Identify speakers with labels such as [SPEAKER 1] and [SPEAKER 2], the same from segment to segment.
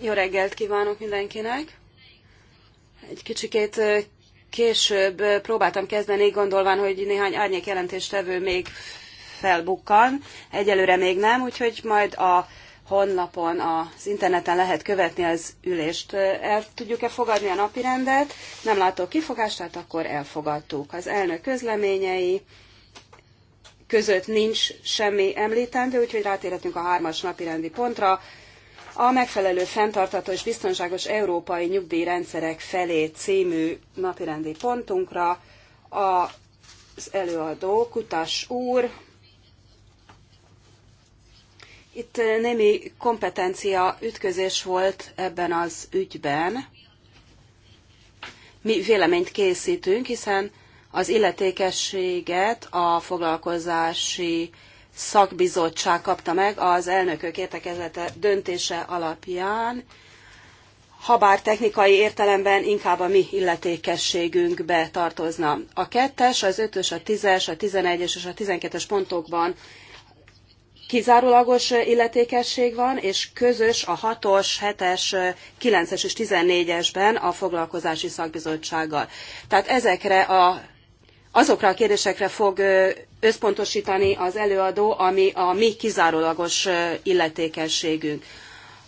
[SPEAKER 1] Jó reggelt kívánok mindenkinek! Egy kicsikét később próbáltam kezdeni, gondolván, hogy néhány árnyék jelentéstevő még felbukkan. Egyelőre még nem, úgyhogy majd a honlapon, az interneten lehet követni az ülést. El tudjuk-e fogadni a napirendet? Nem látok kifogást, tehát akkor elfogadtuk. Az elnök közleményei, között nincs semmi említendő, úgyhogy rátérhetünk a hármas napirendi pontra. A megfelelő fenntartató és biztonságos európai nyugdíjrendszerek felé című napirendi pontunkra az előadó Kutas úr. Itt némi kompetencia ütközés volt ebben az ügyben. Mi véleményt készítünk, hiszen az illetékességet a foglalkozási szakbizottság kapta meg az elnökök értekezlete döntése alapján, habár technikai értelemben inkább a mi illetékességünkbe tartozna. A kettes, az ötös, a tízes, a tizenegyes és a tizenkettes pontokban kizárólagos illetékesség van, és közös a hatos, hetes, kilences és tizennégyesben a foglalkozási szakbizottsággal. Tehát ezekre a azokra a kérdésekre fog összpontosítani az előadó, ami a mi kizárólagos illetékességünk,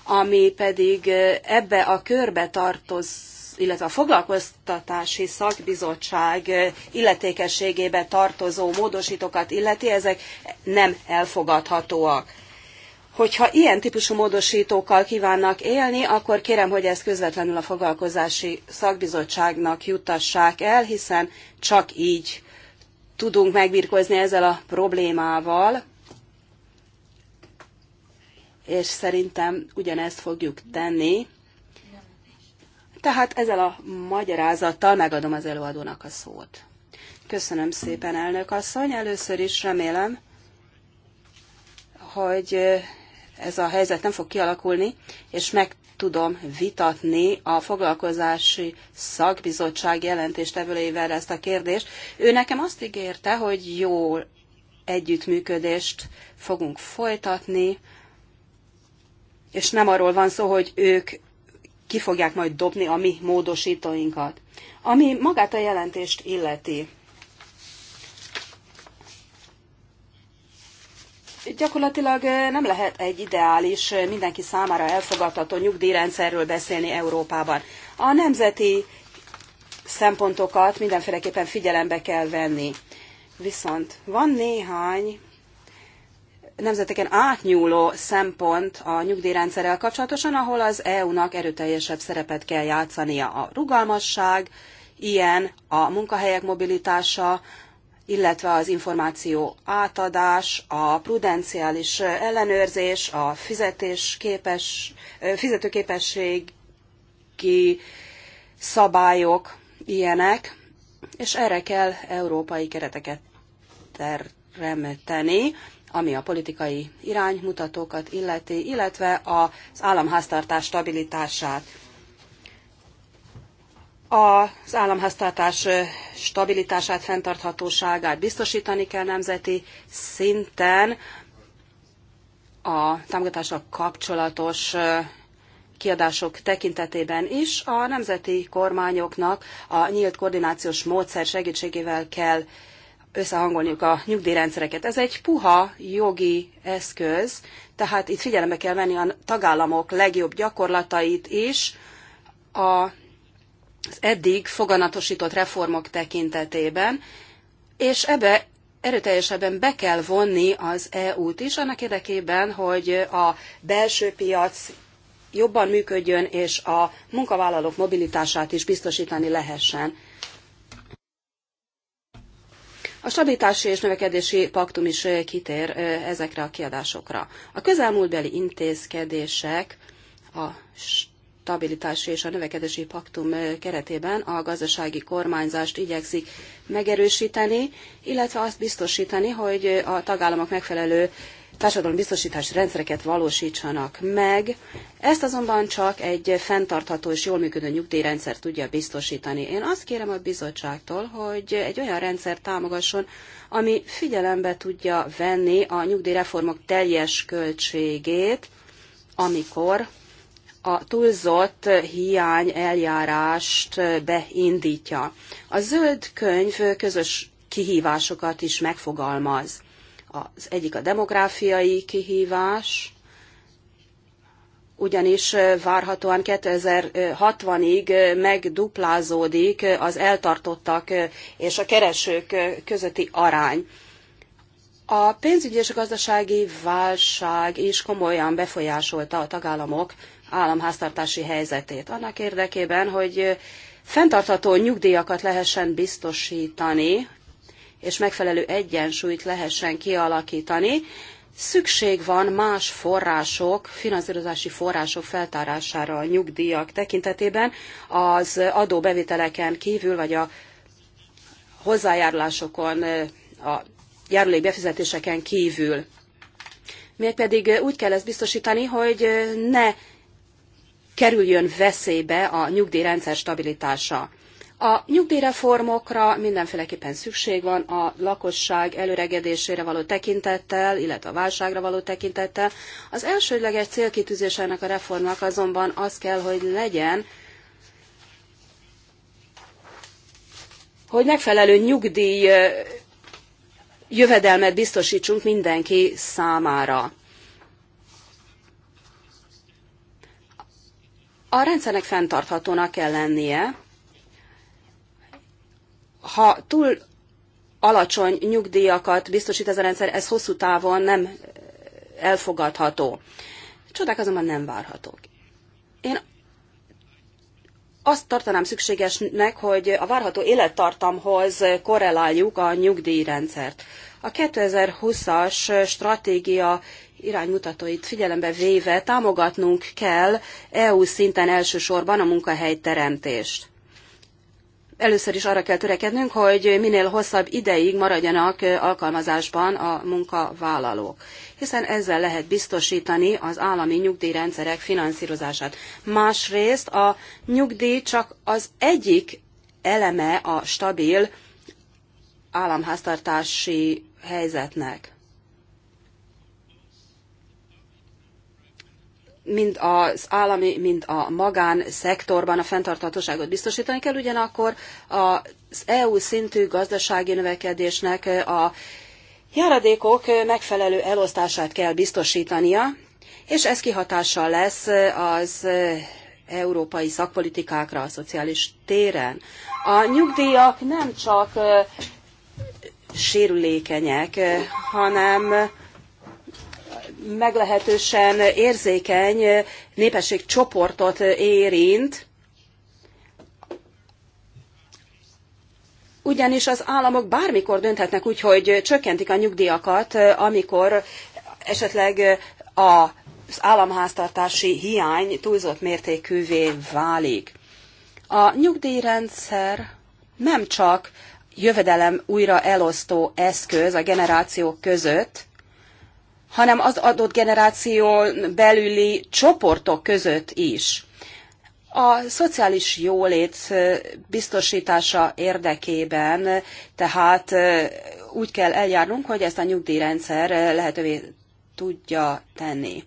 [SPEAKER 1] ami pedig ebbe a körbe tartozik, illetve a foglalkoztatási szakbizottság illetékességébe tartozó módosítókat illeti, ezek nem elfogadhatóak. Hogyha ilyen típusú módosítókkal kívánnak élni, akkor kérem, hogy ezt közvetlenül a foglalkozási szakbizottságnak juttassák el, hiszen csak így tudunk megbirkózni ezzel a problémával, és szerintem ugyanezt fogjuk tenni. Tehát ezzel a magyarázattal megadom az előadónak a szót. Köszönöm szépen, elnök asszony. Először is remélem, hogy ez a helyzet nem fog kialakulni, és meg tudom vitatni a foglalkozási szakbizottság jelentéstevőjével ezt a kérdést. Ő nekem azt ígérte, hogy jó együttműködést fogunk folytatni, és nem arról van szó, hogy ők ki fogják majd dobni a mi módosítóinkat. Ami magát a jelentést illeti, gyakorlatilag nem lehet egy ideális, mindenki számára elfogadható nyugdíjrendszerről beszélni Európában. A nemzeti szempontokat mindenféleképpen figyelembe kell venni. Viszont van néhány nemzeteken átnyúló szempont a nyugdíjrendszerrel kapcsolatosan, ahol az EU-nak erőteljesebb szerepet kell játszania. A rugalmasság, ilyen a munkahelyek mobilitása, illetve az információ átadás, a prudenciális ellenőrzés, a fizetésképes, fizetőképességi szabályok, ilyenek, és erre kell európai kereteket teremteni, ami a politikai iránymutatókat illeti, illetve az államháztartás stabilitását az államháztartás stabilitását, fenntarthatóságát biztosítani kell nemzeti szinten. A támogatásra kapcsolatos kiadások tekintetében is a nemzeti kormányoknak a nyílt koordinációs módszer segítségével kell összehangolniuk a nyugdíjrendszereket. Ez egy puha jogi eszköz, tehát itt figyelembe kell venni a tagállamok legjobb gyakorlatait is, a az eddig foganatosított reformok tekintetében, és ebbe erőteljesebben be kell vonni az EU-t is, annak érdekében, hogy a belső piac jobban működjön, és a munkavállalók mobilitását is biztosítani lehessen. A stabilitási és növekedési paktum is kitér ezekre a kiadásokra. A közelmúltbeli intézkedések a stabilitási és a növekedési paktum keretében a gazdasági kormányzást igyekszik megerősíteni, illetve azt biztosítani, hogy a tagállamok megfelelő társadalombiztosítás rendszereket valósítsanak meg. Ezt azonban csak egy fenntartható és jól működő nyugdíjrendszer tudja biztosítani. Én azt kérem a bizottságtól, hogy egy olyan rendszer támogasson, ami figyelembe tudja venni a nyugdíjreformok teljes költségét, amikor a túlzott hiány eljárást beindítja. A zöld könyv közös kihívásokat is megfogalmaz. Az egyik a demográfiai kihívás, ugyanis várhatóan 2060-ig megduplázódik az eltartottak és a keresők közötti arány. A pénzügyi és gazdasági válság is komolyan befolyásolta a tagállamok államháztartási helyzetét. Annak érdekében, hogy fenntartható nyugdíjakat lehessen biztosítani, és megfelelő egyensúlyt lehessen kialakítani, szükség van más források, finanszírozási források feltárására a nyugdíjak tekintetében, az adóbevételeken kívül, vagy a hozzájárulásokon, a járulék befizetéseken Még Mégpedig úgy kell ezt biztosítani, hogy ne kerüljön veszélybe a nyugdíjrendszer stabilitása. A nyugdíjreformokra mindenféleképpen szükség van a lakosság előregedésére való tekintettel, illetve a válságra való tekintettel. Az elsődleges célkitűzés ennek a reformnak azonban az kell, hogy legyen, hogy megfelelő nyugdíj jövedelmet biztosítsunk mindenki számára. A rendszernek fenntarthatónak kell lennie. Ha túl alacsony nyugdíjakat biztosít ez a rendszer, ez hosszú távon nem eh, elfogadható. Csodák azonban nem várhatók. Én azt tartanám szükségesnek, hogy a várható élettartamhoz korreláljuk a nyugdíjrendszert. A 2020-as stratégia iránymutatóit figyelembe véve támogatnunk kell EU szinten elsősorban a munkahelyteremtést először is arra kell törekednünk, hogy minél hosszabb ideig maradjanak alkalmazásban a munkavállalók, hiszen ezzel lehet biztosítani az állami nyugdíjrendszerek finanszírozását. Másrészt a nyugdíj csak az egyik eleme a stabil államháztartási helyzetnek. mind az állami, mind a magán szektorban a fenntarthatóságot biztosítani kell, ugyanakkor az EU szintű gazdasági növekedésnek a járadékok megfelelő elosztását kell biztosítania, és ez kihatással lesz az európai szakpolitikákra a szociális téren. A nyugdíjak nem csak sérülékenyek, hanem meglehetősen érzékeny népességcsoportot érint, ugyanis az államok bármikor dönthetnek úgy, hogy csökkentik a nyugdíjakat, amikor esetleg az államháztartási hiány túlzott mértékűvé válik. A nyugdíjrendszer nem csak jövedelem újra elosztó eszköz a generációk között, hanem az adott generáción belüli csoportok között is. A szociális jólét biztosítása érdekében tehát úgy kell eljárnunk, hogy ezt a nyugdíjrendszer lehetővé tudja tenni.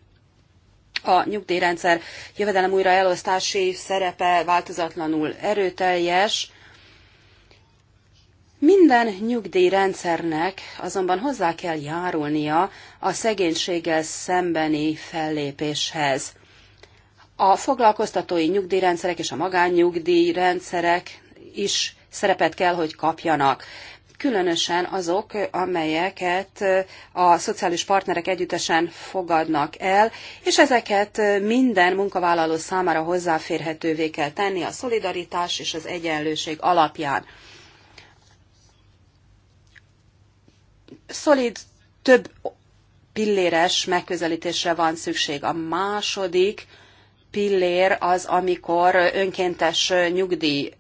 [SPEAKER 1] A nyugdíjrendszer jövedelem újra elosztási szerepe változatlanul erőteljes, minden nyugdíjrendszernek azonban hozzá kell járulnia a szegénységgel szembeni fellépéshez. A foglalkoztatói nyugdíjrendszerek és a magánnyugdíjrendszerek is szerepet kell, hogy kapjanak. Különösen azok, amelyeket a szociális partnerek együttesen fogadnak el, és ezeket minden munkavállaló számára hozzáférhetővé kell tenni a szolidaritás és az egyenlőség alapján. szolid, több pilléres megközelítésre van szükség. A második pillér az, amikor önkéntes nyugdíj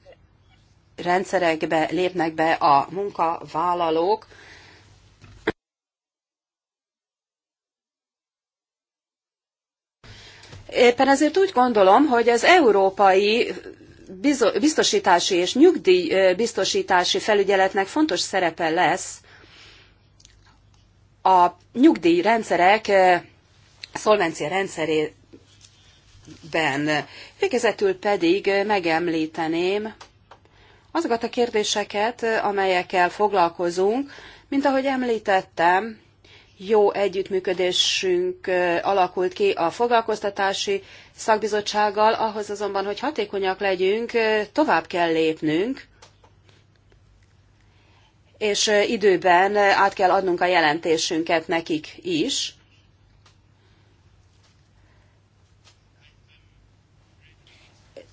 [SPEAKER 1] rendszerekbe lépnek be a munkavállalók, Éppen ezért úgy gondolom, hogy az európai biztosítási és nyugdíjbiztosítási felügyeletnek fontos szerepe lesz a nyugdíjrendszerek szolvencia rendszerében. Végezetül pedig megemlíteném azokat a kérdéseket, amelyekkel foglalkozunk, mint ahogy említettem, jó együttműködésünk alakult ki a foglalkoztatási szakbizottsággal, ahhoz azonban, hogy hatékonyak legyünk, tovább kell lépnünk, és időben át kell adnunk a jelentésünket nekik is.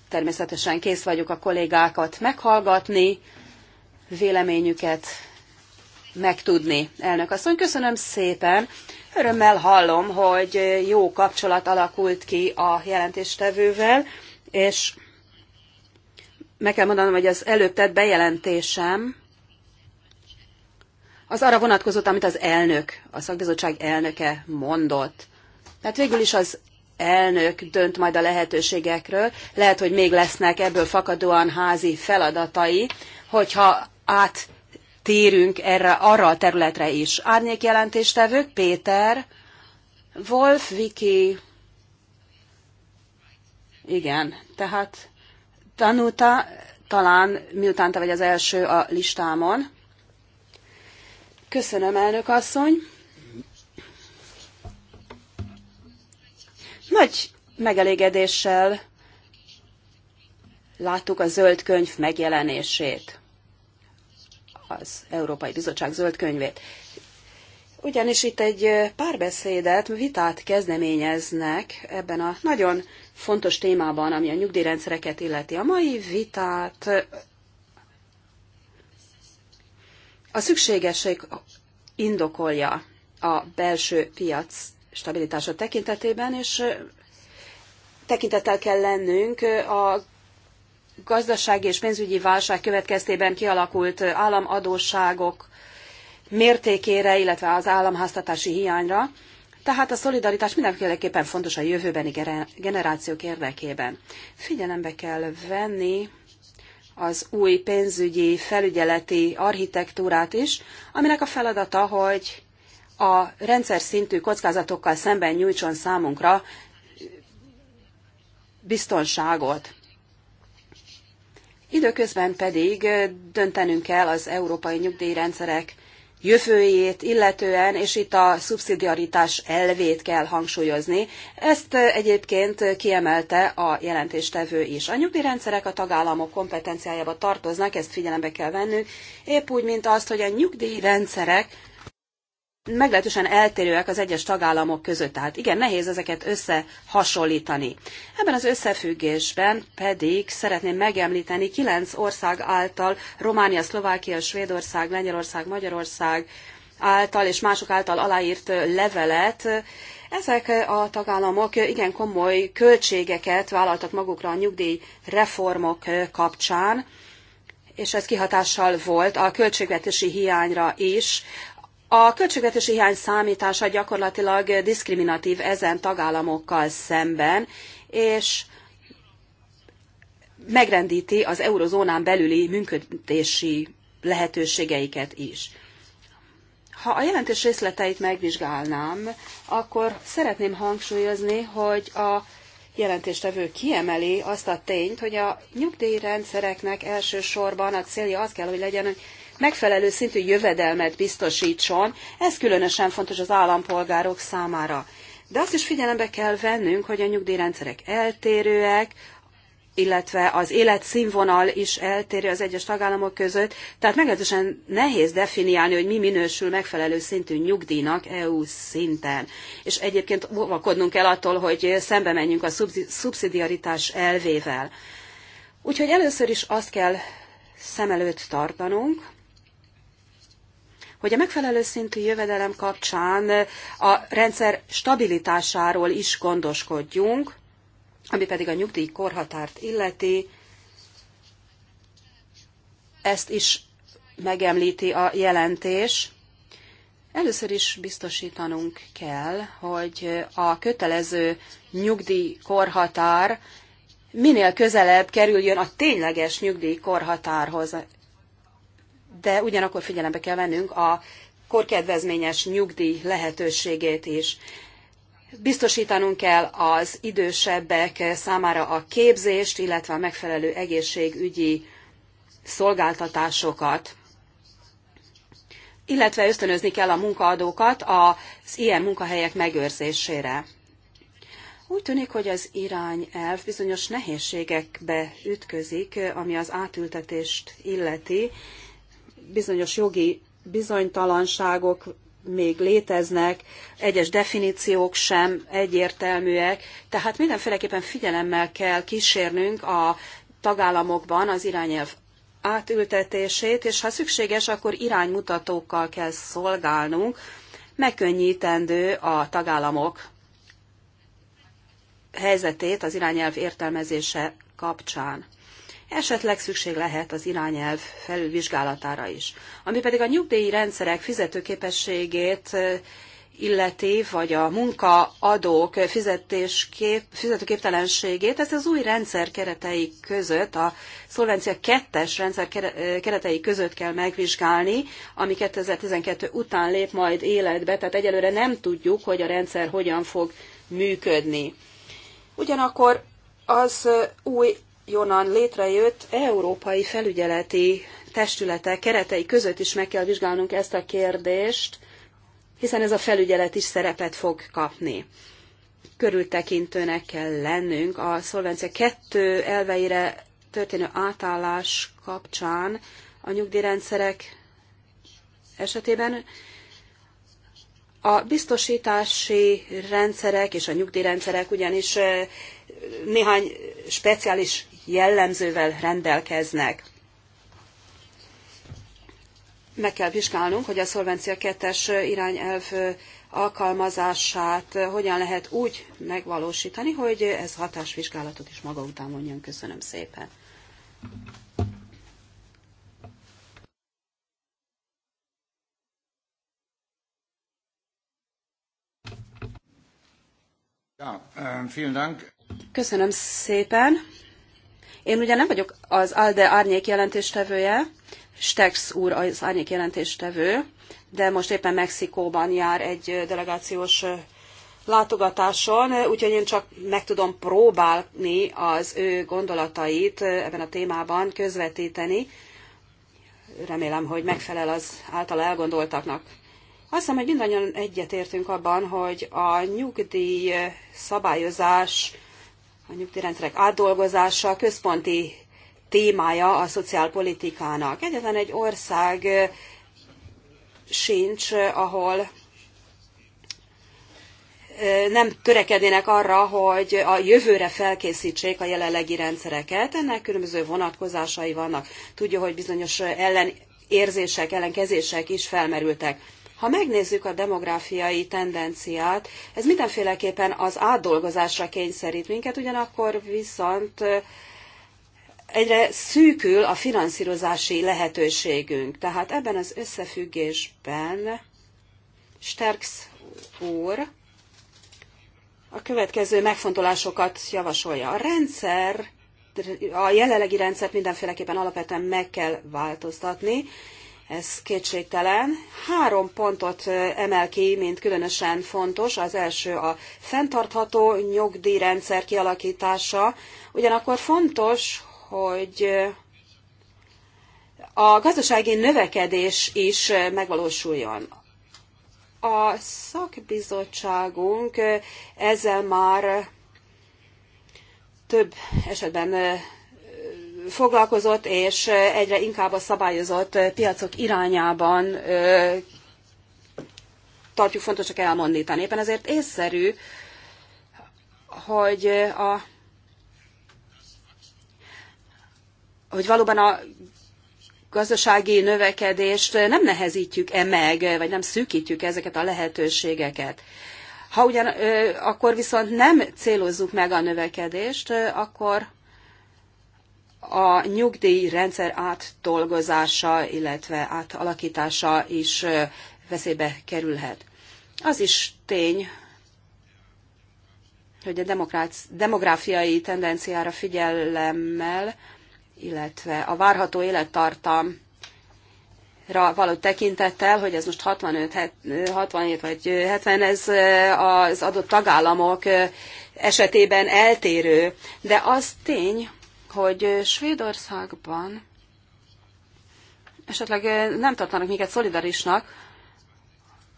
[SPEAKER 1] Természetesen kész vagyok a kollégákat meghallgatni, véleményüket megtudni. Elnök asszony, köszönöm szépen. Örömmel hallom, hogy jó kapcsolat alakult ki a jelentéstevővel, és meg kell mondanom, hogy az előbb tett bejelentésem, az arra vonatkozott, amit az elnök, a szakbizottság elnöke mondott. Tehát végül is az elnök dönt majd a lehetőségekről. Lehet, hogy még lesznek ebből fakadóan házi feladatai, hogyha áttérünk erre, arra a területre is. Árnyék jelentéstevők Péter, Wolf, Viki, igen, tehát Tanuta, talán miután te vagy az első a listámon. Köszönöm, elnök asszony. Nagy megelégedéssel láttuk a zöld könyv megjelenését, az Európai Bizottság zöld könyvét. Ugyanis itt egy párbeszédet, vitát kezdeményeznek ebben a nagyon fontos témában, ami a nyugdíjrendszereket illeti. A mai vitát a szükségesség indokolja a belső piac stabilitása tekintetében, és tekintettel kell lennünk a gazdasági és pénzügyi válság következtében kialakult államadósságok mértékére, illetve az államháztatási hiányra. Tehát a szolidaritás mindenféleképpen fontos a jövőbeni generációk érdekében. Figyelembe kell venni az új pénzügyi felügyeleti architektúrát is, aminek a feladata, hogy a rendszer szintű kockázatokkal szemben nyújtson számunkra biztonságot. Időközben pedig döntenünk kell az európai nyugdíjrendszerek jövőjét illetően, és itt a szubszidiaritás elvét kell hangsúlyozni. Ezt egyébként kiemelte a jelentéstevő is. A nyugdíjrendszerek a tagállamok kompetenciájába tartoznak, ezt figyelembe kell vennünk, épp úgy, mint azt, hogy a nyugdíjrendszerek meglehetősen eltérőek az egyes tagállamok között, tehát igen, nehéz ezeket összehasonlítani. Ebben az összefüggésben pedig szeretném megemlíteni kilenc ország által, Románia, Szlovákia, Svédország, Lengyelország, Magyarország által és mások által aláírt levelet. Ezek a tagállamok igen komoly költségeket vállaltak magukra a nyugdíj reformok kapcsán és ez kihatással volt a költségvetési hiányra is, a költségvetési hiány számítása gyakorlatilag diszkriminatív ezen tagállamokkal szemben, és megrendíti az eurozónán belüli működési lehetőségeiket is. Ha a jelentés részleteit megvizsgálnám, akkor szeretném hangsúlyozni, hogy a jelentéstevő kiemeli azt a tényt, hogy a nyugdíjrendszereknek elsősorban a célja az kell, hogy legyen, hogy megfelelő szintű jövedelmet biztosítson. Ez különösen fontos az állampolgárok számára. De azt is figyelembe kell vennünk, hogy a nyugdíjrendszerek eltérőek, illetve az életszínvonal is eltérő az egyes tagállamok között, tehát meglehetősen nehéz definiálni, hogy mi minősül megfelelő szintű nyugdíjnak EU szinten. És egyébként óvakodnunk kell attól, hogy szembe menjünk a szubszidiaritás elvével. Úgyhogy először is azt kell szem előtt tartanunk, hogy a megfelelő szintű jövedelem kapcsán a rendszer stabilitásáról is gondoskodjunk, ami pedig a nyugdíj korhatárt illeti, ezt is megemlíti a jelentés. Először is biztosítanunk kell, hogy a kötelező nyugdíjkorhatár minél közelebb kerüljön a tényleges nyugdíjkorhatárhoz, de ugyanakkor figyelembe kell vennünk a korkedvezményes nyugdíj lehetőségét is. Biztosítanunk kell az idősebbek számára a képzést, illetve a megfelelő egészségügyi szolgáltatásokat, illetve ösztönözni kell a munkaadókat az ilyen munkahelyek megőrzésére. Úgy tűnik, hogy az irányelv bizonyos nehézségekbe ütközik, ami az átültetést illeti, bizonyos jogi bizonytalanságok még léteznek, egyes definíciók sem egyértelműek, tehát mindenféleképpen figyelemmel kell kísérnünk a tagállamokban az irányelv átültetését, és ha szükséges, akkor iránymutatókkal kell szolgálnunk, megkönnyítendő a tagállamok helyzetét az irányelv értelmezése kapcsán esetleg szükség lehet az irányelv felülvizsgálatára is. Ami pedig a nyugdíjrendszerek rendszerek fizetőképességét illeti, vagy a munkaadók fizetéskép, fizetőképtelenségét, ez az új rendszer keretei között, a szolvencia 2 rendszer keretei között kell megvizsgálni, ami 2012 után lép majd életbe, tehát egyelőre nem tudjuk, hogy a rendszer hogyan fog működni. Ugyanakkor az új jonnan létrejött európai felügyeleti testületek keretei között is meg kell vizsgálnunk ezt a kérdést, hiszen ez a felügyelet is szerepet fog kapni. Körültekintőnek kell lennünk a szolvencia kettő elveire történő átállás kapcsán a nyugdíjrendszerek esetében a biztosítási rendszerek és a nyugdíjrendszerek ugyanis eh, néhány speciális jellemzővel rendelkeznek. Meg kell vizsgálnunk, hogy a szolvencia kettes irányelv alkalmazását hogyan lehet úgy megvalósítani, hogy ez hatásvizsgálatot is maga után mondjon. Köszönöm szépen.
[SPEAKER 2] Eh,
[SPEAKER 1] Köszönöm szépen. Én ugye nem vagyok az ALDE árnyék jelentéstevője, Stex úr az árnyék jelentéstevő, de most éppen Mexikóban jár egy delegációs látogatáson, úgyhogy én csak meg tudom próbálni az ő gondolatait ebben a témában közvetíteni. Remélem, hogy megfelel az által elgondoltaknak. Azt hiszem, hogy mindannyian egyetértünk abban, hogy a nyugdíj szabályozás a nyugdíjrendszerek átdolgozása központi témája a szociálpolitikának. Egyetlen egy ország sincs, ahol nem törekednének arra, hogy a jövőre felkészítsék a jelenlegi rendszereket. Ennek különböző vonatkozásai vannak. Tudja, hogy bizonyos ellenérzések, ellenkezések is felmerültek. Ha megnézzük a demográfiai tendenciát, ez mindenféleképpen az átdolgozásra kényszerít minket, ugyanakkor viszont egyre szűkül a finanszírozási lehetőségünk. Tehát ebben az összefüggésben Sterks úr a következő megfontolásokat javasolja. A rendszer, a jelenlegi rendszert mindenféleképpen alapvetően meg kell változtatni, ez kétségtelen. Három pontot emel ki, mint különösen fontos. Az első a fenntartható nyugdíjrendszer kialakítása. Ugyanakkor fontos, hogy a gazdasági növekedés is megvalósuljon. A szakbizottságunk ezzel már több esetben foglalkozott, és egyre inkább a szabályozott piacok irányában tartjuk fontosnak elmondítani. Éppen ezért észszerű, hogy a hogy valóban a gazdasági növekedést nem nehezítjük e meg, vagy nem szűkítjük ezeket a lehetőségeket. Ha ugyan, akkor viszont nem célozzuk meg a növekedést, akkor a nyugdíjrendszer átdolgozása, illetve átalakítása is veszélybe kerülhet. Az is tény, hogy a demográfiai tendenciára figyelemmel, illetve a várható élettartam való tekintettel, hogy ez most 65, 67 vagy 70, ez az adott tagállamok esetében eltérő, de az tény, hogy Svédországban esetleg nem tartanak minket szolidarisnak,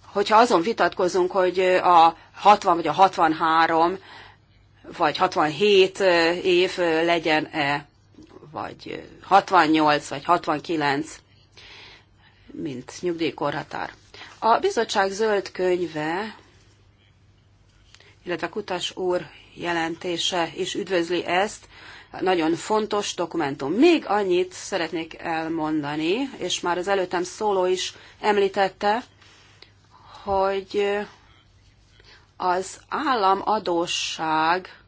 [SPEAKER 1] hogyha azon vitatkozunk, hogy a 60 vagy a 63 vagy 67 év legyen-e, vagy 68 vagy 69, mint nyugdíjkorhatár. A bizottság zöld könyve, illetve Kutas úr jelentése is üdvözli ezt, nagyon fontos dokumentum. Még annyit szeretnék elmondani, és már az előttem szóló is említette, hogy az államadóság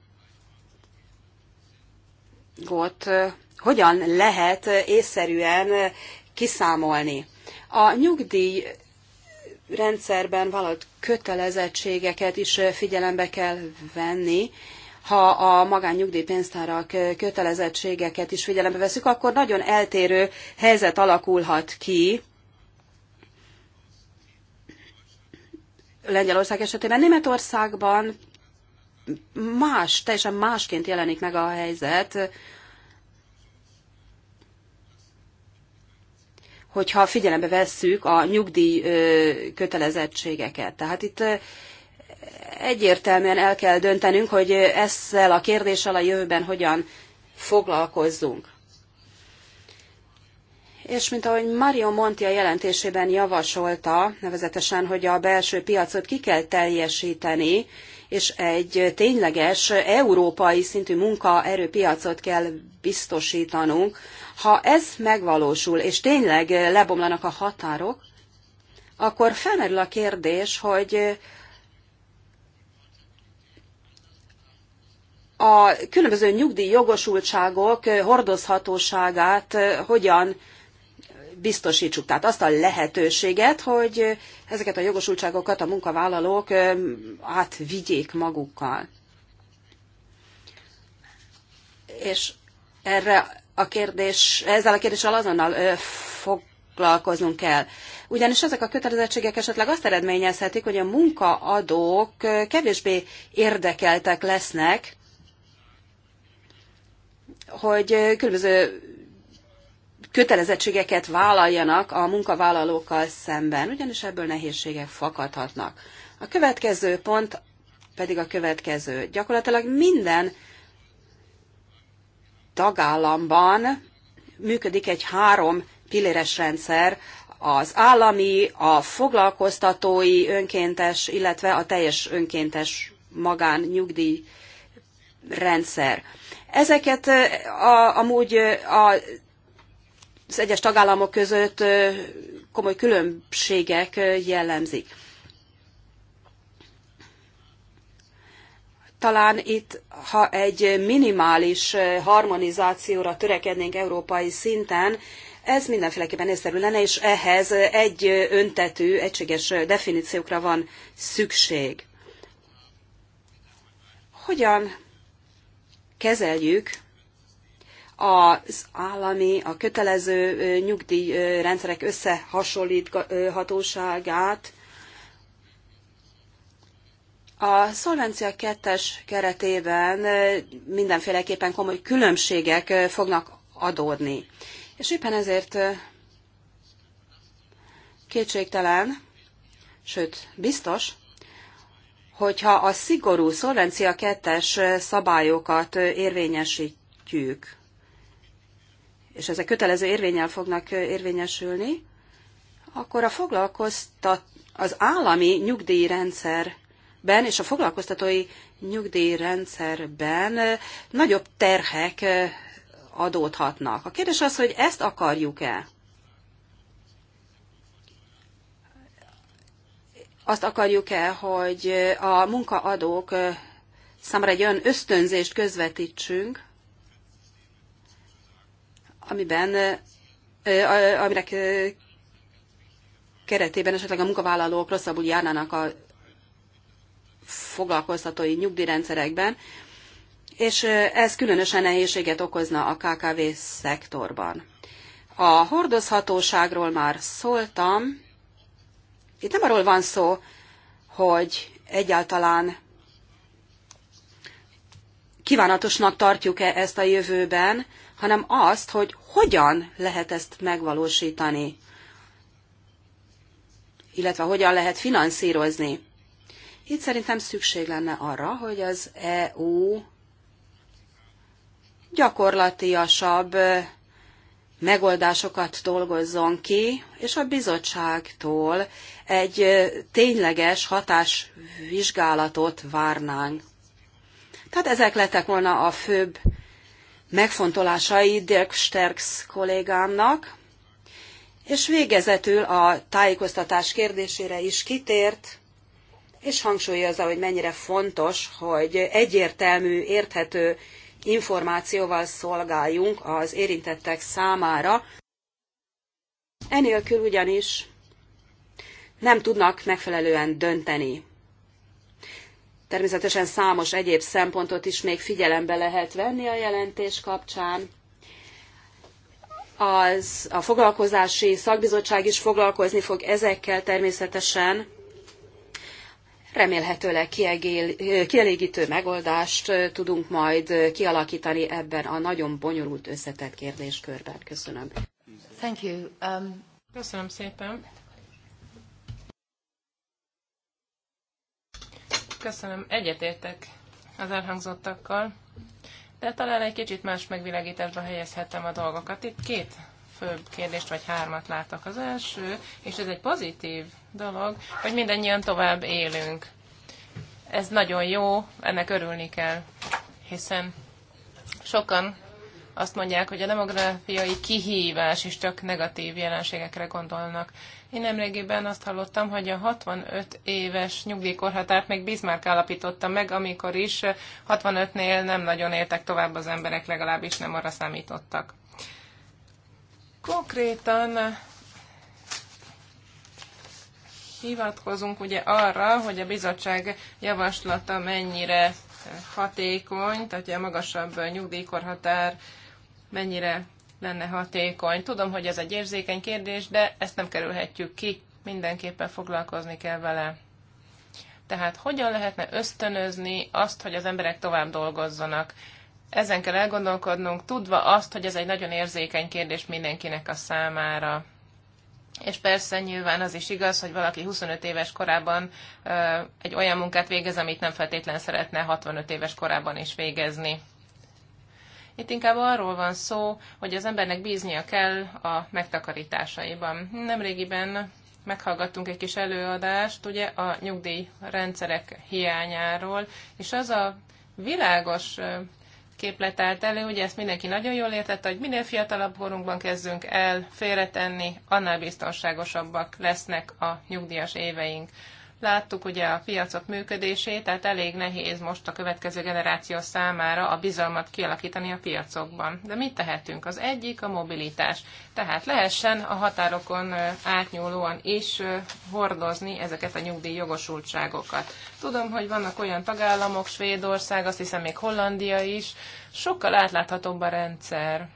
[SPEAKER 1] hogyan lehet észszerűen kiszámolni. A nyugdíj rendszerben vállalt kötelezettségeket is figyelembe kell venni, ha a magánnyugdíjpénztárak kötelezettségeket is figyelembe veszük, akkor nagyon eltérő helyzet alakulhat ki. Lengyelország esetében Németországban más, teljesen másként jelenik meg a helyzet, hogyha figyelembe vesszük a nyugdíj kötelezettségeket. Tehát itt egyértelműen el kell döntenünk, hogy ezzel a kérdéssel a jövőben hogyan foglalkozzunk. És mint ahogy Mario Monti a jelentésében javasolta, nevezetesen, hogy a belső piacot ki kell teljesíteni, és egy tényleges európai szintű munkaerőpiacot kell biztosítanunk. Ha ez megvalósul, és tényleg lebomlanak a határok, akkor felmerül a kérdés, hogy a különböző nyugdíj jogosultságok eh, hordozhatóságát eh, hogyan biztosítsuk. Tehát azt a lehetőséget, hogy eh, ezeket a jogosultságokat a munkavállalók átvigyék magukkal. És erre a kérdés, ezzel a kérdéssel azonnal foglalkoznunk kell. Ugyanis ezek a kötelezettségek esetleg azt eredményezhetik, hogy a munkaadók kevésbé érdekeltek lesznek hogy különböző kötelezettségeket vállaljanak a munkavállalókkal szemben, ugyanis ebből nehézségek fakadhatnak. A következő pont pedig a következő. Gyakorlatilag minden tagállamban működik egy három pilléres rendszer, az állami, a foglalkoztatói önkéntes, illetve a teljes önkéntes magán nyugdíj rendszer. Ezeket a, amúgy a, az egyes tagállamok között komoly különbségek jellemzik. Talán itt, ha egy minimális harmonizációra törekednénk európai szinten, ez mindenféleképpen észszerű lenne, és ehhez egy öntetű, egységes definíciókra van szükség. Hogyan kezeljük az állami, a kötelező nyugdíjrendszerek összehasonlíthatóságát, a szolvencia kettes keretében mindenféleképpen komoly különbségek fognak adódni. És éppen ezért kétségtelen, sőt biztos, hogyha a szigorú szolvencia kettes szabályokat érvényesítjük, és ezek kötelező érvényel fognak érvényesülni, akkor a foglalkoztat, az állami nyugdíjrendszerben és a foglalkoztatói nyugdíjrendszerben nagyobb terhek adódhatnak. A kérdés az, hogy ezt akarjuk-e? azt akarjuk-e, hogy a munkaadók számára egy olyan ösztönzést közvetítsünk, amiben, aminek keretében esetleg a munkavállalók rosszabbul járnának a foglalkoztatói nyugdíjrendszerekben, és ez különösen nehézséget okozna a KKV szektorban. A hordozhatóságról már szóltam, itt nem arról van szó, hogy egyáltalán kívánatosnak tartjuk-e ezt a jövőben, hanem azt, hogy hogyan lehet ezt megvalósítani, illetve hogyan lehet finanszírozni. Itt szerintem szükség lenne arra, hogy az EU gyakorlatiasabb megoldásokat dolgozzon ki, és a bizottságtól egy tényleges hatásvizsgálatot várnánk. Tehát ezek lettek volna a főbb megfontolásai Dirk Sterks kollégámnak, és végezetül a tájékoztatás kérdésére is kitért, és hangsúlyozza, hogy mennyire fontos, hogy egyértelmű, érthető információval szolgáljunk az érintettek számára. Enélkül ugyanis nem tudnak megfelelően dönteni. Természetesen számos egyéb szempontot is még figyelembe lehet venni a jelentés kapcsán. Az, a foglalkozási szakbizottság is foglalkozni fog ezekkel természetesen remélhetőleg kiegél, kielégítő megoldást tudunk majd kialakítani ebben a nagyon bonyolult összetett kérdéskörben. Köszönöm.
[SPEAKER 2] Thank
[SPEAKER 3] you. Um... Köszönöm szépen. Köszönöm. Egyetértek az elhangzottakkal, de talán egy kicsit más megvilágításba helyezhettem a dolgokat. Itt két fő kérdést vagy hármat láttak. Az első, és ez egy pozitív dolog, hogy mindannyian tovább élünk. Ez nagyon jó, ennek örülni kell, hiszen sokan azt mondják, hogy a demográfiai kihívás is csak negatív jelenségekre gondolnak. Én nemrégiben azt hallottam, hogy a 65 éves nyugdíjkorhatárt még Bismarck állapította meg, amikor is 65-nél nem nagyon éltek tovább az emberek, legalábbis nem arra számítottak. Konkrétan hivatkozunk ugye arra, hogy a bizottság javaslata mennyire hatékony, tehát a magasabb nyugdíjkorhatár mennyire lenne hatékony. Tudom, hogy ez egy érzékeny kérdés, de ezt nem kerülhetjük ki, mindenképpen foglalkozni kell vele. Tehát hogyan lehetne ösztönözni azt, hogy az emberek tovább dolgozzanak? ezen kell elgondolkodnunk, tudva azt, hogy ez egy nagyon érzékeny kérdés mindenkinek a számára. És persze nyilván az is igaz, hogy valaki 25 éves korában egy olyan munkát végez, amit nem feltétlen szeretne 65 éves korában is végezni. Itt inkább arról van szó, hogy az embernek bíznia kell a megtakarításaiban. Nemrégiben meghallgattunk egy kis előadást ugye a nyugdíjrendszerek hiányáról, és az a világos képlet állt elő, ugye ezt mindenki nagyon jól értette, hogy minél fiatalabb korunkban kezdünk el félretenni, annál biztonságosabbak lesznek a nyugdíjas éveink. Láttuk ugye a piacok működését, tehát elég nehéz most a következő generáció számára a bizalmat kialakítani a piacokban. De mit tehetünk? Az egyik a mobilitás. Tehát lehessen a határokon átnyúlóan is hordozni ezeket a nyugdíj jogosultságokat. Tudom, hogy vannak olyan tagállamok, Svédország, azt hiszem még Hollandia is, sokkal átláthatóbb a rendszer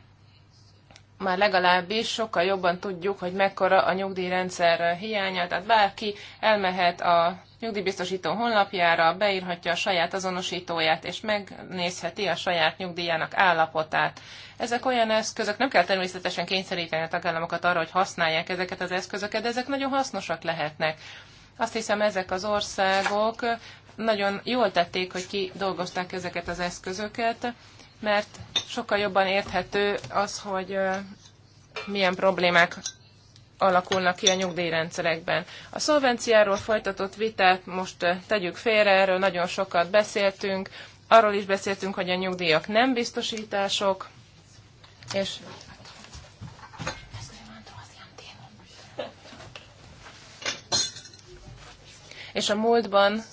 [SPEAKER 3] már legalábbis sokkal jobban tudjuk, hogy mekkora a nyugdíjrendszer hiánya, tehát bárki elmehet a nyugdíjbiztosító honlapjára, beírhatja a saját azonosítóját, és megnézheti a saját nyugdíjának állapotát. Ezek olyan eszközök, nem kell természetesen kényszeríteni a tagállamokat arra, hogy használják ezeket az eszközöket, de ezek nagyon hasznosak lehetnek. Azt hiszem, ezek az országok nagyon jól tették, hogy kidolgozták ezeket az eszközöket, mert sokkal jobban érthető az, hogy milyen problémák alakulnak ki a nyugdíjrendszerekben. A szolvenciáról folytatott vitát most tegyük félre, erről nagyon sokat beszéltünk, arról is beszéltünk, hogy a nyugdíjak nem biztosítások, és és a múltban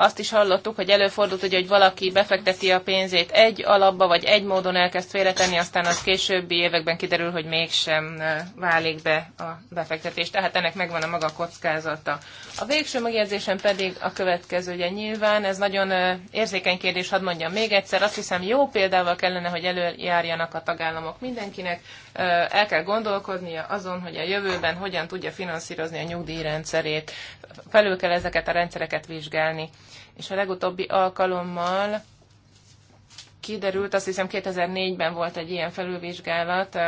[SPEAKER 3] azt is hallottuk, hogy előfordult, hogy, hogy valaki befekteti a pénzét egy alapba, vagy egy módon elkezd félretenni, aztán az későbbi években kiderül, hogy mégsem válik be a befektetés. Tehát ennek megvan a maga kockázata. A végső megjegyzésem pedig a következő, ugye nyilván ez nagyon érzékeny kérdés, hadd mondjam még egyszer, azt hiszem jó példával kellene, hogy előjárjanak a tagállamok mindenkinek, el kell gondolkodnia azon, hogy a jövőben hogyan tudja finanszírozni a nyugdíjrendszerét, felül kell ezeket a rendszereket vizsgálni. És a legutóbbi alkalommal kiderült, azt hiszem 2004-ben volt egy ilyen felülvizsgálat,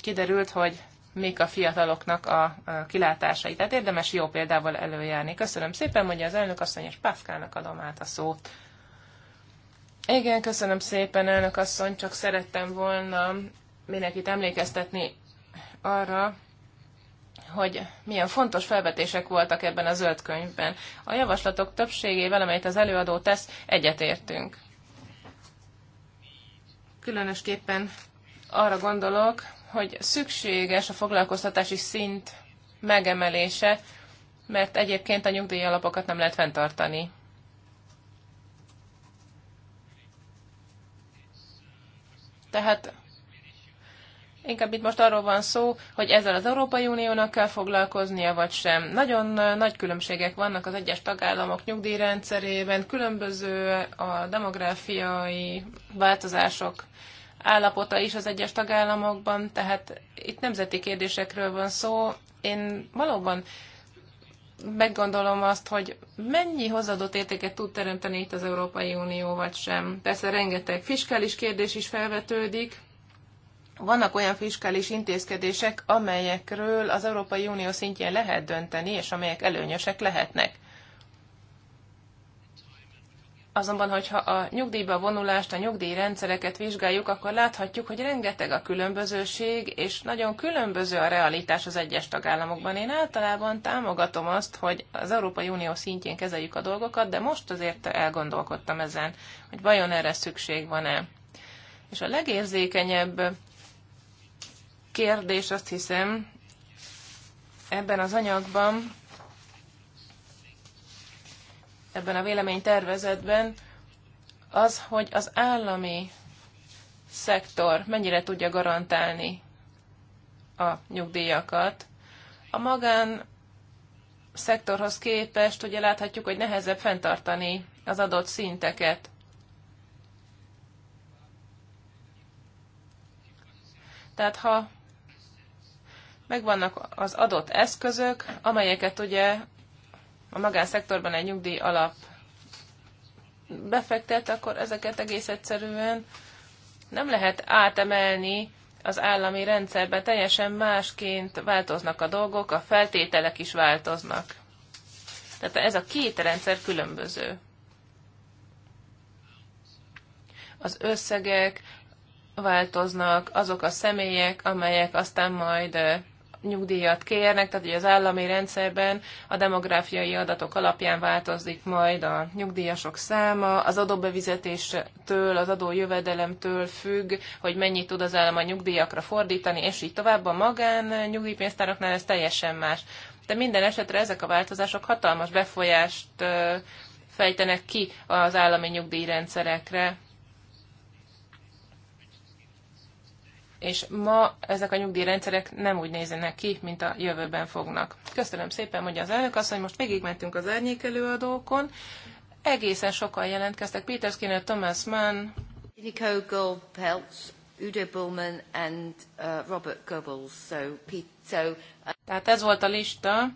[SPEAKER 3] kiderült, hogy mik a fiataloknak a kilátásai. Tehát érdemes jó példával előjárni. Köszönöm szépen, mondja az elnök asszony, és Pászkának adom át a szót. Igen, köszönöm szépen, elnök asszony, csak szerettem volna mindenkit emlékeztetni arra, hogy milyen fontos felvetések voltak ebben a zöld könyvben. A javaslatok többségével, amelyet az előadó tesz, egyetértünk. Különösképpen arra gondolok, hogy szükséges a foglalkoztatási szint megemelése, mert egyébként a nyugdíj alapokat nem lehet fenntartani. Tehát Inkább itt most arról van szó, hogy ezzel az Európai Uniónak kell foglalkoznia, vagy sem. Nagyon nagy különbségek vannak az egyes tagállamok nyugdíjrendszerében, különböző a demográfiai változások állapota is az egyes tagállamokban, tehát itt nemzeti kérdésekről van szó. Én valóban meggondolom azt, hogy mennyi hozadott értéket tud teremteni itt az Európai Unió, vagy sem. Persze rengeteg fiskális kérdés is felvetődik, vannak olyan fiskális intézkedések, amelyekről az Európai Unió szintjén lehet dönteni, és amelyek előnyösek lehetnek. Azonban, hogyha a nyugdíjba vonulást, a nyugdíjrendszereket vizsgáljuk, akkor láthatjuk, hogy rengeteg a különbözőség, és nagyon különböző a realitás az egyes tagállamokban. Én általában támogatom azt, hogy az Európai Unió szintjén kezeljük a dolgokat, de most azért elgondolkodtam ezen, hogy vajon erre szükség van-e. És a legérzékenyebb kérdés, azt hiszem, ebben az anyagban, ebben a véleménytervezetben az, hogy az állami szektor mennyire tudja garantálni a nyugdíjakat. A magán szektorhoz képest ugye láthatjuk, hogy nehezebb fenntartani az adott szinteket. Tehát ha megvannak az adott eszközök, amelyeket ugye a magánszektorban egy nyugdíj alap befektet, akkor ezeket egész egyszerűen nem lehet átemelni az állami rendszerbe, teljesen másként változnak a dolgok, a feltételek is változnak. Tehát ez a két rendszer különböző. Az összegek változnak, azok a személyek, amelyek aztán majd nyugdíjat kérnek, tehát hogy az állami rendszerben a demográfiai adatok alapján változik majd a nyugdíjasok száma, az adóbevizetéstől, az jövedelemtől függ, hogy mennyit tud az állam a nyugdíjakra fordítani, és így tovább a magán nyugdíjpénztáraknál ez teljesen más. De minden esetre ezek a változások hatalmas befolyást fejtenek ki az állami nyugdíjrendszerekre, és ma ezek a nyugdíjrendszerek nem úgy nézenek ki, mint a jövőben fognak. Köszönöm szépen, hogy az elnök azt, hogy most végigmentünk az árnyékelőadókon. előadókon. Egészen sokan jelentkeztek. Peter Skinner, Thomas Mann, Nico gold Udo Bullman and uh, Robert Goebbels. So, Pete, so, uh... Tehát ez volt a lista,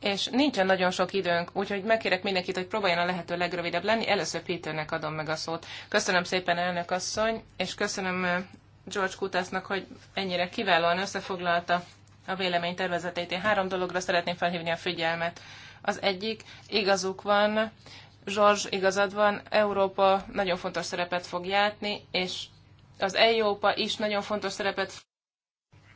[SPEAKER 3] és nincsen nagyon sok időnk, úgyhogy megkérek mindenkit, hogy próbáljon a lehető legrövidebb lenni. Először Péternek adom meg a szót. Köszönöm szépen, elnök asszony, és köszönöm uh, George Kutasnak, hogy ennyire kiválóan összefoglalta a vélemény tervezetét. Én három dologra szeretném felhívni a figyelmet. Az egyik, igazuk van, George igazad van, Európa nagyon fontos szerepet fog játni, és az Európa is nagyon fontos szerepet fog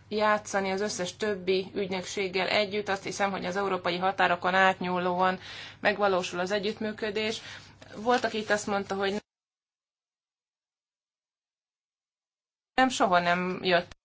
[SPEAKER 3] játszani az összes többi ügynökséggel együtt. Azt hiszem, hogy az európai határokon átnyúlóan megvalósul az együttműködés. Volt, aki itt azt mondta, hogy nem soha nem jött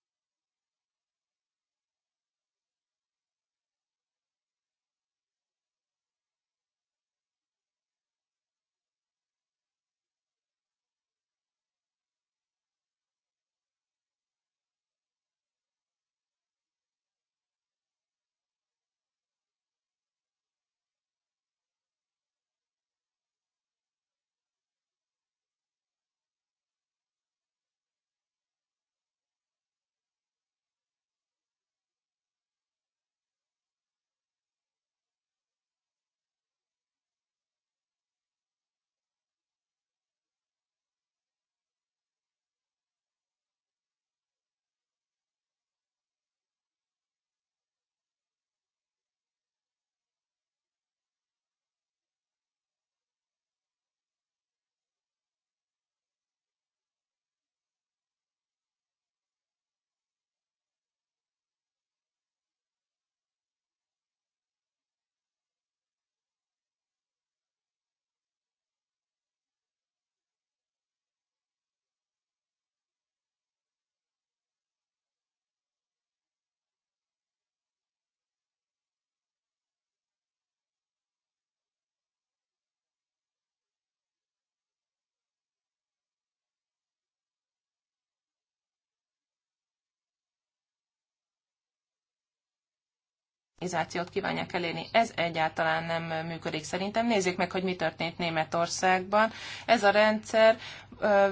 [SPEAKER 3] modernizációt kívánják elérni. Ez egyáltalán nem működik szerintem. Nézzék meg, hogy mi történt Németországban. Ez a rendszer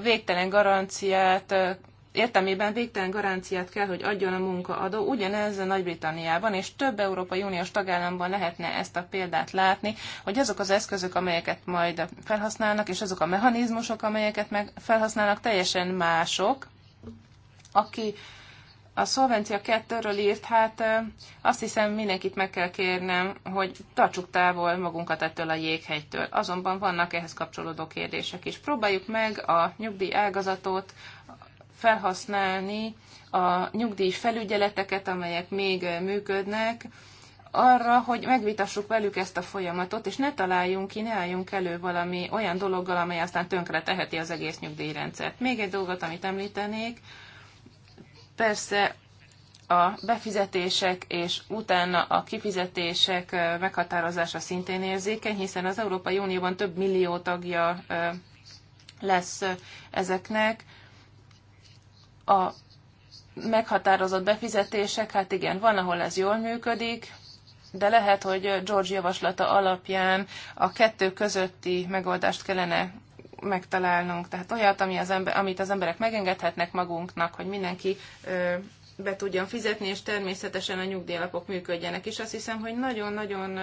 [SPEAKER 3] végtelen garanciát értelmében végtelen garanciát kell, hogy adjon a munkaadó, ugyanez Nagy-Britanniában és több Európai Uniós tagállamban lehetne ezt a példát látni, hogy azok az eszközök, amelyeket majd felhasználnak, és azok a mechanizmusok, amelyeket meg felhasználnak, teljesen mások, aki a Szolvencia 2-ről írt, hát azt hiszem mindenkit meg kell kérnem, hogy tartsuk távol magunkat ettől a jéghegytől. Azonban vannak ehhez kapcsolódó kérdések is. Próbáljuk meg a nyugdíj ágazatot felhasználni, a nyugdíj felügyeleteket, amelyek még működnek, arra, hogy megvitassuk velük ezt a folyamatot, és ne találjunk ki, ne álljunk elő valami olyan dologgal, amely aztán tönkre teheti az egész nyugdíjrendszert. Még egy dolgot, amit említenék, Persze a befizetések és utána a kifizetések meghatározása szintén érzékeny, hiszen az Európai Unióban több millió tagja lesz ezeknek. A meghatározott befizetések, hát igen, van, ahol ez jól működik, de lehet, hogy George javaslata alapján a kettő közötti megoldást kellene megtalálnunk, tehát olyat, ami az ember, amit az emberek megengedhetnek magunknak, hogy mindenki ö, be tudjon fizetni, és természetesen a nyugdíjlapok működjenek. És azt hiszem, hogy nagyon-nagyon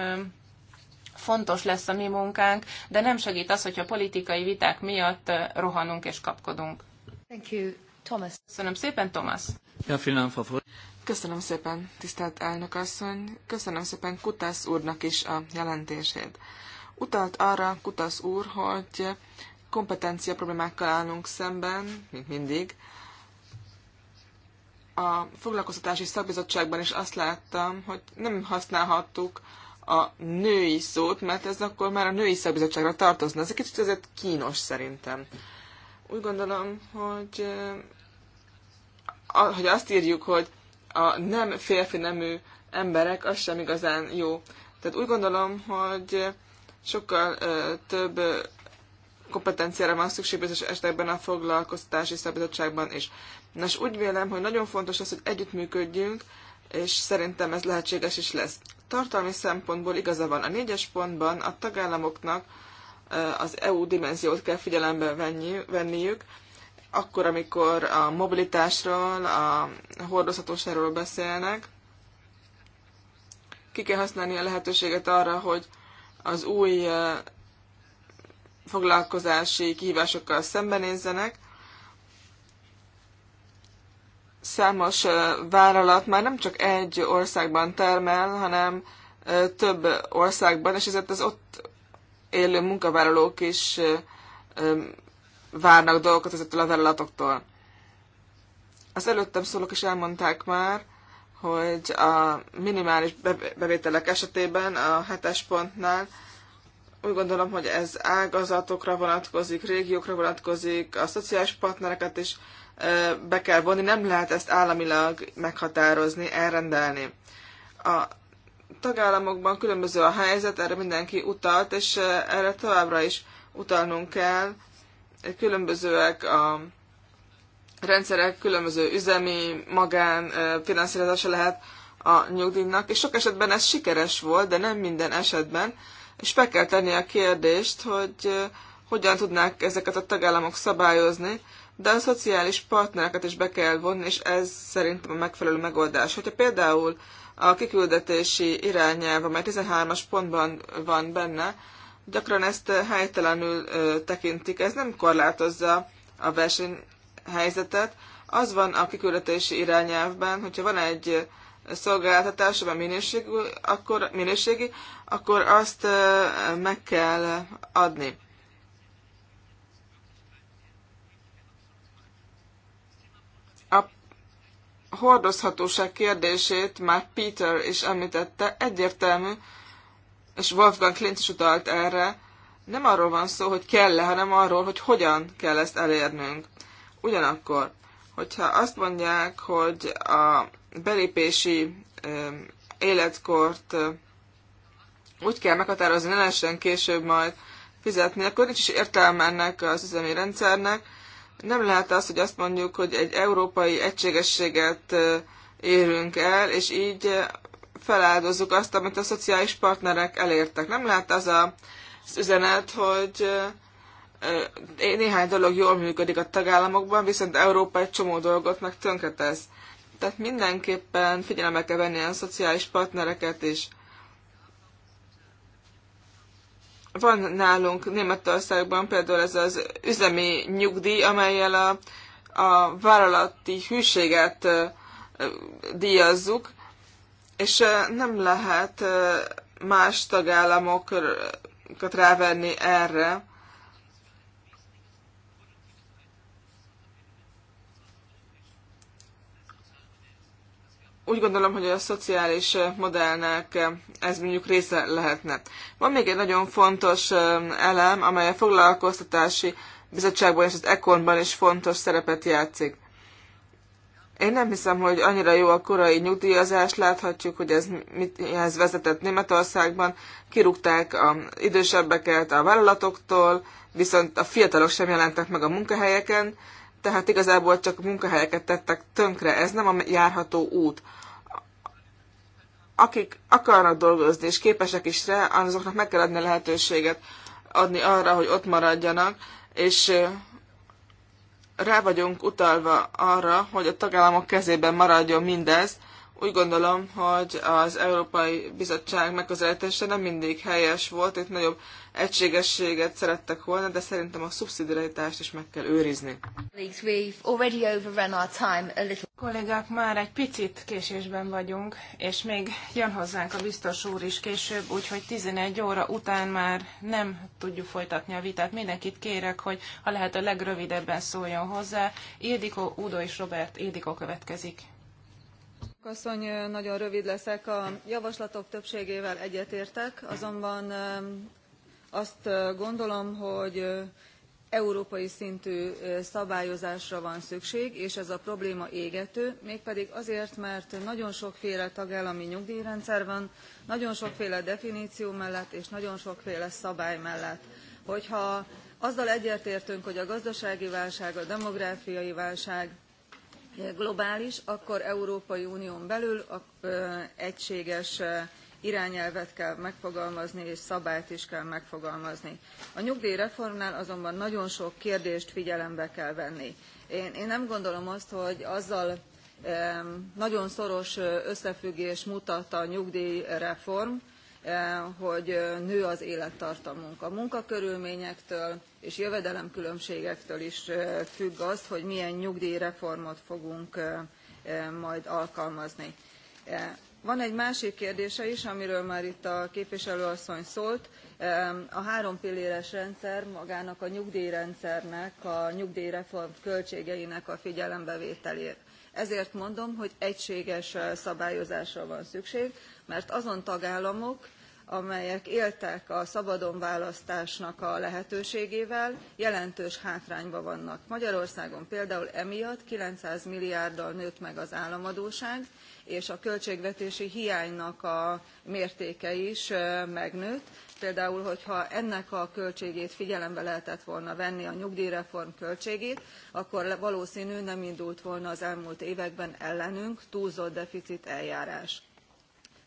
[SPEAKER 3] fontos lesz a mi munkánk, de nem segít az, hogyha politikai viták miatt rohanunk és kapkodunk. Thank you, Thomas. Köszönöm szépen, Thomas. Ja, vielen Köszönöm szépen,
[SPEAKER 4] tisztelt elnök asszony. Köszönöm szépen Kutász úrnak is a jelentését. Utalt arra Kutasz úr, hogy kompetencia problémákkal állunk szemben, mint mindig. A foglalkoztatási szakbizottságban is azt láttam, hogy nem használhattuk a női szót, mert ez akkor már a női szakbizottságra tartozna. Ez egy kicsit azért kínos szerintem. Úgy gondolom, hogy, eh, hogy azt írjuk, hogy a nem férfi nemű emberek, az sem igazán jó. Tehát úgy gondolom, hogy sokkal eh, több eh, kompetenciára van szükség bizonyos esetekben a foglalkoztatási szabadságban is. Nos, úgy vélem, hogy nagyon fontos az, hogy együttműködjünk, és szerintem ez lehetséges is lesz. Tartalmi szempontból igaza van. A négyes pontban a tagállamoknak eh, az EU dimenziót kell figyelembe venniük, akkor, amikor a mobilitásról, a hordozhatóságról beszélnek, ki kell használni a lehetőséget arra, hogy az új eh, foglalkozási kihívásokkal szembenézzenek. Számos vállalat már nem csak egy országban termel, hanem több országban, és ezért az ott élő munkavállalók is várnak dolgokat ezettől a vállalatoktól. Az előttem szólók is elmondták már, hogy a minimális bevételek esetében a hetes pontnál úgy gondolom, hogy ez ágazatokra vonatkozik, régiókra vonatkozik, a szociális partnereket is be kell vonni, nem lehet ezt államilag meghatározni, elrendelni. A tagállamokban különböző a helyzet, erre mindenki utalt, és erre továbbra is utalnunk kell. Különbözőek a rendszerek, különböző üzemi, magán finanszírozása lehet a nyugdíjnak, és sok esetben ez sikeres volt, de nem minden esetben, és fel kell tenni a kérdést, hogy hogyan tudnák ezeket a tagállamok szabályozni, de a szociális partnereket is be kell vonni, és ez szerintem a megfelelő megoldás. Hogyha például a kiküldetési irányelv, amely 13-as pontban van benne, gyakran ezt helytelenül tekintik. Ez nem korlátozza a versenyhelyzetet. Az van a kiküldetési irányelvben, hogyha van egy szolgáltatás, vagy minőségű, akkor, minőségi, akkor azt meg kell adni. A hordozhatóság kérdését már Peter is említette, egyértelmű, és Wolfgang Klint is utalt erre, nem arról van szó, hogy kell-e, hanem arról, hogy hogyan kell ezt elérnünk. Ugyanakkor, hogyha azt mondják, hogy a belépési életkort úgy kell meghatározni, ne lehessen később majd fizetni, akkor nincs is értelme ennek az üzemi rendszernek. Nem lehet az, hogy azt mondjuk, hogy egy európai egységességet érünk el, és így feláldozzuk azt, amit a szociális partnerek elértek. Nem lehet az a, az üzenet, hogy néhány dolog jól működik a tagállamokban, viszont Európa egy csomó dolgot meg tönkretesz. Tehát mindenképpen figyelembe kell venni a szociális partnereket is. Van nálunk Németországban például ez az üzemi nyugdíj, amelyel a, a vállalati hűséget díjazzuk, és nem lehet más tagállamokat rávenni erre. úgy gondolom, hogy a szociális modellnek ez mondjuk része lehetne. Van még egy nagyon fontos elem, amely a foglalkoztatási bizottságban és az ekonban is fontos szerepet játszik. Én nem hiszem, hogy annyira jó a korai nyugdíjazás, láthatjuk, hogy ez ez vezetett Németországban. Kirúgták a idősebbeket a vállalatoktól, viszont a fiatalok sem jelentek meg a munkahelyeken, tehát igazából csak a munkahelyeket tettek tönkre. Ez nem a járható út akik akarnak dolgozni és képesek is rá, azoknak meg kell adni lehetőséget adni arra, hogy ott maradjanak, és rá vagyunk utalva arra, hogy a tagállamok kezében maradjon mindez. Úgy gondolom, hogy az Európai Bizottság megközelítése nem mindig helyes volt, itt nagyobb egységességet szerettek volna, de szerintem a szubszidiaritást is meg kell őrizni.
[SPEAKER 3] Kollégák, már egy picit késésben vagyunk, és még jön hozzánk a biztos úr is később, úgyhogy 11 óra után már nem tudjuk folytatni a vitát. Mindenkit kérek, hogy ha lehet a legrövidebben szóljon hozzá. Ildikó, Udo és Robert, Ildikó következik.
[SPEAKER 2] Köszönj, nagyon rövid leszek. A javaslatok többségével egyetértek, azonban azt gondolom, hogy európai szintű szabályozásra van szükség és ez a probléma égető mégpedig azért mert nagyon sokféle tagállami nyugdjrendszer van nagyon sokféle definció mellett és nagyon sokféle szabály mellett. hogyha azzal egyetértünk hogy a gazdasági válság a demográfiai válság globális akkor európai unión belül egységes irányelvet kell megfogalmazni és szabályt is kell megfogalmazni. a nyugdjreformnál azonban nagyon sok kérdést figyelembe kell venni. én, én nem gondolom azt hogy azzal nagyon szoros összefüggést mutat a nyugdjreform hogy nő az élettartamunk. a munkakörülményektől és jövedelemkülönbségektől is függ az hogy milyen nyugdjreformot fogunk majd alkalmazni van egy másik kérdése is amiről már itt a képviselő asszony szólt a hárompilléres rendszer magának a nyugdjrendszernek a nyugdjreform költségeinek a figyelembevételére. ezért mondom hogy egységes eh, szabályozásra van szükség mert azon tagállamok amelyek éltek a szabadon választásnak a lehetőségével jelentős hátrányban vannak. magyarországon például emiatt nine hundred milliárddal nőtt meg az államadósság és a költségvetési hiánynak a mértéke is megnőtt például hogyha ennek a költségét figyelembe lehetett volna venni a nyugdjreform költségét akkor valósznű nem indult volna az elmúlt években ellenünk túlzott deficit eljárás.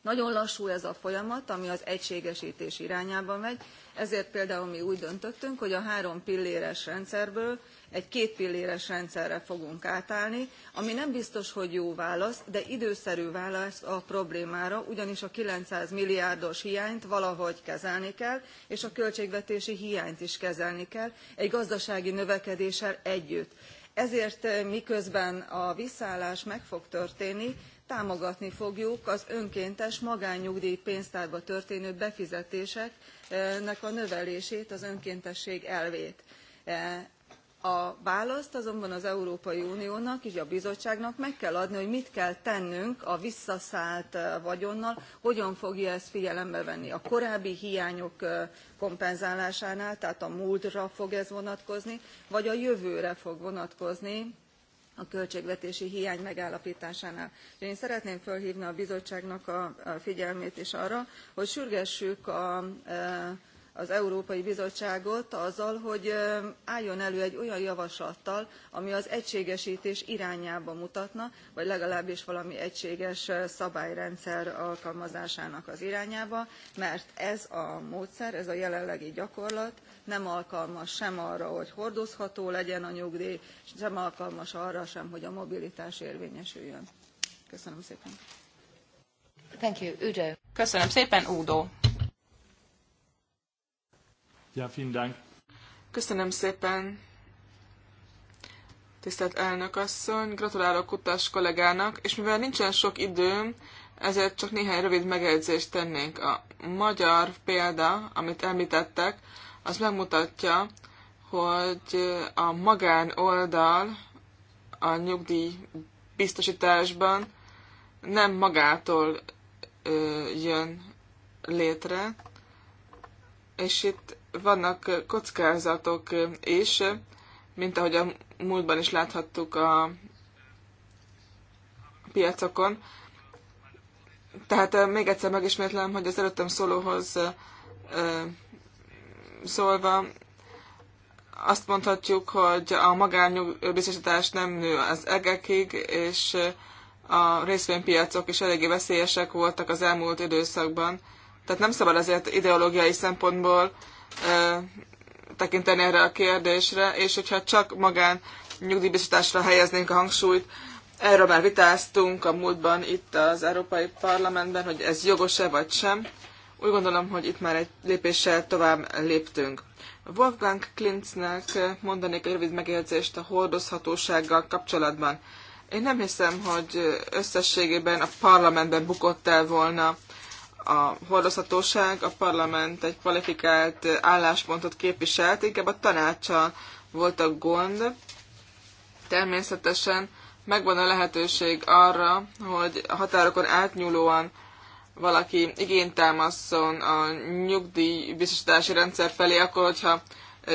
[SPEAKER 2] nagyon lassú ez a folyamat ami az egységestés irányába megy ezért például mi úgy döntöttünk hogy a három pilléres rendszerből egy kétpilléres rendszerre fogunk átállni ami nem biztos hogy jó válasz de időszerű válasz a problémára ugyanis a nine hundred milliárdos hiányt valahogy kezelni kell és a költségvetési hiányt is kezelni kell egy gazdasági növekedéssel együtt. ezért eh, miközben a visszaállás meg fog történni támogatni fogjuk az önkéntes magánnyugdj pénztárba történő befizetéseknek a növelését az önkéntesség elvét eh, a választ azonban az európai uniónak és a bizottságnak meg kell adni hogy mit kell tennünk a visszaszállt eh, vagyonnal hogyan fogja ezt figyelembe venni a korábbi hiányok eh, kompenzálásánál tehát a múltra fog ez vonatkozni vagy a jövőre fog vonatkozni a költségvetési hiány megállaptásánál. én szeretném felhívni a bizottságnak a figyelmét is arra hogy sürgessük a eh, az európai bizottságot azzal hogy álljon elő egy olyan javaslattal ami az egységestés irányába mutatna vagy legalábbis valami egységes szabályrendszer alkalmazásának az irányába mert ez a módszer ez a jelenlegi gyakorlat nem alkalmas sem arra hogy hordozható legyen a nyugdj sem alkalmas arra sem hogy a mobilitás érvényesüljön. köszönöm szépen!
[SPEAKER 3] Thank you, Udo. Köszönöm szépen, Udo.
[SPEAKER 2] Ja, vielen Dank.
[SPEAKER 4] Köszönöm szépen, tisztelt elnök asszony, gratulálok utas kollégának, és mivel nincsen sok időm, ezért csak néhány rövid megjegyzést tennénk. A magyar példa, amit említettek, az megmutatja, hogy a magán oldal a nyugdíj biztosításban nem magától ö, jön létre, és itt vannak kockázatok is, mint ahogy a múltban is láthattuk a piacokon. Tehát még egyszer megismétlem, hogy az előttem szólóhoz szólva azt mondhatjuk, hogy a magánbiztosítás nem nő az egekig, és a részvénypiacok is eléggé veszélyesek voltak az elmúlt időszakban. Tehát nem szabad azért ideológiai szempontból tekinteni erre a kérdésre, és hogyha csak magán nyugdíjbiztosításra helyeznénk a hangsúlyt, erről már vitáztunk a múltban itt az Európai Parlamentben, hogy ez jogos-e vagy sem. Úgy gondolom, hogy itt már egy lépéssel tovább léptünk. Wolfgang Klintznek mondanék egy rövid megjegyzést a hordozhatósággal kapcsolatban. Én nem hiszem, hogy összességében a parlamentben bukott el volna a hordozhatóság, a parlament egy kvalifikált álláspontot képviselt, inkább a tanácsa volt a gond. Természetesen megvan a lehetőség arra, hogy a határokon átnyúlóan valaki igényt támaszon a nyugdíjbiztosítási rendszer felé, akkor hogyha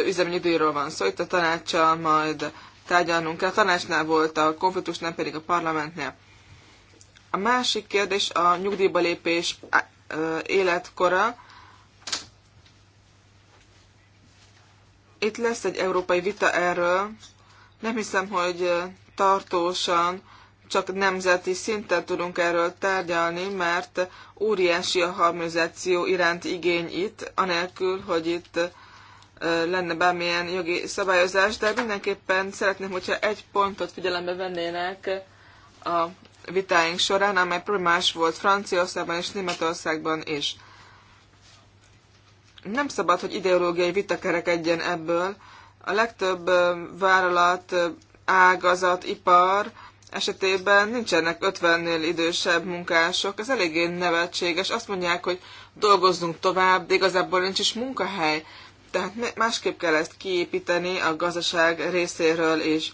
[SPEAKER 4] üzemnyugdíjról van szó, itt a tanácssal majd tárgyalnunk kell. A tanácsnál volt a konfliktus, nem pedig a parlamentnél. A másik kérdés a nyugdíjba lépés életkora. Itt lesz egy európai vita erről. Nem hiszem, hogy tartósan csak nemzeti szinten tudunk erről tárgyalni, mert óriási a harmonizáció iránti igény itt, anélkül, hogy itt lenne bármilyen jogi szabályozás, de mindenképpen szeretném, hogyha egy pontot figyelembe vennének a vitáink során, amely problémás volt Franciaországban és Németországban is. Nem szabad, hogy ideológiai vita kerekedjen ebből. A legtöbb vállalat, ágazat, ipar esetében nincsenek 50-nél idősebb munkások. Ez eléggé nevetséges. Azt mondják, hogy dolgozzunk tovább, de igazából nincs is munkahely. Tehát másképp kell ezt kiépíteni a gazdaság részéről is. És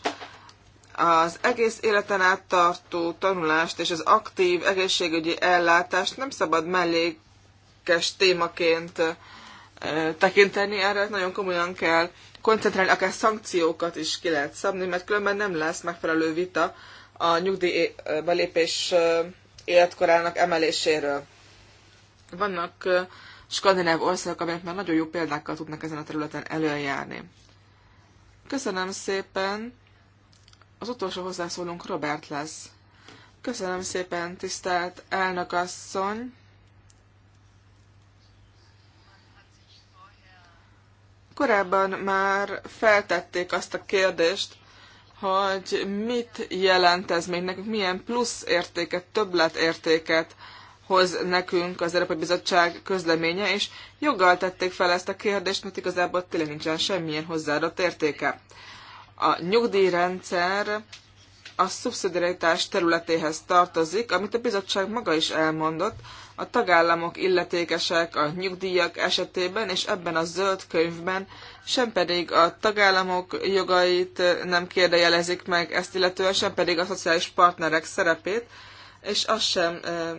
[SPEAKER 4] az egész életen át tartó tanulást és az aktív egészségügyi ellátást nem szabad mellékes témaként tekinteni, erre nagyon komolyan kell koncentrálni, akár szankciókat is ki lehet szabni, mert különben nem lesz megfelelő vita a nyugdíj belépés életkorának emeléséről. Vannak skandináv országok, amelyek már nagyon jó példákkal tudnak ezen a területen előjárni. Köszönöm szépen! Az utolsó hozzászólunk Robert lesz. Köszönöm szépen, tisztelt elnökasszony! Korábban már feltették azt a kérdést, hogy mit jelent ez még nekünk, milyen plusz értéket, értéket hoz nekünk az Európai Bizottság közleménye, és joggal tették fel ezt a kérdést, mert igazából tényleg nincsen semmilyen hozzáadott értéke a nyugdíjrendszer a szubszidiaritás területéhez tartozik, amit a bizottság maga is elmondott, a tagállamok illetékesek a nyugdíjak esetében, és ebben a zöld könyvben sem pedig a tagállamok jogait nem kérdejelezik meg ezt illetően, sem pedig a szociális partnerek szerepét, és azt sem eh,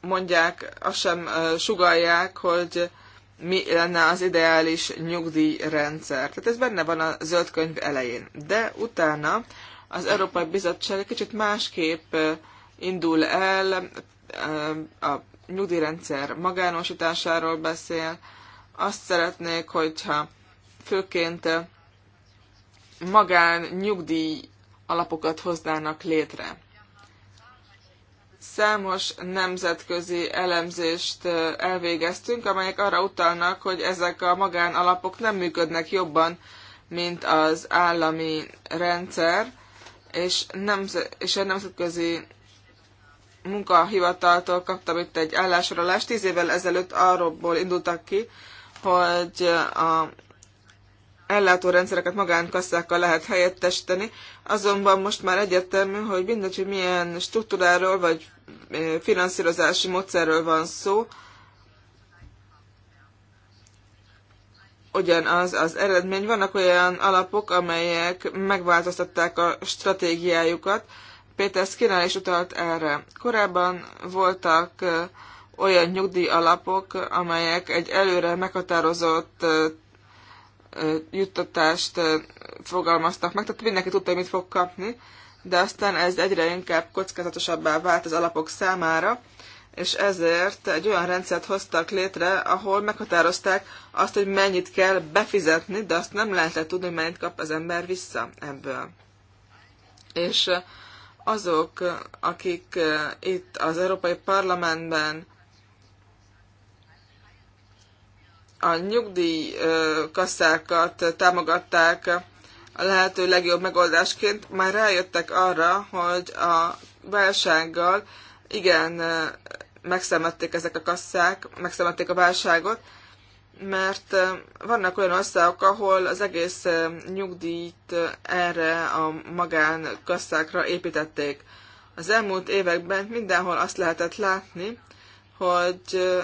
[SPEAKER 4] mondják, azt sem eh, sugalják, hogy mi lenne az ideális nyugdíjrendszer. Tehát ez benne van a zöld könyv elején. De utána az Európai Bizottság kicsit másképp indul el, a nyugdíjrendszer magánosításáról beszél. Azt szeretnék, hogyha főként magán nyugdíj alapokat hoznának létre. Számos nemzetközi elemzést elvégeztünk, amelyek arra utalnak, hogy ezek a magánalapok nem működnek jobban, mint az állami rendszer, és, nemze- és a nemzetközi munkahivataltól kaptam itt egy állásorolást. Tíz évvel ezelőtt arról indultak ki, hogy a ellátórendszereket magánkasszákkal lehet helyettesíteni, azonban most már egyértelmű, hogy mindegy, hogy milyen struktúráról vagy finanszírozási módszerről van szó, ugyanaz az eredmény. Vannak olyan alapok, amelyek megváltoztatták a stratégiájukat. Péter Skinner is utalt erre. Korábban voltak olyan nyugdíj alapok, amelyek egy előre meghatározott juttatást fogalmaztak meg, tehát mindenki tudta, hogy mit fog kapni, de aztán ez egyre inkább kockázatosabbá vált az alapok számára, és ezért egy olyan rendszert hoztak létre, ahol meghatározták azt, hogy mennyit kell befizetni, de azt nem lehetett tudni, hogy mennyit kap az ember vissza ebből. És azok, akik itt az Európai Parlamentben a nyugdíjkasszákat támogatták a lehető legjobb megoldásként, már rájöttek arra, hogy a válsággal igen megszemették ezek a kasszák, megszemették a válságot, mert vannak olyan országok, ahol az egész nyugdíjt erre a magánkasszákra építették. Az elmúlt években mindenhol azt lehetett látni, hogy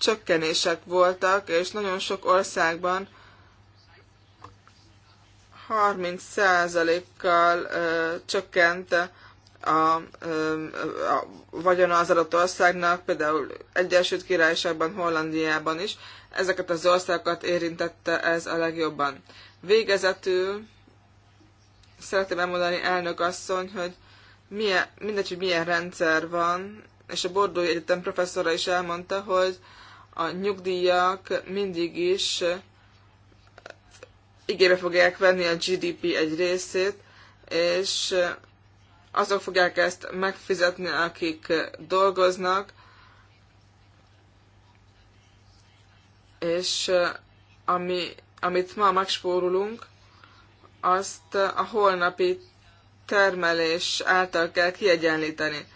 [SPEAKER 4] csökkenések voltak, és nagyon sok országban 30%-kal csökkent a, a vagyona az adott országnak, például Egyesült Királyságban, Hollandiában is. Ezeket az országokat érintette ez a legjobban. Végezetül szeretném elmondani elnök asszony, hogy milyen, mindegy, hogy milyen rendszer van, és a Bordói Egyetem professzora is elmondta, hogy a nyugdíjak mindig is igébe fogják venni a GDP egy részét, és azok fogják ezt megfizetni, akik dolgoznak, és ami, amit ma megspórolunk, azt a holnapi termelés által kell kiegyenlíteni,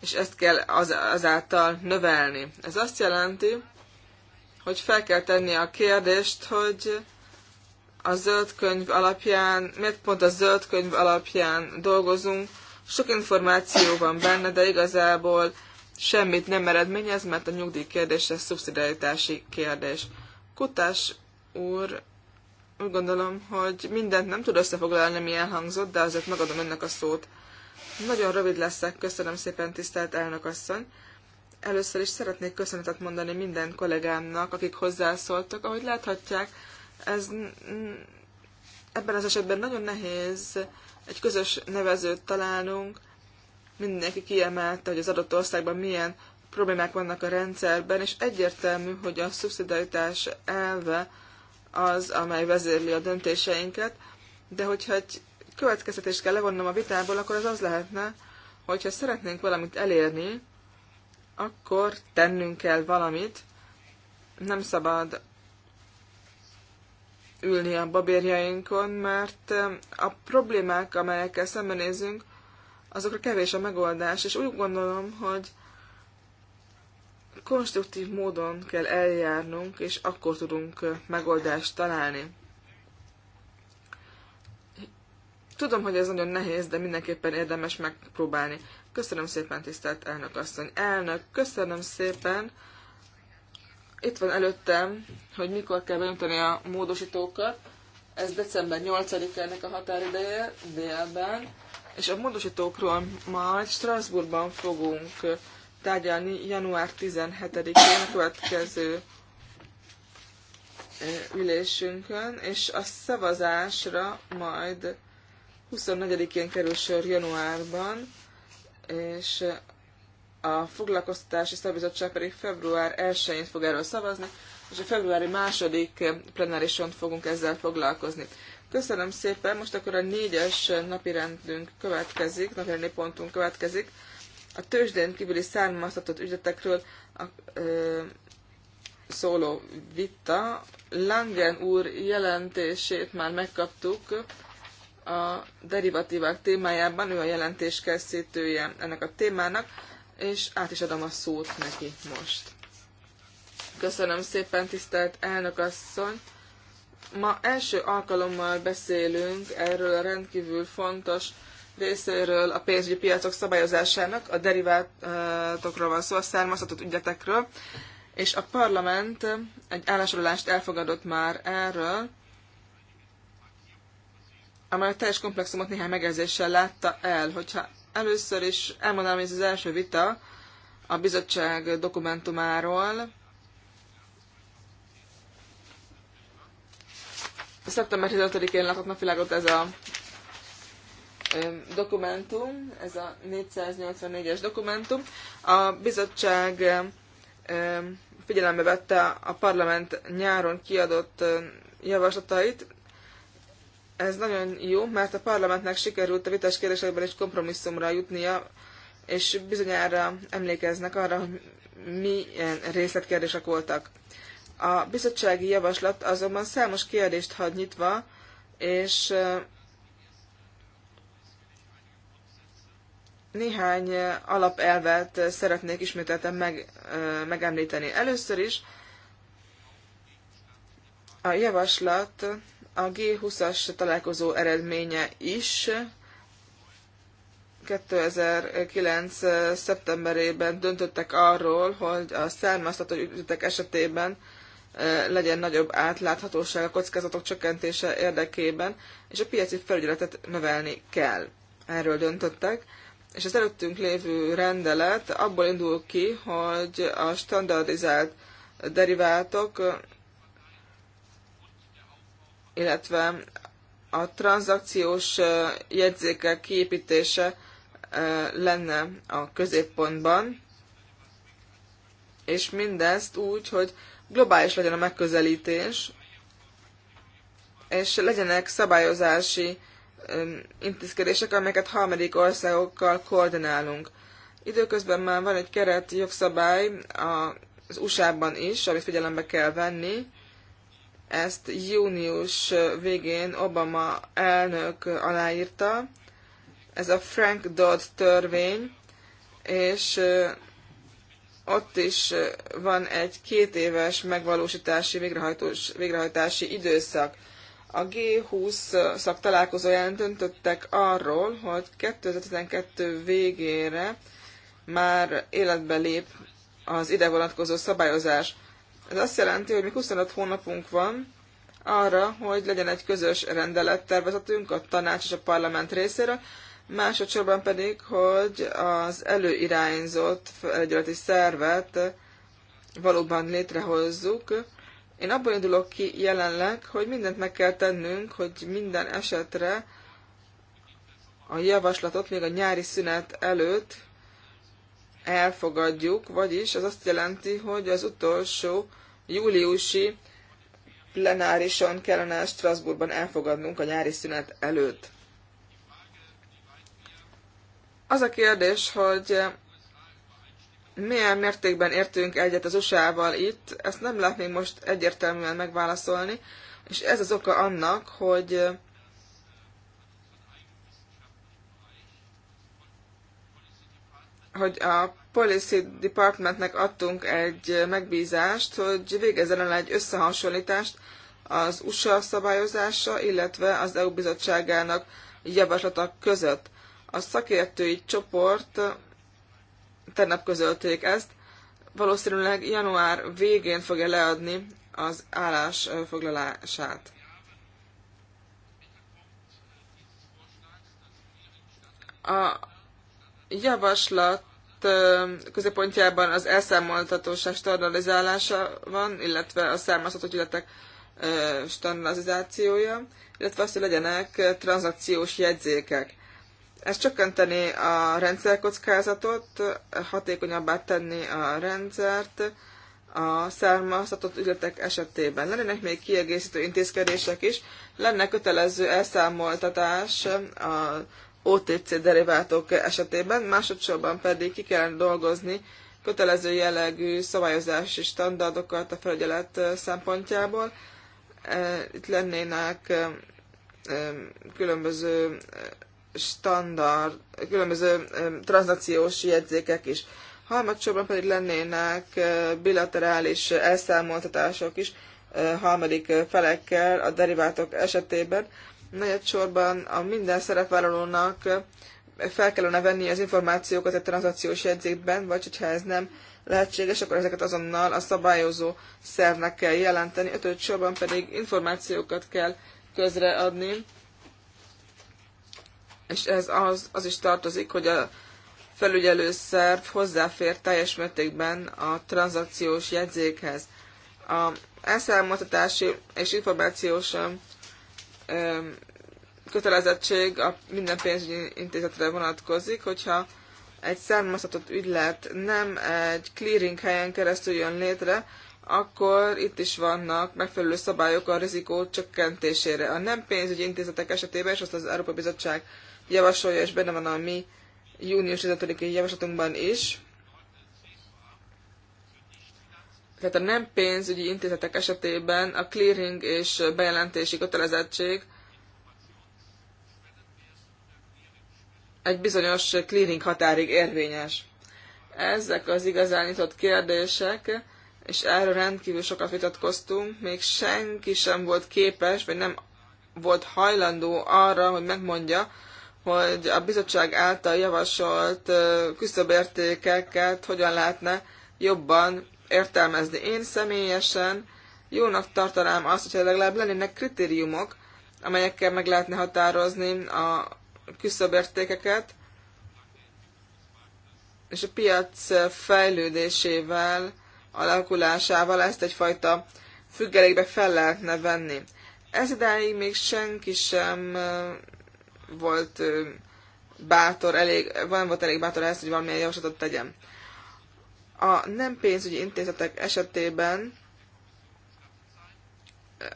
[SPEAKER 4] és ezt kell az, azáltal növelni. Ez azt jelenti, hogy fel kell tenni a kérdést, hogy a zöld könyv alapján, miért pont a zöld könyv alapján dolgozunk. Sok információ van benne, de igazából semmit nem eredményez, mert a nyugdíj kérdése szubszidiaritási kérdés. Kutás úr, úgy gondolom, hogy mindent nem tud összefoglalni, mi elhangzott, de azért megadom önnek a szót. Nagyon rövid leszek, köszönöm szépen, tisztelt elnök asszony. Először is szeretnék köszönetet mondani minden kollégámnak, akik hozzászóltak. Ahogy láthatják, ez ebben az esetben nagyon nehéz egy közös nevezőt találnunk. Mindenki kiemelte, hogy az adott országban milyen problémák vannak a rendszerben, és egyértelmű, hogy a szubszidaritás elve az, amely vezérli a döntéseinket, de hogyha egy következtetést kell levonnom a vitából, akkor az az lehetne, hogyha szeretnénk valamit elérni, akkor tennünk kell valamit. Nem szabad ülni a babérjainkon, mert eh, a problémák, amelyekkel szembenézünk, azokra kevés a megoldás, és úgy gondolom, hogy konstruktív módon kell eljárnunk, és akkor tudunk eh, megoldást találni. Tudom, hogy ez nagyon nehéz, de mindenképpen érdemes megpróbálni. Köszönöm szépen, tisztelt elnök asszony. Elnök, köszönöm szépen. Itt van előttem, hogy mikor kell benyújtani a módosítókat. Ez december 8-ának a határideje délben, és a módosítókról majd Strasbourgban fogunk tárgyalni január 17-én a következő ülésünkön, és a szavazásra majd 24-én kerül sor januárban, és a foglalkoztatási szabizottság pedig február 1-én fog erről szavazni, és a februári második plenárison fogunk ezzel foglalkozni. Köszönöm szépen, most akkor a négyes napi rendünk következik, napirendi pontunk következik. A tőzsdén kívüli származtatott ügyetekről a, ö, szóló vita. Langen úr jelentését már megkaptuk, a derivatívák témájában, ő a jelentés készítője ennek a témának, és át is adom a szót neki most. Köszönöm szépen, tisztelt elnök asszony! Ma első alkalommal beszélünk erről a rendkívül fontos részéről a pénzügyi piacok szabályozásának, a derivátokról van szó, a származhatott ügyetekről, és a parlament egy állásolást elfogadott már erről, amely a teljes komplexumot néhány megjegyzéssel látta el. Hogyha először is elmondanám, hogy ez az első vita a bizottság dokumentumáról, szeptember 15-én lakott napvilágot ez a dokumentum, ez a 484-es dokumentum. A bizottság figyelembe vette a parlament nyáron kiadott javaslatait, ez nagyon jó, mert a parlamentnek sikerült a vitás kérdésekben is kompromisszumra jutnia, és bizonyára emlékeznek arra, hogy milyen részletkérdések voltak. A bizottsági javaslat azonban számos kérdést hagy nyitva, és eh, néhány alapelvet szeretnék ismételten meg, eh, megemlíteni. Először is a javaslat a G20-as találkozó eredménye is 2009. szeptemberében döntöttek arról, hogy a származtató ügyletek esetében e, legyen nagyobb átláthatóság a kockázatok csökkentése érdekében, és a piaci felügyeletet növelni kell. Erről döntöttek. És az előttünk lévő rendelet abból indul ki, hogy a standardizált derivátok illetve a tranzakciós jegyzékek kiépítése lenne a középpontban, és mindezt úgy, hogy globális legyen a megközelítés, és legyenek szabályozási intézkedések, amelyeket harmadik országokkal koordinálunk. Időközben már van egy keret jogszabály az USA-ban is, amit figyelembe kell venni, ezt június végén Obama elnök aláírta. Ez a Frank Dodd törvény, és ott is van egy két éves megvalósítási, végrehajtós, végrehajtási időszak. A G20 szak találkozóján döntöttek arról, hogy 2012 végére már életbe lép az ide vonatkozó szabályozás. Ez azt jelenti, hogy még 25 hónapunk van arra, hogy legyen egy közös rendelettervezetünk a tanács és a parlament részéről, másodszorban pedig, hogy az előirányzott felügyeleti szervet valóban létrehozzuk. Én abból indulok ki jelenleg, hogy mindent meg kell tennünk, hogy minden esetre a javaslatot még a nyári szünet előtt elfogadjuk, vagyis az azt jelenti, hogy az utolsó júliusi plenárison kellene Strasbourgban elfogadnunk a nyári szünet előtt. Az a kérdés, hogy milyen mértékben értünk egyet az USA-val itt, ezt nem lehet most egyértelműen megválaszolni, és ez az oka annak, hogy hogy a Policy Departmentnek adtunk egy megbízást, hogy végezzen el egy összehasonlítást az USA szabályozása, illetve az EU bizottságának javaslata között. A szakértői csoport tegnap közölték ezt, valószínűleg január végén fogja leadni az állásfoglalását. A javaslat középpontjában az elszámoltatóság standardizálása van, illetve a származhatott ügyletek standardizációja, illetve azt hogy legyenek tranzakciós jegyzékek. Ez csökkenteni a rendszerkockázatot, hatékonyabbá tenni a rendszert a származhatott ügyletek esetében. Lennének még kiegészítő intézkedések is, lenne kötelező elszámoltatás a OTC derivátok esetében, másodszorban pedig ki kellene dolgozni kötelező jellegű szabályozási standardokat a felügyelet szempontjából. Itt lennének különböző standard, különböző tranzakciós jegyzékek is. Harmadsorban pedig lennének bilaterális elszámoltatások is harmadik felekkel a derivátok esetében, negyed sorban a minden szerepvállalónak fel kellene venni az információkat a tranzakciós jegyzékben, vagy hogyha ez nem lehetséges, akkor ezeket azonnal a szabályozó szervnek kell jelenteni, ötöd sorban pedig információkat kell közreadni, és ez az, az is tartozik, hogy a felügyelő szerv hozzáfér teljes mértékben a tranzakciós jegyzékhez. A elszámoltatási és információs kötelezettség a minden pénzügyi intézetre vonatkozik, hogyha egy származhatott ügylet nem egy clearing helyen keresztül jön létre, akkor itt is vannak megfelelő szabályok a rizikó csökkentésére. A nem pénzügyi intézetek esetében, és azt az Európai Bizottság javasolja, és benne van a mi június 15-i javaslatunkban is, tehát a nem pénzügyi intézetek esetében a clearing és bejelentési kötelezettség egy bizonyos clearing határig érvényes. Ezek az igazán nyitott kérdések, és erről rendkívül sokat vitatkoztunk, még senki sem volt képes, vagy nem volt hajlandó arra, hogy megmondja, hogy a bizottság által javasolt küszöbértékeket hogyan lehetne jobban értelmezni. Én személyesen jónak tartanám azt, hogyha legalább lennének kritériumok, amelyekkel meg lehetne határozni a küszöbértékeket, és a piac fejlődésével, alakulásával ezt egyfajta függelékbe fel lehetne venni. Ez idáig még senki sem volt bátor, elég, van volt elég bátor ehhez, hogy valamilyen javaslatot tegyem. A nem pénzügyi intézetek esetében eh,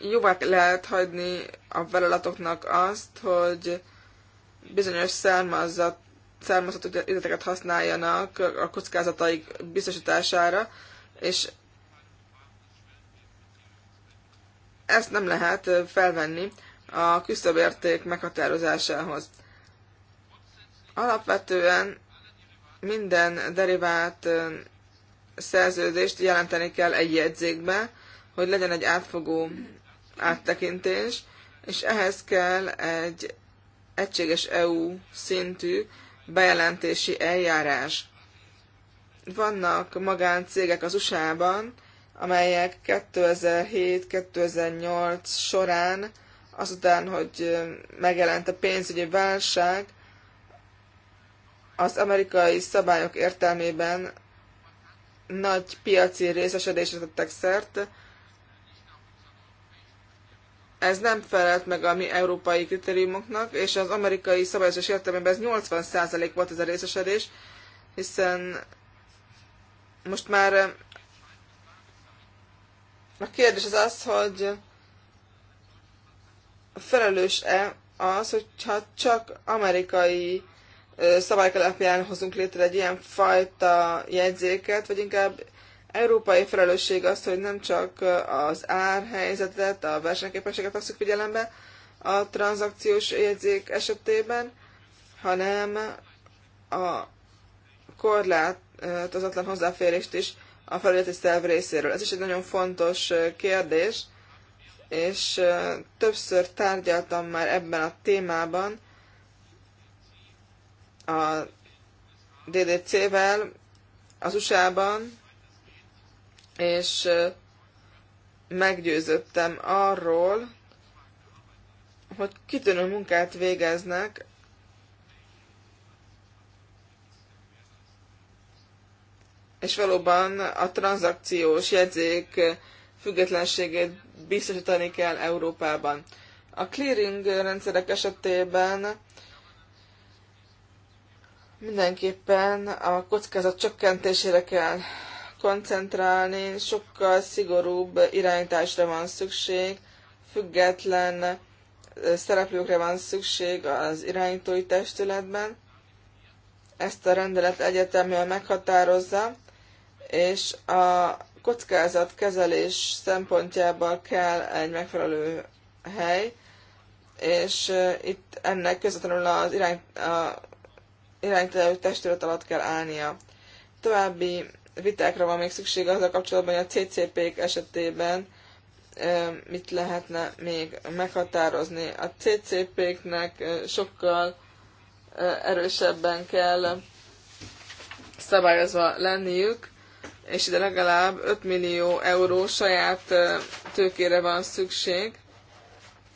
[SPEAKER 4] jóvá lehet hagyni a vállalatoknak azt, hogy bizonyos származat, származható ügyleteket használjanak a kockázataik biztosítására, és ezt nem lehet eh, felvenni a küszöbérték meghatározásához. Alapvetően minden derivált szerződést jelenteni kell egy jegyzékbe, hogy legyen egy átfogó áttekintés, és ehhez kell egy egységes EU szintű bejelentési eljárás. Vannak magáncégek az USA-ban, amelyek 2007-2008 során, azután, hogy megjelent a pénzügyi válság, az amerikai szabályok értelmében nagy piaci részesedésre tettek szert. Ez nem felelt meg a mi európai kritériumoknak, és az amerikai szabályozás értelmében ez 80% volt ez a részesedés, hiszen most már eh, a kérdés az az, hogy felelős-e az, hogyha csak amerikai szabályok alapján hozunk létre egy ilyen fajta jegyzéket, vagy inkább európai felelősség az, hogy nem csak az árhelyzetet, a versenyképességet veszük figyelembe a tranzakciós jegyzék esetében, hanem a korlátozatlan hozzáférést is a felületi szerv részéről. Ez is egy nagyon fontos kérdés, és többször tárgyaltam már ebben a témában a DDC-vel az USA-ban, és meggyőzöttem arról, hogy kitűnő munkát végeznek, és valóban a tranzakciós jegyzék függetlenségét biztosítani kell Európában. A clearing rendszerek esetében Mindenképpen a kockázat csökkentésére kell koncentrálni, sokkal szigorúbb irányításra van szükség, független szereplőkre van szükség az irányítói testületben. Ezt a rendelet egyetemben meghatározza, és a kezelés szempontjából kell egy megfelelő hely, és itt ennek közvetlenül az irány, a iránytelő testület alatt kell állnia. További vitákra van még szükség a kapcsolatban, hogy a CCP-k esetében mit lehetne még meghatározni. A CCP-knek sokkal erősebben kell szabályozva lenniük, és ide legalább 5 millió euró saját tőkére van szükség,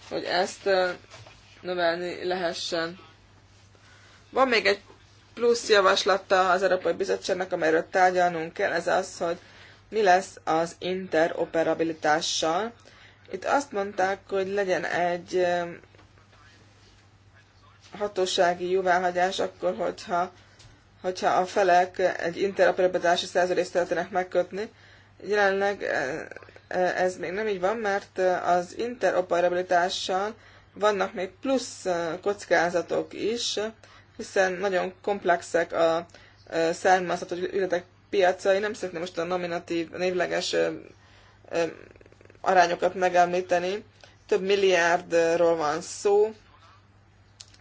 [SPEAKER 4] hogy ezt növelni lehessen. Van még egy plusz javaslata az Európai Bizottságnak, amelyről tárgyalnunk kell, ez az, hogy mi lesz az interoperabilitással. Itt azt mondták, hogy legyen egy hatósági jóváhagyás akkor, hogyha, hogyha a felek egy interoperabilitási szerződést szeretnének megkötni. Jelenleg e, e, ez még nem így van, mert az interoperabilitással vannak még plusz e, kockázatok is, hiszen nagyon komplexek a származható ületek piacai. Nem szeretném most a nominatív, névleges arányokat megemlíteni. Több milliárdról van szó,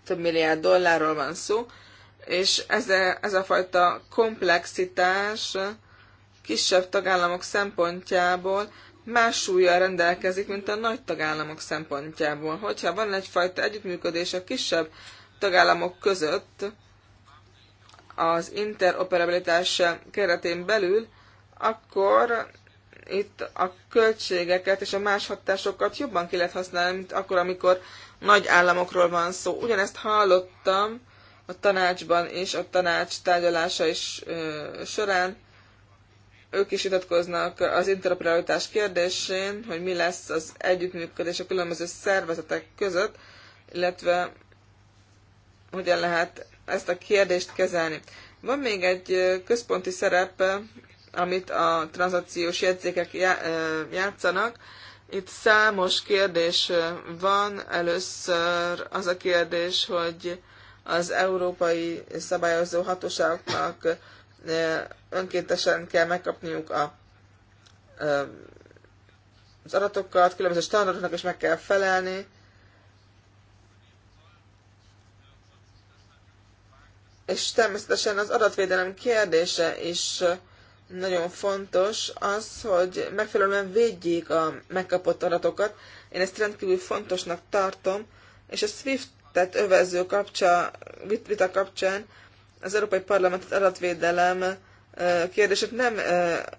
[SPEAKER 4] több milliárd dollárról van szó, és ez a, ez a fajta komplexitás kisebb tagállamok szempontjából más súlyjal rendelkezik, mint a nagy tagállamok szempontjából. Hogyha van egyfajta együttműködés a kisebb tagállamok között az interoperabilitás keretén belül, akkor itt a költségeket és a más hatásokat jobban ki lehet használni, mint akkor, amikor nagy államokról van szó. Ugyanezt hallottam a tanácsban és a tanács tárgyalása is ö, során. Ők is vitatkoznak az interoperabilitás kérdésén, hogy mi lesz az együttműködés a különböző szervezetek között, illetve hogyan lehet ezt a kérdést kezelni. Van még egy központi szerep, amit a tranzakciós jegyzékek játszanak. Itt számos kérdés van. Először az a kérdés, hogy az európai szabályozó hatóságoknak önkéntesen kell megkapniuk a, az adatokat, különböző standardoknak is meg kell felelni, és természetesen az adatvédelem kérdése is nagyon fontos az, hogy megfelelően védjék a megkapott adatokat. Én ezt rendkívül fontosnak tartom, és a SWIFT-et övező kapcsa, vita kapcsán az Európai Parlament adatvédelem kérdését nem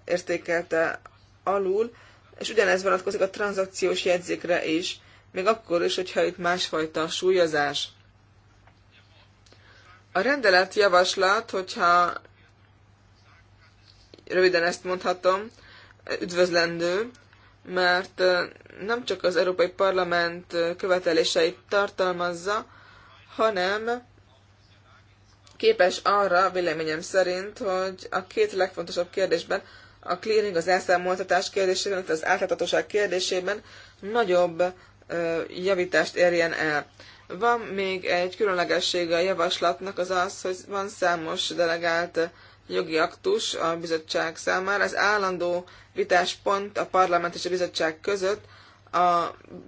[SPEAKER 4] értékelte alul, és ugyanez vonatkozik a tranzakciós jegyzékre is, még akkor is, hogyha itt másfajta súlyozás a rendelet javaslat, hogyha röviden ezt mondhatom, üdvözlendő, mert nem csak az Európai Parlament követeléseit tartalmazza, hanem képes arra, véleményem szerint, hogy a két legfontosabb kérdésben, a clearing, az elszámoltatás kérdésében, az átláthatóság kérdésében nagyobb javítást érjen el. Van még egy különlegessége a javaslatnak, az az, hogy van számos delegált jogi aktus a bizottság számára. Ez állandó vitáspont a parlament és a bizottság között, a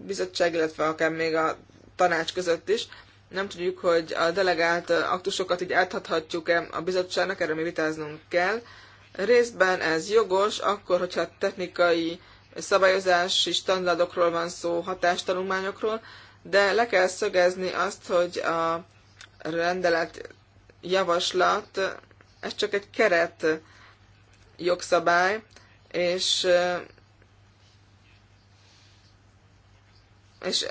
[SPEAKER 4] bizottság, illetve akár még a tanács között is. Nem tudjuk, hogy a delegált aktusokat így áthathatjuk-e a bizottságnak, erre mi vitáznunk kell. Részben ez jogos, akkor, hogyha technikai szabályozási standardokról van szó, hatástanulmányokról, de le kell szögezni azt, hogy a rendelet javaslat, ez csak egy keret jogszabály, és, és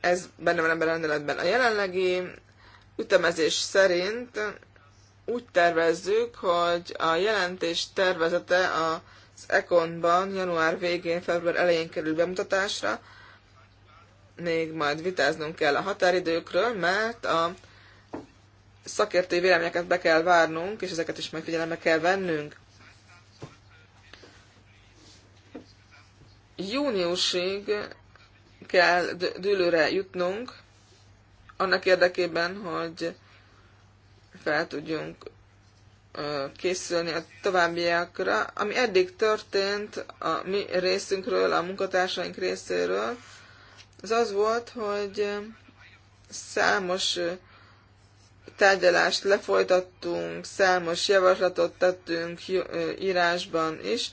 [SPEAKER 4] ez benne van ebben a rendeletben. A jelenlegi ütemezés szerint úgy tervezzük, hogy a jelentés tervezete az Econban január végén, február elején kerül bemutatásra, még majd vitáznunk kell a határidőkről, mert a szakértői véleményeket be kell várnunk, és ezeket is majd figyelembe kell vennünk. Júniusig kell dőlőre jutnunk, annak érdekében, hogy fel tudjunk készülni a továbbiakra. Ami eddig történt a mi részünkről, a munkatársaink részéről, az az volt, hogy számos tárgyalást lefolytattunk, számos javaslatot tettünk írásban is,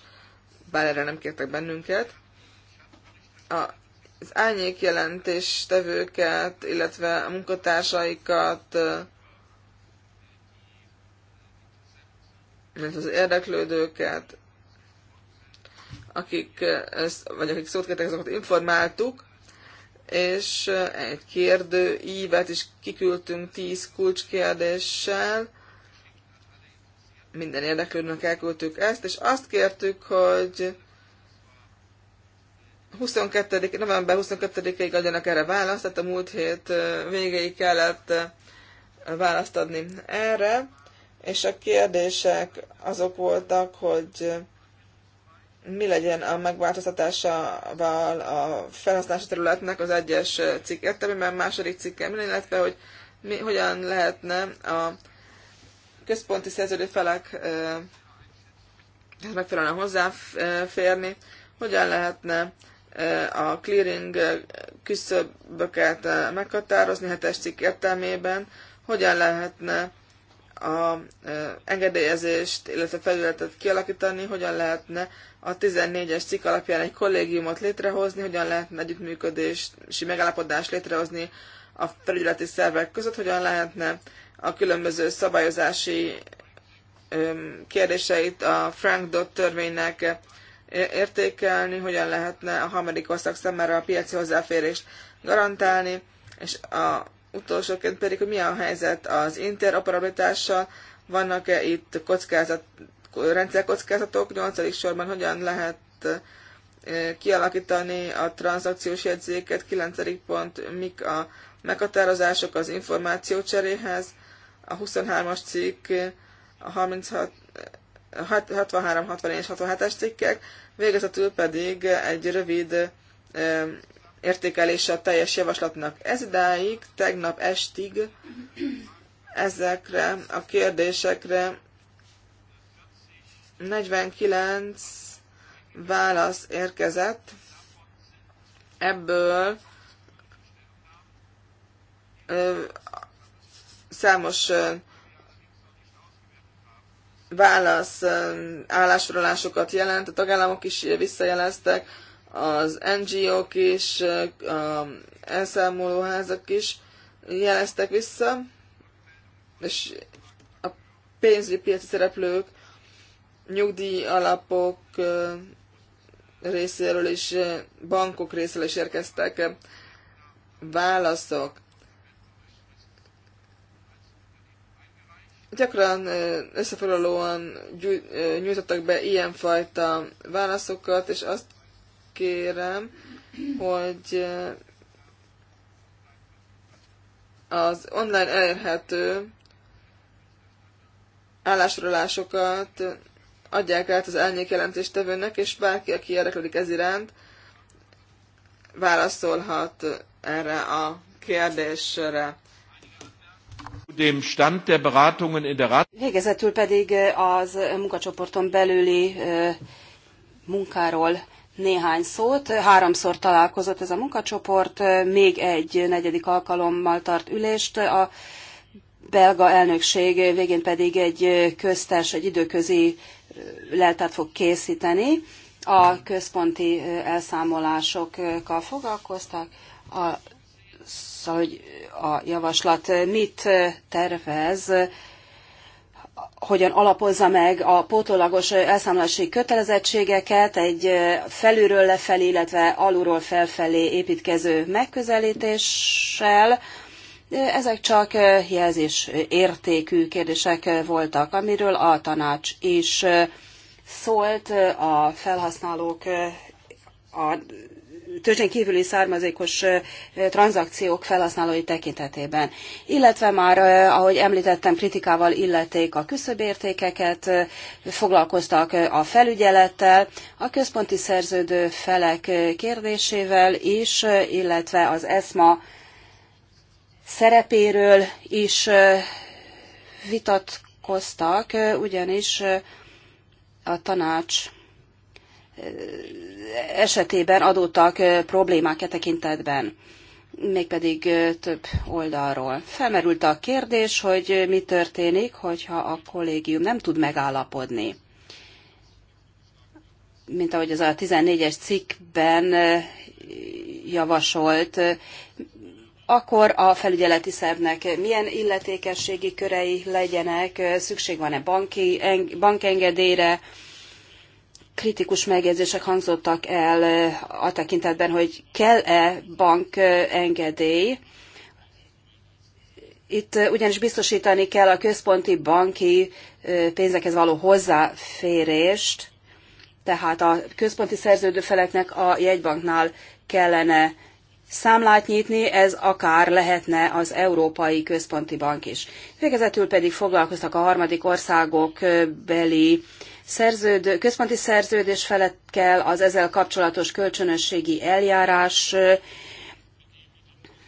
[SPEAKER 4] bár erre nem kértek bennünket. A az jelentés jelentéstevőket, illetve a munkatársaikat, illetve az érdeklődőket, akik, vagy akik szót kértek, azokat informáltuk, és egy kérdő ívet is kiküldtünk tíz kulcskérdéssel. Minden érdeklődőnek elküldtük ezt, és azt kértük, hogy 22. november 22-ig adjanak erre választ, tehát a múlt hét végéig kellett választ adni erre, és a kérdések azok voltak, hogy mi legyen a megváltoztatásával a felhasználási területnek az egyes cikk értelmében, második cikke, mi, illetve hogy mi, hogyan lehetne a központi szerződő felek hát megfelelően hozzáférni, hogyan lehetne a clearing küszöböket meghatározni hetes cikk értelmében, hogyan lehetne a engedélyezést, illetve felületet kialakítani, hogyan lehetne a 14-es cikk alapján egy kollégiumot létrehozni, hogyan lehetne együttműködési megállapodást létrehozni a felügyeleti szervek között, hogyan lehetne a különböző szabályozási kérdéseit a Frank Dot törvénynek értékelni, hogyan lehetne a harmadik ország számára a piaci hozzáférést garantálni, és a utolsóként pedig, hogy mi a helyzet az interoperabilitással, vannak-e itt kockázat rendszerkockázatok, nyolcadik sorban hogyan lehet eh, kialakítani a tranzakciós jegyzéket, kilencedik pont, mik a meghatározások az információ cseréhez, a 23-as cikk, a 63, 64 eh, és 67-es cikkek, végezetül pedig egy rövid eh, értékelése a teljes javaslatnak. Ez idáig, tegnap estig ezekre a kérdésekre 49 válasz érkezett, ebből ö, számos ö, válasz ö, állásfoglalásokat jelent, a tagállamok is visszajeleztek, az NGO-k is, a elszámolóházak is jeleztek vissza, és a pénzügyi piaci szereplők nyugdíj alapok részéről is, bankok részéről is érkeztek válaszok. Gyakran összefoglalóan nyújtottak be ilyenfajta válaszokat, és azt kérem, hogy az online elérhető állásrólásokat adják át az elnyék jelentéstevőnek, és bárki, aki érdeklődik ez iránt, válaszolhat erre a kérdésre.
[SPEAKER 2] Dem Stand der Beratungen in der Rat
[SPEAKER 1] Végezetül pedig eh, az munkacsoporton belüli eh, munkáról néhány szót. Háromszor találkozott ez a munkacsoport, eh, még egy negyedik alkalommal tart ülést. A belga elnökség végén pedig egy köztes, egy időközi leltet fog készíteni. A központi elszámolásokkal foglalkoztak, a, szóval, hogy a javaslat mit tervez, hogyan alapozza meg a pótolagos elszámolási kötelezettségeket egy felülről lefelé, illetve alulról felfelé építkező megközelítéssel, ezek csak jelzés értékű kérdések voltak, amiről a tanács is szólt a felhasználók a tőzsdén kívüli származékos tranzakciók felhasználói tekintetében. Illetve már, ahogy említettem, kritikával illették a küszöbértékeket, foglalkoztak a felügyelettel, a központi szerződő felek kérdésével is, illetve az ESMA szerepéről is vitatkoztak, ugyanis a tanács esetében adódtak problémák e tekintetben, mégpedig több oldalról. Felmerült a kérdés, hogy mi történik, hogyha a kollégium nem tud megállapodni. Mint ahogy az a 14-es cikkben javasolt, akkor a felügyeleti szervnek milyen illetékességi körei legyenek, szükség van-e banki, en, bankengedélyre, kritikus megjegyzések hangzottak el eh, a tekintetben, hogy kell-e bankengedély. Itt eh, ugyanis biztosítani kell a központi banki eh, pénzekhez való hozzáférést, tehát a központi szerződő feleknek a jegybanknál kellene számlát nyitni, ez akár lehetne az Európai Központi Bank is. Végezetül pedig foglalkoztak a harmadik országok beli szerződ, központi szerződés felett kell az ezzel kapcsolatos kölcsönösségi eljárás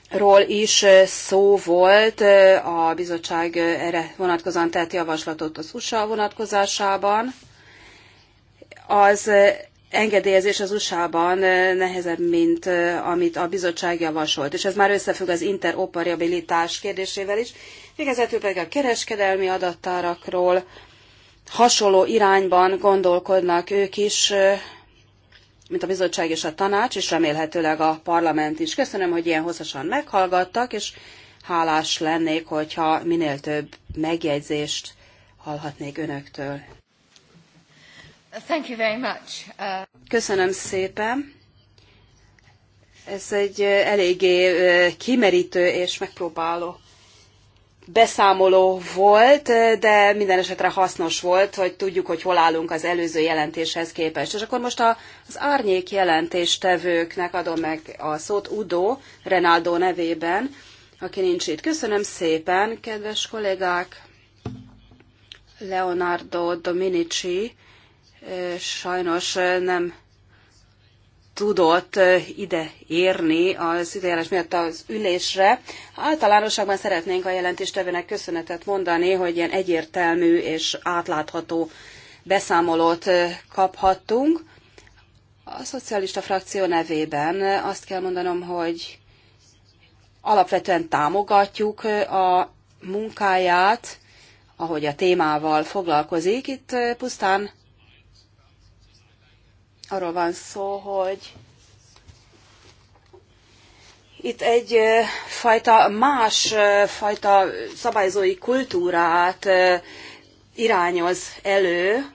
[SPEAKER 1] ról is szó volt, a bizottság erre vonatkozóan tett javaslatot az USA vonatkozásában. Az engedélyezés az USA-ban nehezebb, mint amit a bizottság javasolt, és ez már összefügg az interoperabilitás kérdésével is. Végezetül pedig a kereskedelmi adattárakról hasonló irányban gondolkodnak ők is, mint a bizottság és a tanács, és remélhetőleg a parlament is. Köszönöm, hogy ilyen hosszasan meghallgattak, és hálás lennék, hogyha minél több megjegyzést hallhatnék önöktől.
[SPEAKER 2] Uh,
[SPEAKER 1] Köszönöm szépen. Ez egy eléggé kimerítő és megpróbáló beszámoló volt, de minden esetre hasznos volt, hogy tudjuk, hogy hol állunk az előző jelentéshez képest. És akkor most az árnyék jelentéstevőknek adom meg a szót Udo Renaldo nevében, aki nincs itt. Köszönöm szépen, kedves kollégák! Leonardo Dominici sajnos nem tudott ide érni az időjárás miatt az ülésre. Általánosságban szeretnénk a jelentéstevőnek köszönetet mondani, hogy ilyen egyértelmű és átlátható beszámolót kaphattunk. A szocialista frakció nevében azt kell mondanom, hogy alapvetően támogatjuk a munkáját, ahogy a témával foglalkozik. Itt pusztán arról van szó, hogy itt egy fajta más fajta szabályzói kultúrát irányoz elő,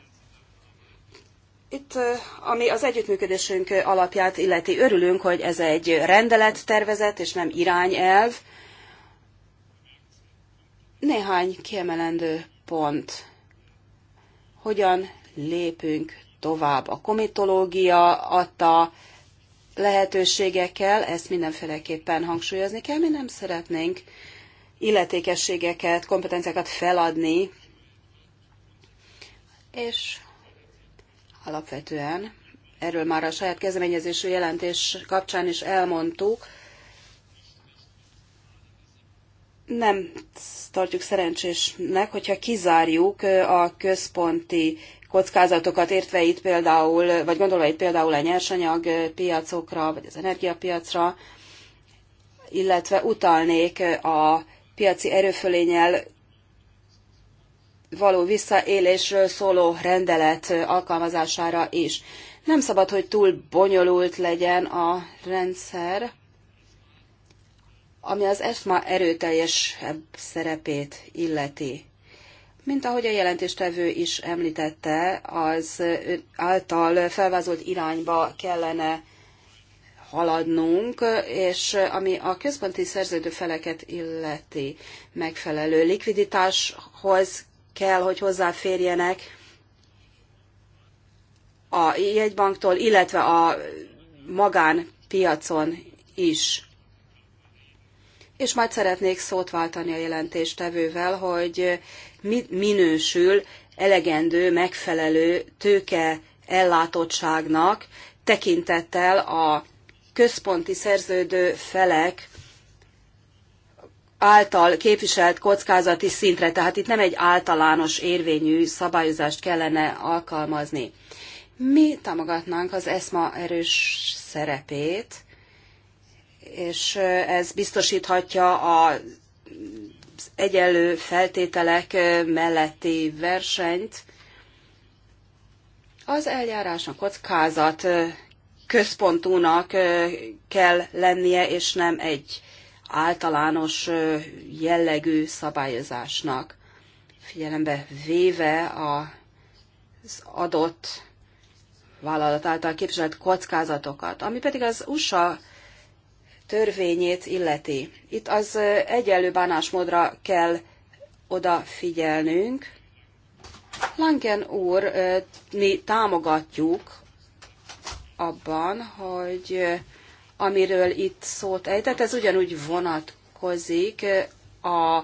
[SPEAKER 1] itt, ami az együttműködésünk alapját illeti, örülünk, hogy ez egy rendelettervezet és nem irányelv. Néhány kiemelendő pont. Hogyan lépünk tovább a komitológia adta lehetőségekkel, ezt mindenféleképpen hangsúlyozni kell, mi nem szeretnénk illetékességeket, kompetenciákat feladni, és alapvetően erről már a saját kezdeményezésű jelentés kapcsán is elmondtuk, nem tartjuk szerencsésnek, hogyha kizárjuk a központi kockázatokat értve itt például, vagy gondolva itt például a nyersanyagpiacokra, vagy az energiapiacra, illetve utalnék a piaci erőfölényel való visszaélésről szóló rendelet alkalmazására is. Nem szabad, hogy túl bonyolult legyen a rendszer, ami az ESMA erőteljes szerepét illeti. Mint ahogy a jelentéstevő is említette, az által felvázolt irányba kellene haladnunk, és ami a központi szerződő feleket illeti megfelelő likviditáshoz kell, hogy hozzáférjenek a jegybanktól, illetve a magánpiacon is. És majd szeretnék szót váltani a jelentéstevővel, hogy minősül elegendő, megfelelő tőke ellátottságnak tekintettel a központi szerződő felek által képviselt kockázati szintre, tehát itt nem egy általános érvényű szabályozást kellene alkalmazni. Mi támogatnánk az ESMA erős szerepét, és ez biztosíthatja a az egyenlő feltételek melletti versenyt, az eljárásnak kockázat központúnak kell lennie, és nem egy általános jellegű szabályozásnak. Figyelembe véve az adott vállalat által képviselt kockázatokat, ami pedig az USA törvényét illeti. Itt az egyenlő bánásmódra kell odafigyelnünk. Lanken úr, mi támogatjuk abban, hogy amiről itt szót ejtett, ez ugyanúgy vonatkozik a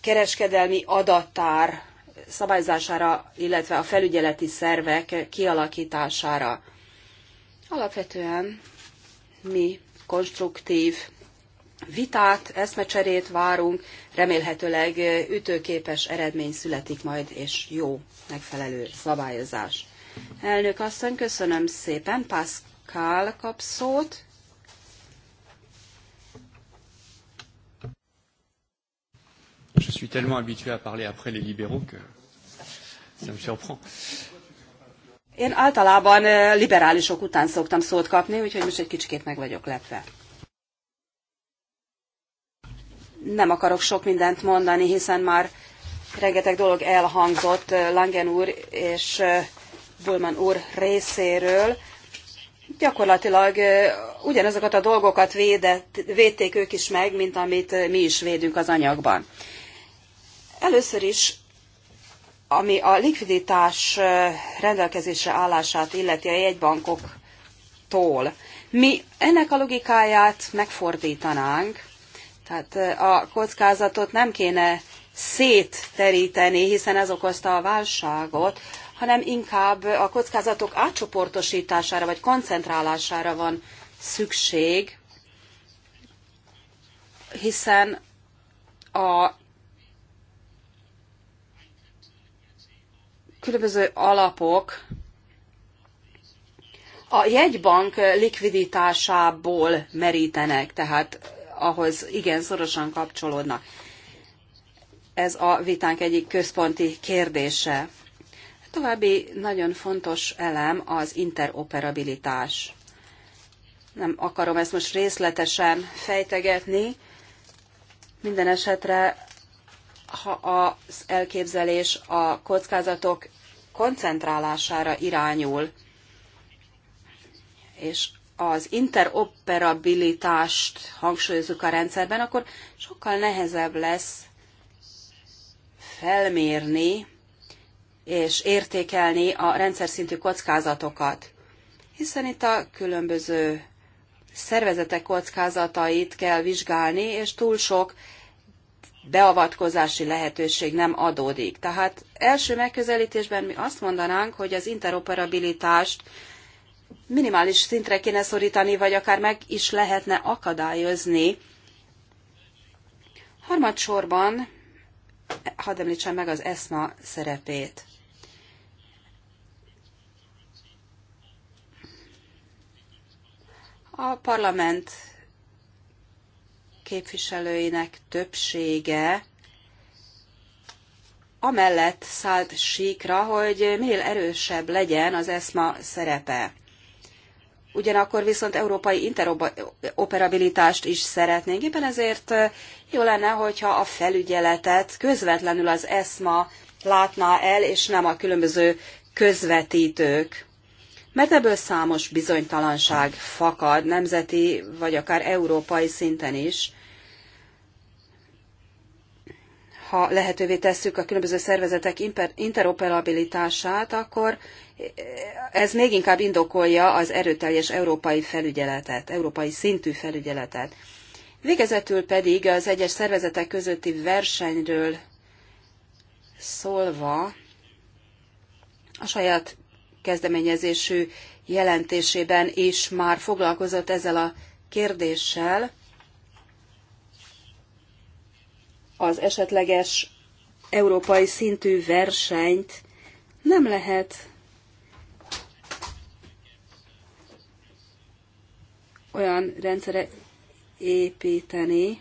[SPEAKER 1] kereskedelmi adattár szabályzására, illetve a felügyeleti szervek kialakítására. Alapvetően mi konstruktív vitát, eszmecserét várunk, remélhetőleg ütőképes eredmény születik majd, és jó, megfelelő szabályozás. Elnök asszony, köszönöm szépen. Pascal kap szót. Je suis tellement habitué à parler après les libéraux que ça me surprend. Euh, én általában liberálisok után szoktam szót kapni, úgyhogy most egy kicsikét meg vagyok lepve. Nem akarok sok mindent mondani, hiszen már rengeteg dolog elhangzott Langen úr és Bulman úr részéről. Gyakorlatilag ugyanazokat a dolgokat védett, védték ők is meg, mint amit mi is védünk az anyagban. Először is ami a likviditás rendelkezésre állását illeti a jegybankoktól, mi ennek a logikáját megfordítanánk, tehát a kockázatot nem kéne szétteríteni, hiszen ez okozta a válságot, hanem inkább a kockázatok átcsoportosítására vagy koncentrálására van szükség, hiszen a különböző alapok a jegybank likviditásából merítenek, tehát ahhoz igen szorosan kapcsolódnak. Ez a vitánk egyik központi kérdése. További nagyon fontos elem az interoperabilitás. Nem akarom ezt most részletesen fejtegetni, minden esetre ha az elképzelés a kockázatok koncentrálására irányul, és az interoperabilitást hangsúlyozzuk a rendszerben, akkor sokkal nehezebb lesz felmérni és értékelni a rendszer szintű kockázatokat. Hiszen itt a különböző szervezetek kockázatait kell vizsgálni, és túl sok beavatkozási lehetőség nem adódik. Tehát első megközelítésben mi azt mondanánk, hogy az interoperabilitást minimális szintre kéne szorítani, vagy akár meg is lehetne akadályozni. Harmadsorban hadd említsem meg az ESMA szerepét. A parlament képviselőinek többsége amellett szállt síkra, hogy minél erősebb legyen az ESMA szerepe. Ugyanakkor viszont európai interoperabilitást is szeretnénk. Éppen ezért eh, jó lenne, hogyha a felügyeletet közvetlenül az ESMA látná el, és nem a különböző közvetítők. Mert ebből számos bizonytalanság fakad, nemzeti vagy akár európai szinten is. ha lehetővé tesszük a különböző szervezetek interoperabilitását, akkor ez még inkább indokolja az erőteljes európai felügyeletet, európai szintű felügyeletet. Végezetül pedig az egyes szervezetek közötti versenyről szólva a saját kezdeményezésű jelentésében is már foglalkozott ezzel a kérdéssel, az esetleges európai szintű versenyt nem lehet olyan rendszere építeni,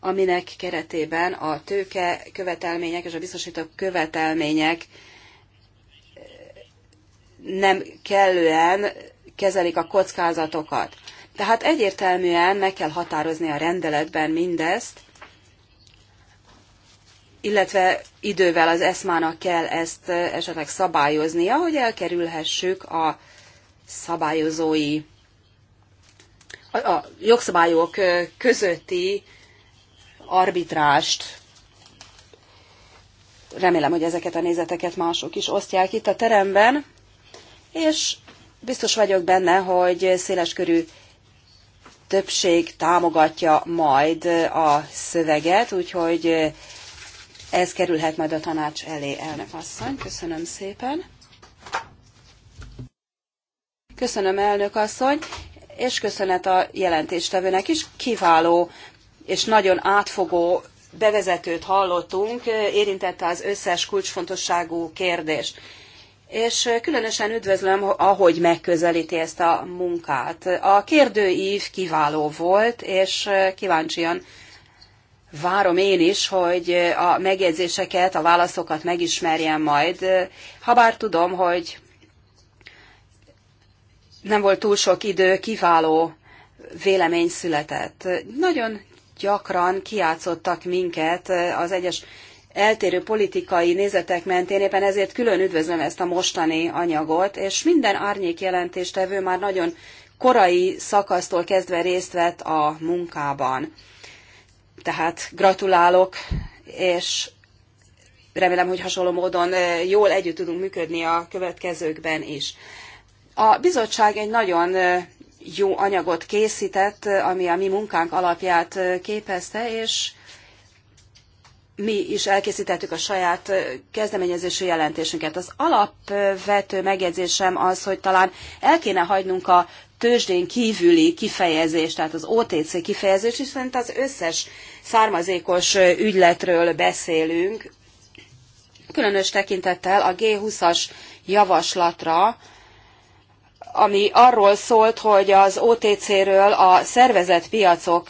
[SPEAKER 1] aminek keretében a tőke követelmények és a biztosítók követelmények eh, nem kellően kezelik a kockázatokat. Tehát egyértelműen meg kell határozni a rendeletben mindezt, illetve idővel az eszmának kell ezt esetleg szabályoznia, hogy elkerülhessük a szabályozói, a, a jogszabályok közötti arbitrást. Remélem, hogy ezeket a nézeteket mások is osztják itt a teremben, és biztos vagyok benne, hogy széles körű többség támogatja majd a szöveget, úgyhogy ez kerülhet majd a tanács elé, elnök asszony. Köszönöm szépen. Köszönöm, elnök asszony, és köszönet a jelentéstevőnek is. Kiváló és nagyon átfogó bevezetőt hallottunk, érintette az összes kulcsfontosságú kérdést. És különösen üdvözlöm, ahogy megközelíti ezt a munkát. A kérdőív kiváló volt, és kíváncsian várom én is, hogy eh, a megjegyzéseket, a válaszokat megismerjem majd. Habár tudom, hogy nem volt túl sok idő, kiváló vélemény született. Nagyon gyakran kiátszottak minket eh, az egyes eltérő politikai nézetek mentén, éppen ezért külön üdvözlöm ezt a mostani anyagot, és minden árnyék jelentéstevő már nagyon korai szakasztól kezdve részt vett a munkában. Tehát gratulálok, és remélem, hogy hasonló módon jól együtt tudunk működni a következőkben is. A bizottság egy nagyon jó anyagot készített, ami a mi munkánk alapját képezte, és mi is elkészítettük a saját kezdeményezési jelentésünket. Az alapvető megjegyzésem az, hogy talán el kéne hagynunk a tőzsdén kívüli kifejezés, tehát az OTC kifejezés, hiszen az összes származékos ügyletről beszélünk, különös tekintettel a G20-as javaslatra, ami arról szólt, hogy az OTC-ről a szervezett piacok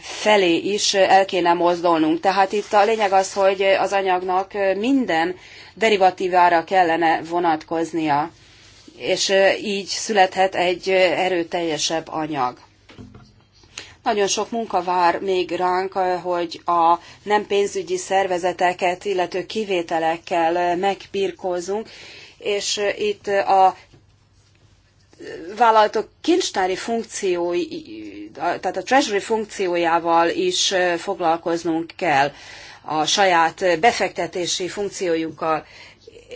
[SPEAKER 1] felé is el kéne mozdulnunk. Tehát itt a lényeg az, hogy az anyagnak minden derivatívára kellene vonatkoznia és így születhet egy erőteljesebb anyag. Nagyon sok munka vár még ránk, hogy a nem pénzügyi szervezeteket, illető kivételekkel megbirkózunk, és itt a vállalatok kincstári funkciói, tehát a treasury funkciójával is foglalkoznunk kell a saját befektetési funkciójukkal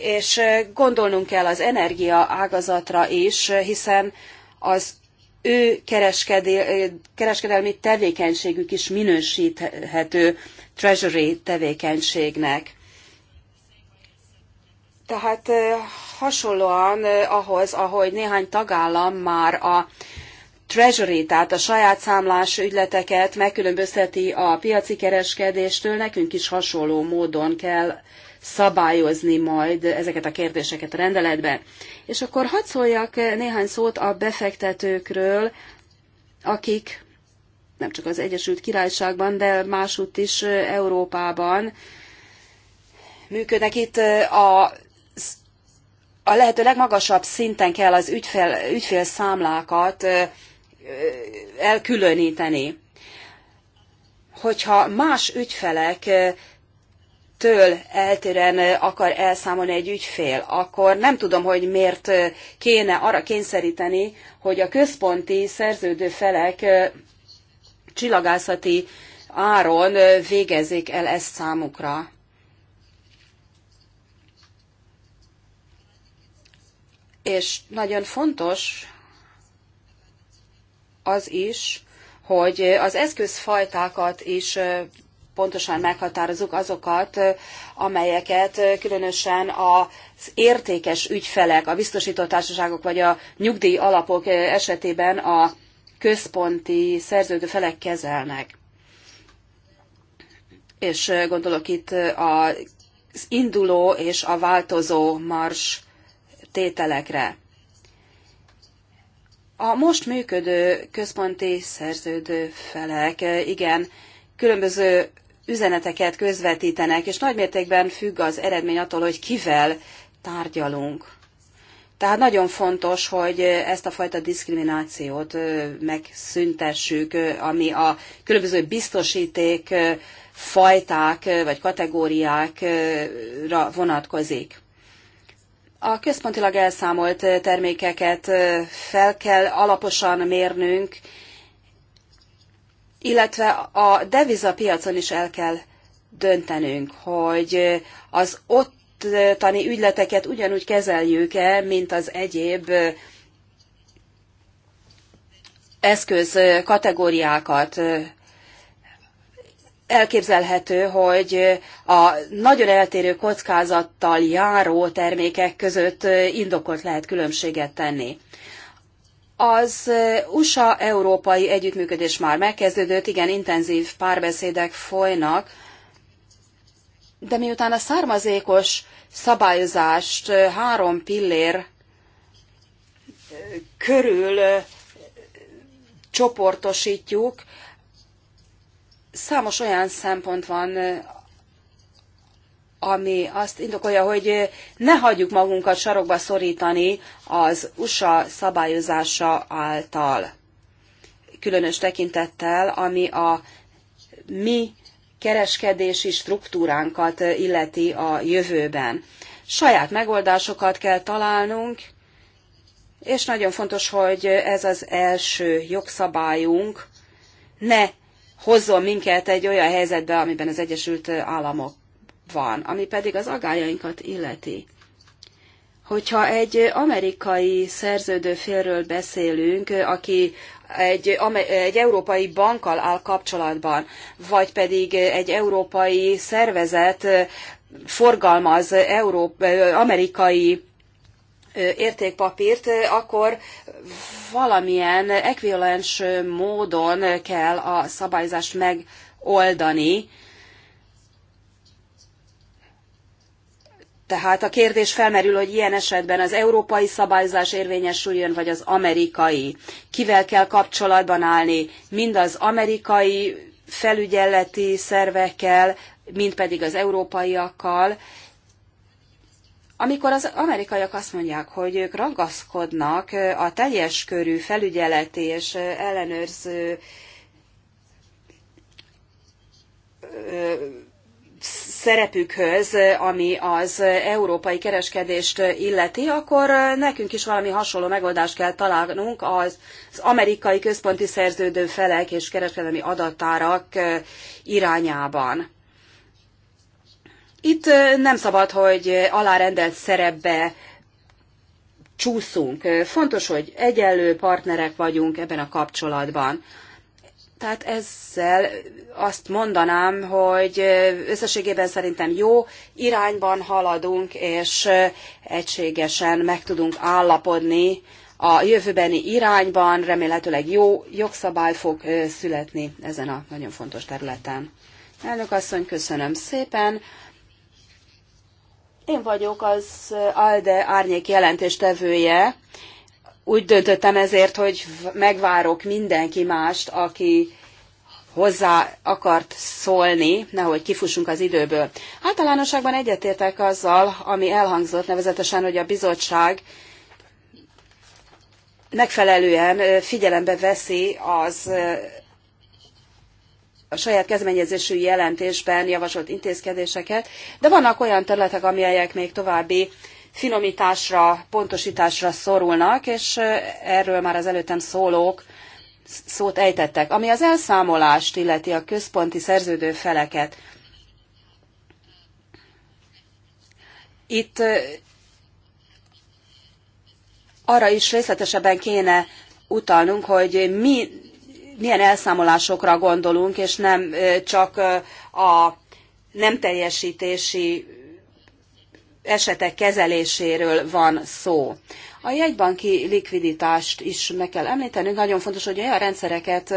[SPEAKER 1] és gondolnunk kell az energia ágazatra is, hiszen az ő kereskedelmi tevékenységük is minősíthető treasury tevékenységnek. Tehát hasonlóan ahhoz, ahogy néhány tagállam már a treasury, tehát a saját számlás ügyleteket megkülönbözteti a piaci kereskedéstől, nekünk is hasonló módon kell szabályozni majd ezeket a kérdéseket a rendeletben. És akkor hadd szóljak néhány szót a befektetőkről, akik nem csak az Egyesült Királyságban, de másutt is Európában működnek. Itt a a lehető legmagasabb szinten kell az ügyfél, ügyfélszámlákat elkülöníteni. Hogyha más ügyfelek től eltéren akar elszámolni egy ügyfél, akkor nem tudom, hogy miért kéne arra kényszeríteni, hogy a központi szerződő felek csillagászati áron végezzék el ezt számukra. És nagyon fontos az is, hogy az eszközfajtákat is pontosan meghatározzuk azokat, amelyeket különösen az értékes ügyfelek, a biztosító társaságok vagy a nyugdíj alapok esetében a központi szerződő felek kezelnek. És gondolok itt az induló és a változó mars tételekre. A most működő központi szerződő felek igen különböző üzeneteket közvetítenek, és nagymértékben függ az eredmény attól, hogy kivel tárgyalunk. Tehát nagyon fontos, hogy ezt a fajta diszkriminációt megszüntessük, ami a különböző biztosíték fajták vagy kategóriákra vonatkozik. A központilag elszámolt termékeket fel kell alaposan mérnünk, illetve a devizapiacon is el kell döntenünk, hogy az ottani ügyleteket ugyanúgy kezeljük-e, mint az egyéb eszköz kategóriákat. Elképzelhető, hogy a nagyon eltérő kockázattal járó termékek között indokolt lehet különbséget tenni. Az eh, USA-európai együttműködés már megkezdődött, igen, intenzív párbeszédek folynak, de miután a származékos szabályozást eh, három pillér eh, körül csoportosítjuk, számos olyan szempont van, ami azt indokolja, hogy ne hagyjuk magunkat sarokba szorítani az USA szabályozása által. Különös tekintettel, ami a mi kereskedési struktúránkat illeti a jövőben. Saját megoldásokat kell találnunk, és nagyon fontos, hogy ez az első jogszabályunk ne hozzon minket egy olyan helyzetbe, amiben az Egyesült Államok van, ami pedig az agályainkat illeti. Hogyha egy amerikai szerződő félről beszélünk, aki egy, egy európai bankkal áll kapcsolatban, vagy pedig egy európai szervezet forgalmaz Európa, amerikai értékpapírt, akkor valamilyen ekvivalens módon kell a szabályzást megoldani, Tehát a kérdés felmerül, hogy ilyen esetben az európai szabályozás érvényesüljön, vagy az amerikai. Kivel kell kapcsolatban állni? Mind az amerikai felügyeleti szervekkel, mind pedig az európaiakkal. Amikor az amerikaiak azt mondják, hogy ők ragaszkodnak a teljes körű felügyeleti és ellenőrző szerepükhöz, ami az európai kereskedést illeti, akkor nekünk is valami hasonló megoldást kell találnunk az, amerikai központi szerződő felek és kereskedelmi adattárak irányában. Itt nem szabad, hogy alárendelt szerepbe csúszunk. Fontos, hogy egyenlő partnerek vagyunk ebben a kapcsolatban. Tehát ezzel azt mondanám, hogy összességében szerintem jó irányban haladunk, és egységesen meg tudunk állapodni a jövőbeni irányban, remélhetőleg jó jogszabály fog születni ezen a nagyon fontos területen. Elnök asszony, köszönöm szépen. Én vagyok az ALDE árnyék jelentéstevője, úgy döntöttem ezért, hogy megvárok mindenki mást, aki hozzá akart szólni, nehogy kifussunk az időből. Általánosságban egyetértek azzal, ami elhangzott, nevezetesen, hogy a bizottság megfelelően figyelembe veszi az a saját kezdeményezésű jelentésben javasolt intézkedéseket, de vannak olyan területek, amelyek még további finomításra, pontosításra szorulnak, és erről már az előttem szólók szót ejtettek. Ami az elszámolást illeti a központi szerződő feleket, itt arra is részletesebben kéne utalnunk, hogy mi, milyen elszámolásokra gondolunk, és nem csak a nem teljesítési esetek kezeléséről van szó. A jegybanki likviditást is meg kell említenünk. Nagyon fontos, hogy olyan rendszereket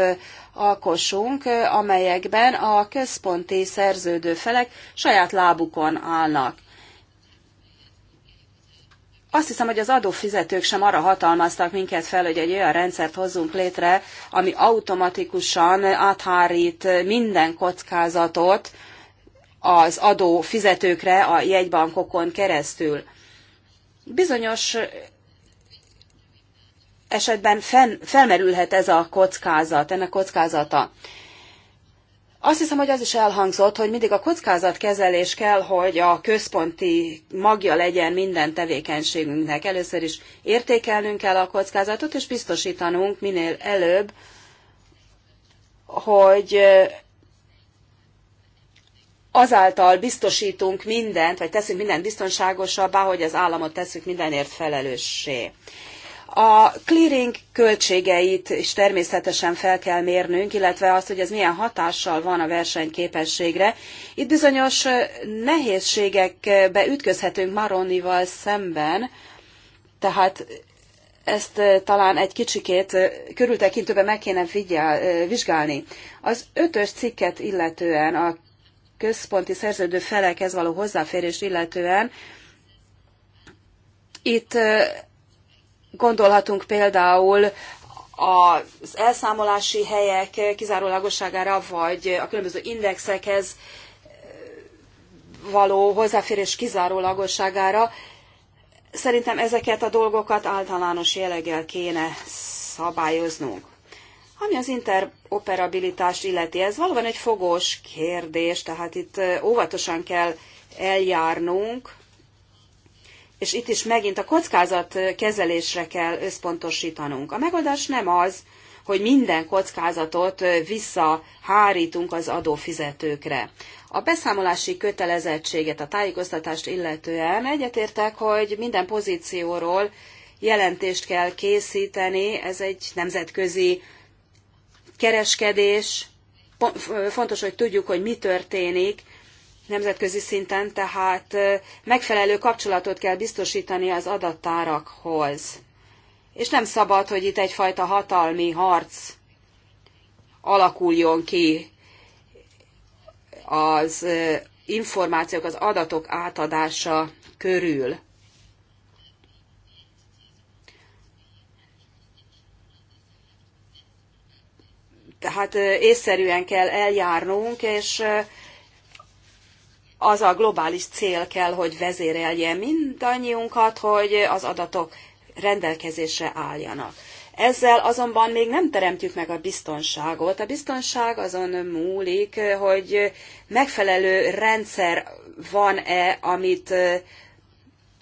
[SPEAKER 1] alkossunk, amelyekben a központi szerződő felek saját lábukon állnak. Azt hiszem, hogy az adófizetők sem arra hatalmaztak minket fel, hogy egy olyan rendszert hozzunk létre, ami automatikusan áthárít minden kockázatot, az adó fizetőkre a jegybankokon keresztül. Bizonyos esetben felmerülhet ez a kockázat, ennek kockázata. Azt hiszem, hogy az is elhangzott, hogy mindig a kockázatkezelés kell, hogy a központi magja legyen minden tevékenységünknek. Először is értékelnünk kell a kockázatot, és biztosítanunk minél előbb, hogy azáltal biztosítunk mindent, vagy teszünk mindent biztonságosabbá, hogy az államot tesszük mindenért felelőssé. A clearing költségeit is természetesen fel kell mérnünk, illetve azt, hogy ez milyen hatással van a versenyképességre. Itt bizonyos nehézségekbe ütközhetünk Maronival szemben, tehát ezt talán egy kicsikét körültekintőben meg kéne figyel, vizsgálni. Az ötös cikket illetően a központi szerződő felekhez való hozzáférést illetően. Itt gondolhatunk például az elszámolási helyek kizárólagosságára, vagy a különböző indexekhez való hozzáférés kizárólagosságára. Szerintem ezeket a dolgokat általános jelleggel kéne szabályoznunk. Ami az interoperabilitást illeti, ez valóban egy fogós kérdés, tehát itt óvatosan kell eljárnunk, és itt is megint a kockázat kezelésre kell összpontosítanunk. A megoldás nem az, hogy minden kockázatot visszahárítunk az adófizetőkre. A beszámolási kötelezettséget, a tájékoztatást illetően egyetértek, hogy minden pozícióról jelentést kell készíteni, ez egy nemzetközi kereskedés, fontos, hogy tudjuk, hogy mi történik nemzetközi szinten, tehát megfelelő kapcsolatot kell biztosítani az adattárakhoz. És nem szabad, hogy itt egyfajta hatalmi harc alakuljon ki az információk, az adatok átadása körül. Tehát észszerűen kell eljárnunk, és az a globális cél kell, hogy vezérelje mindannyiunkat, hogy az adatok rendelkezésre álljanak. Ezzel azonban még nem teremtjük meg a biztonságot. A biztonság azon múlik, hogy megfelelő rendszer van-e, amit,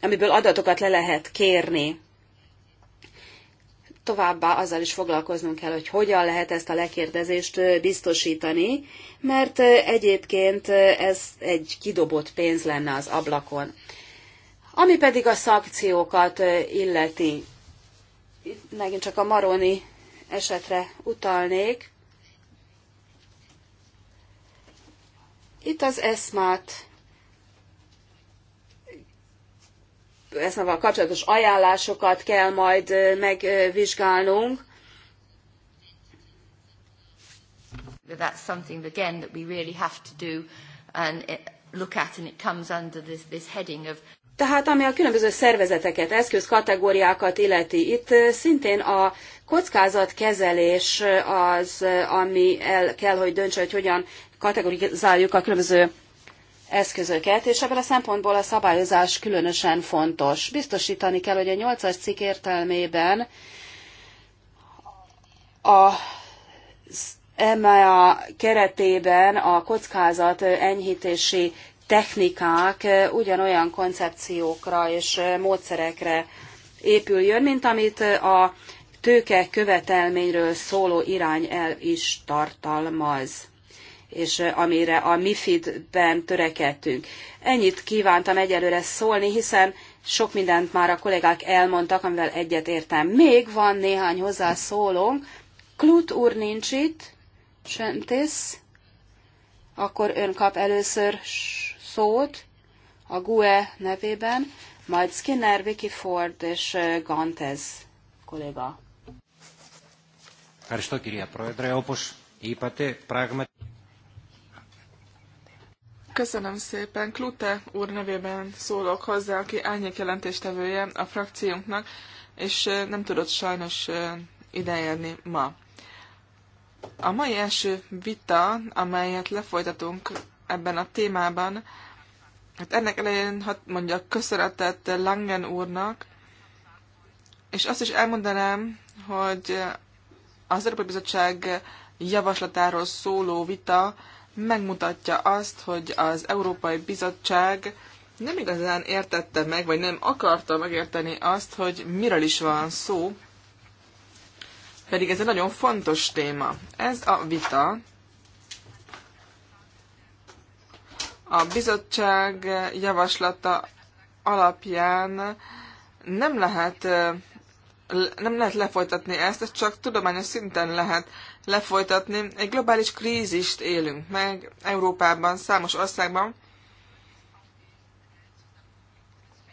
[SPEAKER 1] amiből adatokat le lehet kérni. Továbbá azzal is foglalkoznunk kell, hogy hogyan lehet ezt a lekérdezést biztosítani, mert egyébként ez egy kidobott pénz lenne az ablakon. Ami pedig a szakciókat illeti, itt megint csak a maroni esetre utalnék. Itt az eszmát eszmával kapcsolatos ajánlásokat kell majd megvizsgálnunk. That's something again that we really have to do and look at and it comes under this, this heading of tehát ami a különböző szervezeteket, eszközkategóriákat illeti, itt szintén a kockázatkezelés az, ami el kell, hogy döntse, hogy hogyan kategorizáljuk a különböző eszközöket, és ebből a szempontból a szabályozás különösen fontos. Biztosítani kell, hogy a 8-as cikk értelmében a EMEA keretében a kockázat enyhítési technikák ugyanolyan koncepciókra és módszerekre épüljön, mint amit a tőke követelményről szóló irányelv is tartalmaz és eh, amire a MIFID-ben törekedtünk. Ennyit kívántam egyelőre szólni, hiszen sok mindent már a kollégák elmondtak, amivel egyet értem. Még van néhány hozzászólónk. Klut úr nincs itt, Söntész, akkor ön kap először szót a GUE nevében, majd Skinner, Vicky Ford és eh, Gantez kolléga. Köszönöm
[SPEAKER 4] szépen. Klute úr nevében szólok hozzá, aki árnyék jelentéstevője a frakciónknak, és nem tudott sajnos idejönni ma. A mai első vita, amelyet lefolytatunk ebben a témában, hát ennek elején hadd mondjak köszönetet Langen úrnak, és azt is elmondanám, hogy az Európai Bizottság javaslatáról szóló vita megmutatja azt, hogy az Európai Bizottság nem igazán értette meg, vagy nem akarta megérteni azt, hogy miről is van szó, pedig ez egy nagyon fontos téma. Ez a vita. A bizottság javaslata alapján nem lehet, nem lehet lefolytatni ezt, ezt csak tudományos szinten lehet lefolytatni. Egy globális krízist élünk meg Európában, számos országban.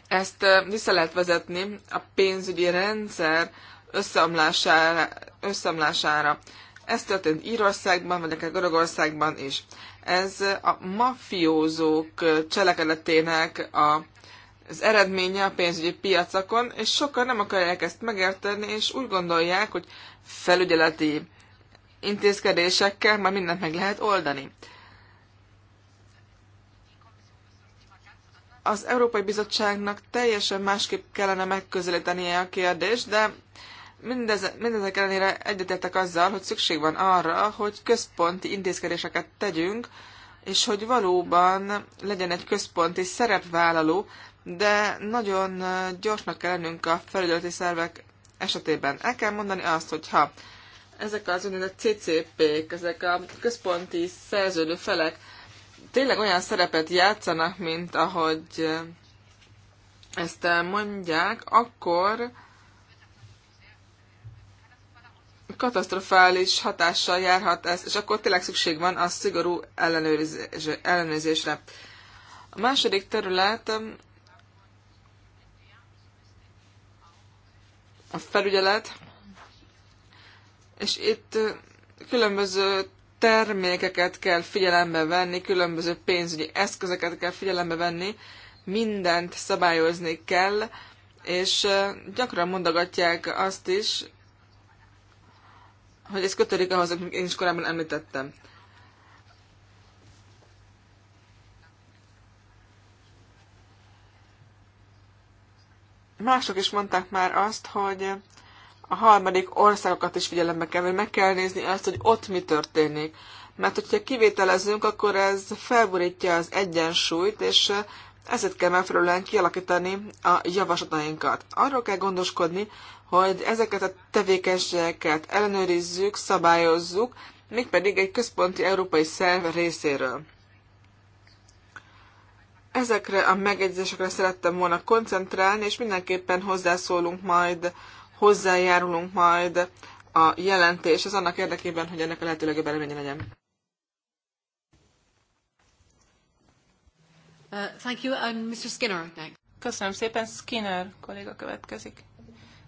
[SPEAKER 4] Ezt vissza lehet vezetni a pénzügyi rendszer összeomlására. összeomlására. Ez történt Írországban, vagy akár Görögországban is. Ez a mafiózók cselekedetének a, az eredménye a pénzügyi piacokon, és sokan nem akarják ezt megérteni, és úgy gondolják, hogy felügyeleti intézkedésekkel már mindent meg lehet oldani. Az Európai Bizottságnak teljesen másképp kellene megközelítenie a kérdést, de mindez, mindezek ellenére egyetértek azzal, hogy szükség van arra, hogy központi intézkedéseket tegyünk, és hogy valóban legyen egy központi szerepvállaló, de nagyon gyorsnak kell lennünk a felügyeleti szervek esetében. El kell mondani azt, hogy ha ezek az úgynevezett CCP-k, ezek a központi szerződő felek tényleg olyan szerepet játszanak, mint ahogy ezt mondják, akkor katasztrofális hatással járhat ez, és akkor tényleg szükség van a szigorú ellenőrzésre. A második terület a felügyelet, és itt különböző termékeket kell figyelembe venni, különböző pénzügyi eszközeket kell figyelembe venni, mindent szabályozni kell, és gyakran mondogatják azt is, hogy ez kötődik ahhoz, amit én is korábban említettem. Mások is mondták már azt, hogy a harmadik országokat is figyelembe kell, hogy meg kell nézni azt, hogy ott mi történik. Mert hogyha kivételezünk, akkor ez felborítja az egyensúlyt, és ezért kell megfelelően kialakítani a javaslatainkat. Arról kell gondoskodni, hogy ezeket a tevékenységeket ellenőrizzük, szabályozzuk, mégpedig egy központi európai szerv részéről. Ezekre a megjegyzésekre szerettem volna koncentrálni, és mindenképpen hozzászólunk majd hozzájárulunk majd a jelentés, az annak érdekében, hogy ennek a lehető legjobb eredménye legyen.
[SPEAKER 3] Uh, thank you. And Mr. Skinner next. Köszönöm szépen. Skinner kolléga következik.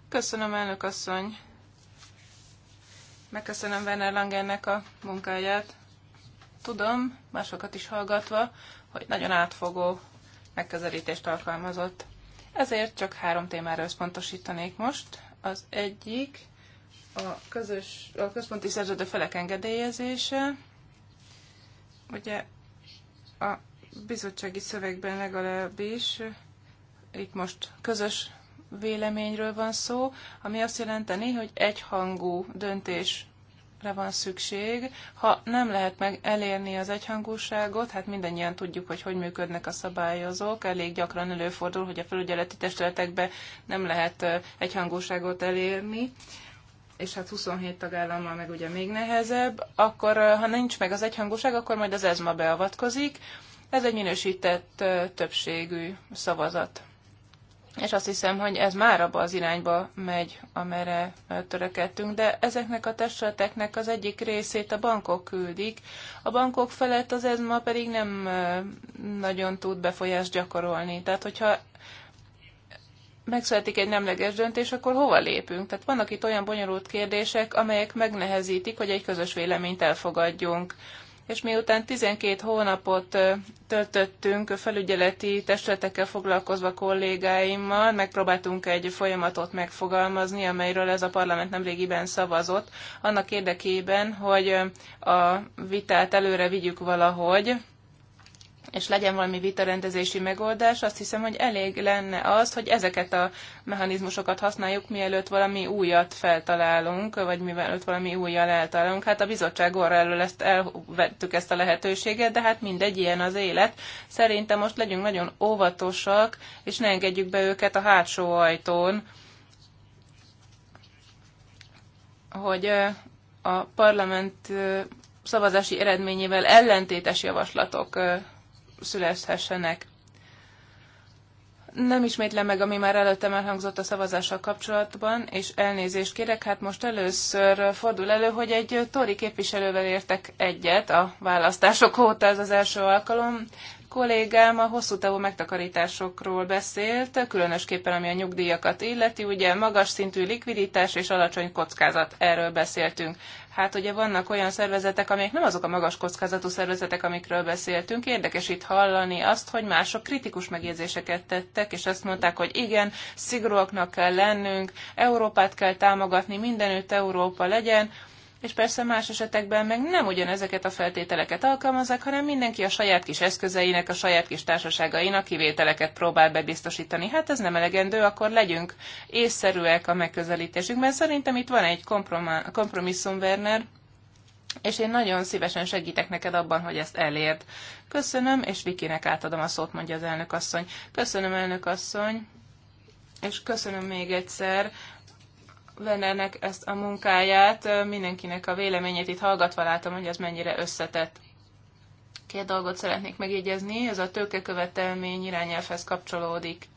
[SPEAKER 3] Köszönöm, elnök asszony. Megköszönöm Werner Langennek a munkáját. Tudom, másokat is hallgatva, hogy nagyon átfogó megközelítést alkalmazott. Ezért csak három témára összpontosítanék most, az egyik a, közös, a központi szerződő felek engedélyezése. Ugye a bizottsági szövegben legalábbis itt most közös véleményről van szó, ami azt jelenteni, hogy egyhangú döntés re van szükség. Ha nem lehet meg elérni az egyhangúságot, hát mindannyian tudjuk, hogy hogy működnek a szabályozók. Elég gyakran előfordul, hogy a felügyeleti testületekben nem lehet egyhangúságot elérni és hát 27 tagállammal meg ugye még nehezebb, akkor ha nincs meg az egyhangúság, akkor majd az ESMA beavatkozik. Ez egy minősített többségű szavazat és azt hiszem, hogy ez már abba az irányba megy, amire törekedtünk, de ezeknek a testületeknek az egyik részét a bankok küldik, a bankok felett az ez ma pedig nem nagyon tud befolyást gyakorolni. Tehát, hogyha megszületik egy nemleges döntés, akkor hova lépünk? Tehát vannak itt olyan bonyolult kérdések, amelyek megnehezítik, hogy egy közös véleményt elfogadjunk és miután 12 hónapot töltöttünk felügyeleti testületekkel foglalkozva kollégáimmal, megpróbáltunk egy folyamatot megfogalmazni, amelyről ez a parlament nemrégiben szavazott, annak érdekében, hogy a vitát előre vigyük valahogy, és legyen valami vitarendezési megoldás, azt hiszem, hogy elég lenne az, hogy ezeket a mechanizmusokat használjuk, mielőtt valami újat feltalálunk, vagy mielőtt valami újjal eltalálunk. Hát a bizottság orra elől ezt elvettük ezt a lehetőséget, de hát mindegy, ilyen az élet. Szerintem most legyünk nagyon óvatosak, és ne engedjük be őket a hátsó ajtón, hogy a parlament szavazási eredményével ellentétes javaslatok születhessenek. Nem ismétlem meg, ami már előttem elhangzott a szavazással kapcsolatban, és elnézést kérek, hát most először fordul elő, hogy egy tori képviselővel értek egyet a választások óta, ez az első alkalom. Kollégám a hosszú távú megtakarításokról beszélt, különösképpen ami a nyugdíjakat illeti, ugye magas szintű likviditás és alacsony kockázat, erről beszéltünk hát ugye vannak olyan szervezetek, amelyek nem azok a magas kockázatú szervezetek, amikről beszéltünk. Érdekes itt hallani azt, hogy mások kritikus megjegyzéseket tettek, és azt mondták, hogy igen, szigorúaknak kell lennünk, Európát kell támogatni, mindenütt Európa legyen, és persze más esetekben meg nem ugyanezeket a feltételeket alkalmazzák, hanem mindenki a saját kis eszközeinek, a saját kis társaságainak kivételeket próbál bebiztosítani. Hát ez nem elegendő, akkor legyünk észszerűek a megközelítésünkben. Szerintem itt van egy kompromisszum, Werner, és én nagyon szívesen segítek neked abban, hogy ezt elérd. Köszönöm, és Vikinek átadom a szót, mondja az elnök asszony. Köszönöm, elnök asszony, és köszönöm még egyszer Lennernek ezt a munkáját, mindenkinek a véleményét itt hallgatva látom, hogy ez mennyire összetett. Két dolgot szeretnék megjegyezni, ez a tőkekövetelmény irányelvhez kapcsolódik.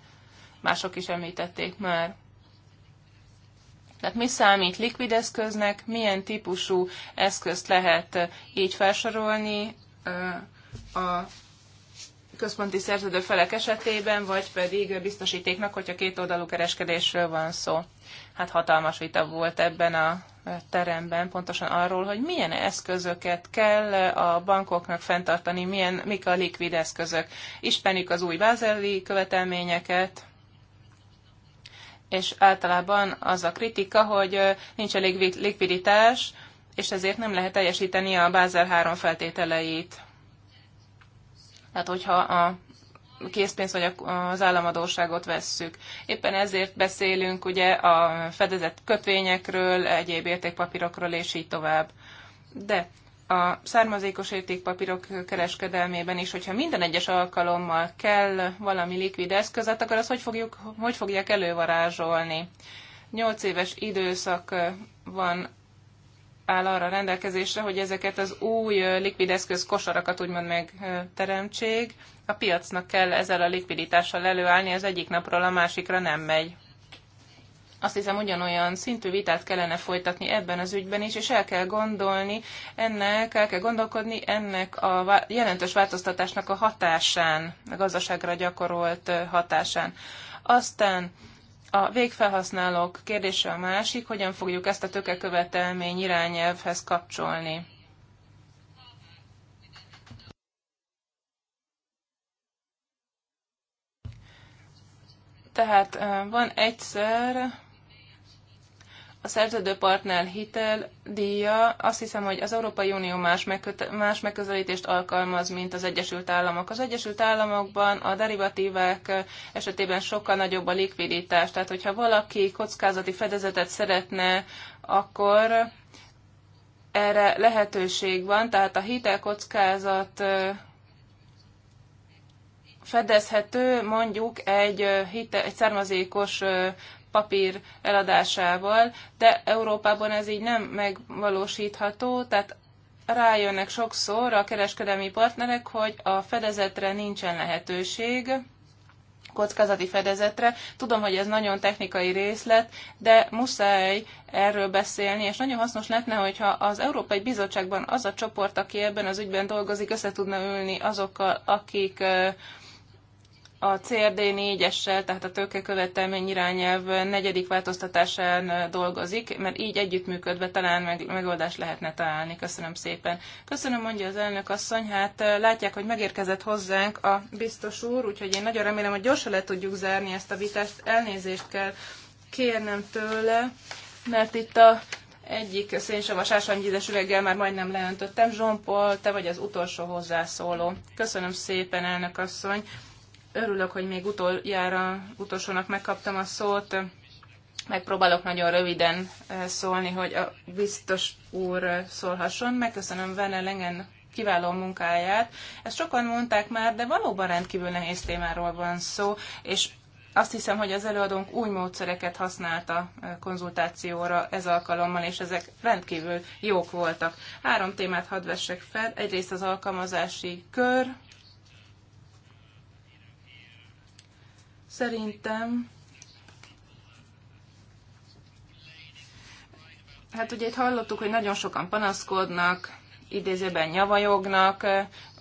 [SPEAKER 3] Mások is említették már. Tehát mi számít likvid eszköznek, milyen típusú eszközt lehet így felsorolni a központi szerződő felek esetében, vagy pedig biztosítéknak, hogyha két oldalú kereskedésről van szó hát hatalmas vita volt ebben a teremben pontosan arról, hogy milyen eszközöket kell a bankoknak fenntartani, milyen, mik a likvid eszközök. Ismerjük az új bázeli követelményeket, és általában az a kritika, hogy nincs elég likviditás, és ezért nem lehet teljesíteni a Bázel 3 feltételeit. Tehát, hogyha a készpénzt vagy az államadóságot vesszük. Éppen ezért beszélünk ugye a fedezett kötvényekről, egyéb értékpapírokról és így tovább. De a származékos értékpapírok kereskedelmében is, hogyha minden egyes alkalommal kell valami likvid eszközet, akkor azt hogy, fogjuk, hogy fogják elővarázsolni? Nyolc éves időszak van áll arra rendelkezésre, hogy ezeket az új likvid eszköz kosarakat úgymond megteremtsék, a piacnak kell ezzel a likviditással előállni, az egyik napról a másikra nem megy. Azt hiszem, ugyanolyan szintű vitát kellene folytatni ebben az ügyben is, és el kell gondolni ennek, el kell gondolkodni ennek a jelentős változtatásnak a hatásán, a gazdaságra gyakorolt hatásán. Aztán a végfelhasználók kérdése a másik, hogyan fogjuk ezt a tökekövetelmény irányelvhez kapcsolni. Tehát van egyszer a szerződő partner hitel díja, azt hiszem, hogy az Európai Unió más, megköte- más megközelítést alkalmaz, mint az Egyesült Államok. Az Egyesült Államokban a derivatívák esetében sokkal nagyobb a likviditás, tehát hogyha valaki kockázati fedezetet szeretne, akkor erre lehetőség van, tehát a hitelkockázat fedezhető mondjuk egy, hite, egy származékos papír eladásával, de Európában ez így nem megvalósítható, tehát rájönnek sokszor a kereskedelmi partnerek, hogy a fedezetre nincsen lehetőség, kockázati fedezetre. Tudom, hogy ez nagyon technikai részlet, de muszáj erről beszélni, és nagyon hasznos lenne, hogyha az Európai Bizottságban az a csoport, aki ebben az ügyben dolgozik, össze tudna ülni azokkal, akik a CRD 4-essel, tehát a követelmény irányelv negyedik változtatásán dolgozik, mert így együttműködve talán meg, megoldást lehetne találni. Köszönöm szépen. Köszönöm, mondja az elnök asszony. Hát látják, hogy megérkezett hozzánk a biztos úr, úgyhogy én nagyon remélem, hogy gyorsan le tudjuk zárni ezt a vitást. Elnézést kell kérnem tőle, mert itt a egyik szénsavas ásványgyízes üveggel már majdnem leöntöttem. Zsompol, te vagy az utolsó hozzászóló. Köszönöm szépen, elnök asszony. Örülök, hogy még utoljára, utolsónak megkaptam a szót. Megpróbálok nagyon röviden eh, szólni, hogy a biztos úr eh, szólhasson. Megköszönöm Vene Lengen kiváló munkáját. Ezt sokan mondták már, de valóban rendkívül nehéz témáról van szó, és azt hiszem, hogy az előadónk új módszereket használta eh, konzultációra ez alkalommal, és ezek rendkívül jók voltak. Három témát hadd vessek fel. Egyrészt az alkalmazási kör, Szerintem Hát ugye itt hallottuk, hogy nagyon sokan panaszkodnak, idézőben nyavajognak,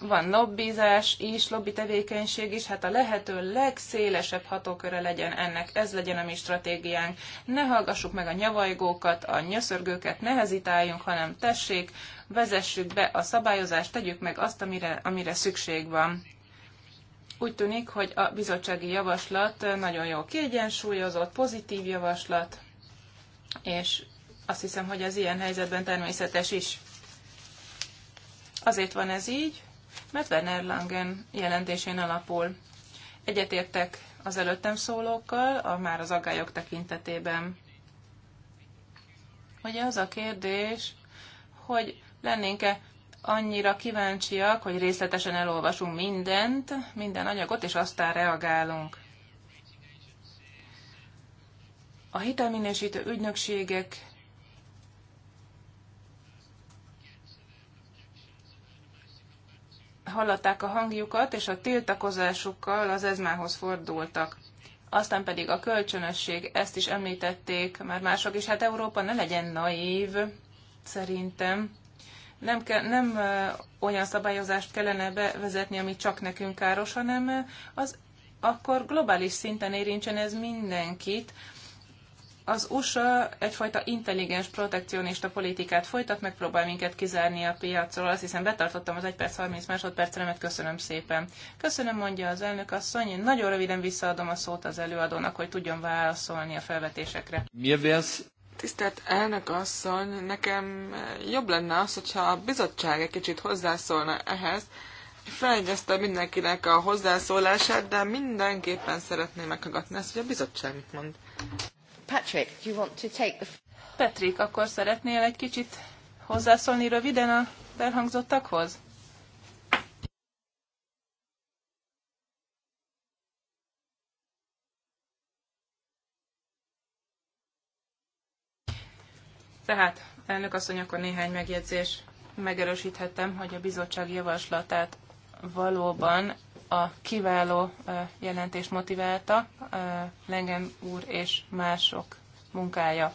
[SPEAKER 3] van lobbizás is, lobby tevékenység is, hát a lehető legszélesebb hatóköre legyen ennek, ez legyen a mi stratégiánk. Ne hallgassuk meg a nyavajgókat, a nyöszörgőket, ne hezitáljunk, hanem tessék, vezessük be a szabályozást, tegyük meg azt, amire, amire szükség van. Úgy tűnik, hogy a bizottsági javaslat nagyon jó kiegyensúlyozott, pozitív javaslat, és azt hiszem, hogy az ilyen helyzetben természetes is. Azért van ez így, mert Werner Langen jelentésén alapul. Egyetértek az előttem szólókkal, a már az aggályok tekintetében. Ugye az a kérdés, hogy lennénk-e annyira kíváncsiak, hogy részletesen elolvasunk mindent, minden anyagot, és aztán reagálunk. A hitelminősítő ügynökségek hallatták a hangjukat, és a tiltakozásukkal az ezmához fordultak. Aztán pedig a kölcsönösség, ezt is említették már mások is. Hát Európa ne legyen naív, szerintem nem, ke, nem olyan szabályozást kellene bevezetni, ami csak nekünk káros, hanem az akkor globális szinten érintsen ez mindenkit. Az USA egyfajta intelligens protekcionista politikát folytat, megpróbál minket kizárni a piacról. Azt hiszem betartottam az 1 perc 30 másodpercremet, köszönöm szépen. Köszönöm, mondja az elnök asszony. Én nagyon röviden visszaadom a szót az előadónak, hogy tudjon válaszolni a felvetésekre. Mi vesz? Tisztelt elnök asszony, nekem jobb lenne az, hogyha a
[SPEAKER 4] bizottság egy kicsit hozzászólna ehhez. Felegyezte mindenkinek a hozzászólását, de mindenképpen szeretném meghallgatni ezt, hogy a bizottság mit mond.
[SPEAKER 3] Patrick, do you want to take the... Patrick, akkor szeretnél egy kicsit hozzászólni röviden a felhangzottakhoz? Tehát, elnök asszony, akkor néhány megjegyzés. Megerősíthettem, hogy a bizottság javaslatát valóban a kiváló jelentés motiválta, Lengen úr és mások munkája.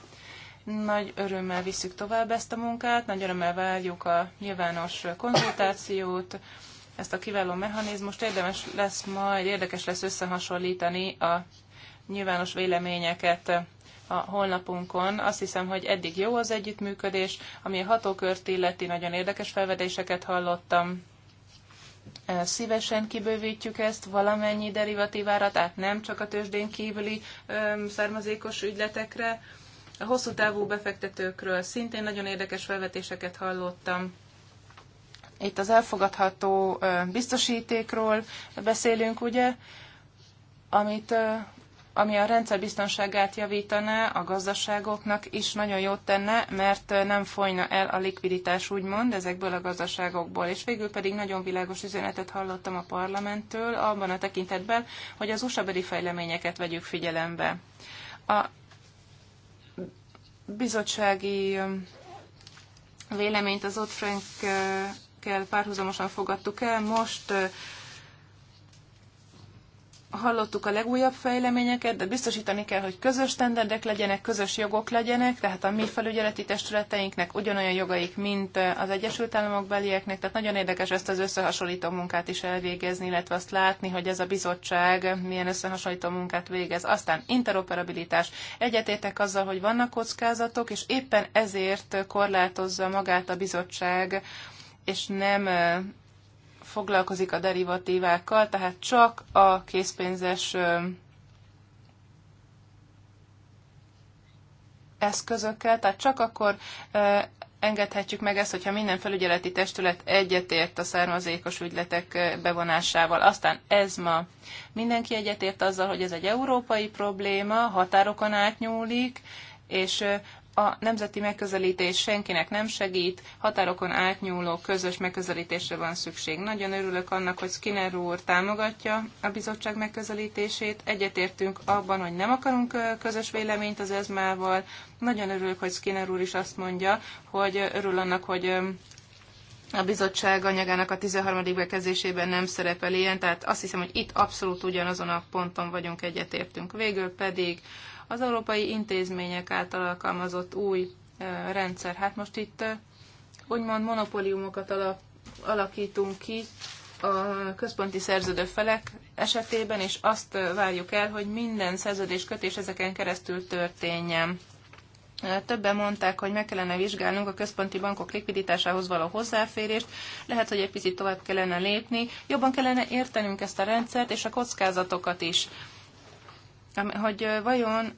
[SPEAKER 3] Nagy örömmel visszük tovább ezt a munkát, nagy örömmel várjuk a nyilvános konzultációt, ezt a kiváló mechanizmust. Érdemes lesz majd, érdekes lesz összehasonlítani a nyilvános véleményeket a honlapunkon. Azt hiszem, hogy eddig jó az együttműködés, ami a hatókört illeti, nagyon érdekes felvedéseket hallottam. Szívesen kibővítjük ezt valamennyi derivatívára, tehát nem csak a tőzsdén kívüli származékos ügyletekre. A hosszú távú befektetőkről szintén nagyon érdekes felvetéseket hallottam. Itt az elfogadható biztosítékról beszélünk, ugye, amit ami a rendszer biztonságát javítaná, a gazdaságoknak is nagyon jót tenne, mert nem folyna el a likviditás úgymond ezekből a gazdaságokból. És végül pedig nagyon világos üzenetet hallottam a parlamenttől abban a tekintetben, hogy az usa fejleményeket vegyük figyelembe. A bizottsági um, véleményt az ott Frank uh, kell párhuzamosan fogadtuk el. Most uh, hallottuk a legújabb fejleményeket, de biztosítani kell, hogy közös standardek legyenek, közös jogok legyenek, tehát a mi felügyeleti testületeinknek ugyanolyan jogaik, mint az Egyesült Államok belieknek, tehát nagyon érdekes ezt az összehasonlító munkát is elvégezni, illetve azt látni, hogy ez a bizottság milyen összehasonlító munkát végez. Aztán interoperabilitás. Egyetétek azzal, hogy vannak kockázatok, és éppen ezért korlátozza magát a bizottság, és nem foglalkozik a derivatívákkal, tehát csak a készpénzes eszközökkel, tehát csak akkor engedhetjük meg ezt, hogyha minden felügyeleti testület egyetért a származékos ügyletek bevonásával. Aztán ez ma mindenki egyetért azzal, hogy ez egy európai probléma, határokon átnyúlik, és a nemzeti megközelítés senkinek nem segít, határokon átnyúló közös megközelítésre van szükség. Nagyon örülök annak, hogy Skinner úr támogatja a bizottság megközelítését. Egyetértünk abban, hogy nem akarunk közös véleményt az ezmával. Nagyon örülök, hogy Skinner úr is azt mondja, hogy örül annak, hogy a bizottság anyagának a 13. bekezdésében nem szerepel ilyen, tehát azt hiszem, hogy itt abszolút ugyanazon a ponton vagyunk, egyetértünk. Végül pedig az európai intézmények által alkalmazott új rendszer. Hát most itt úgymond monopóliumokat alakítunk ki a központi szerződő felek esetében, és azt várjuk el, hogy minden kötés ezeken keresztül történjen. Többen mondták, hogy meg kellene vizsgálnunk a központi bankok likviditásához való hozzáférést, lehet, hogy egy picit tovább kellene lépni, jobban kellene értenünk ezt a rendszert és a kockázatokat is hogy vajon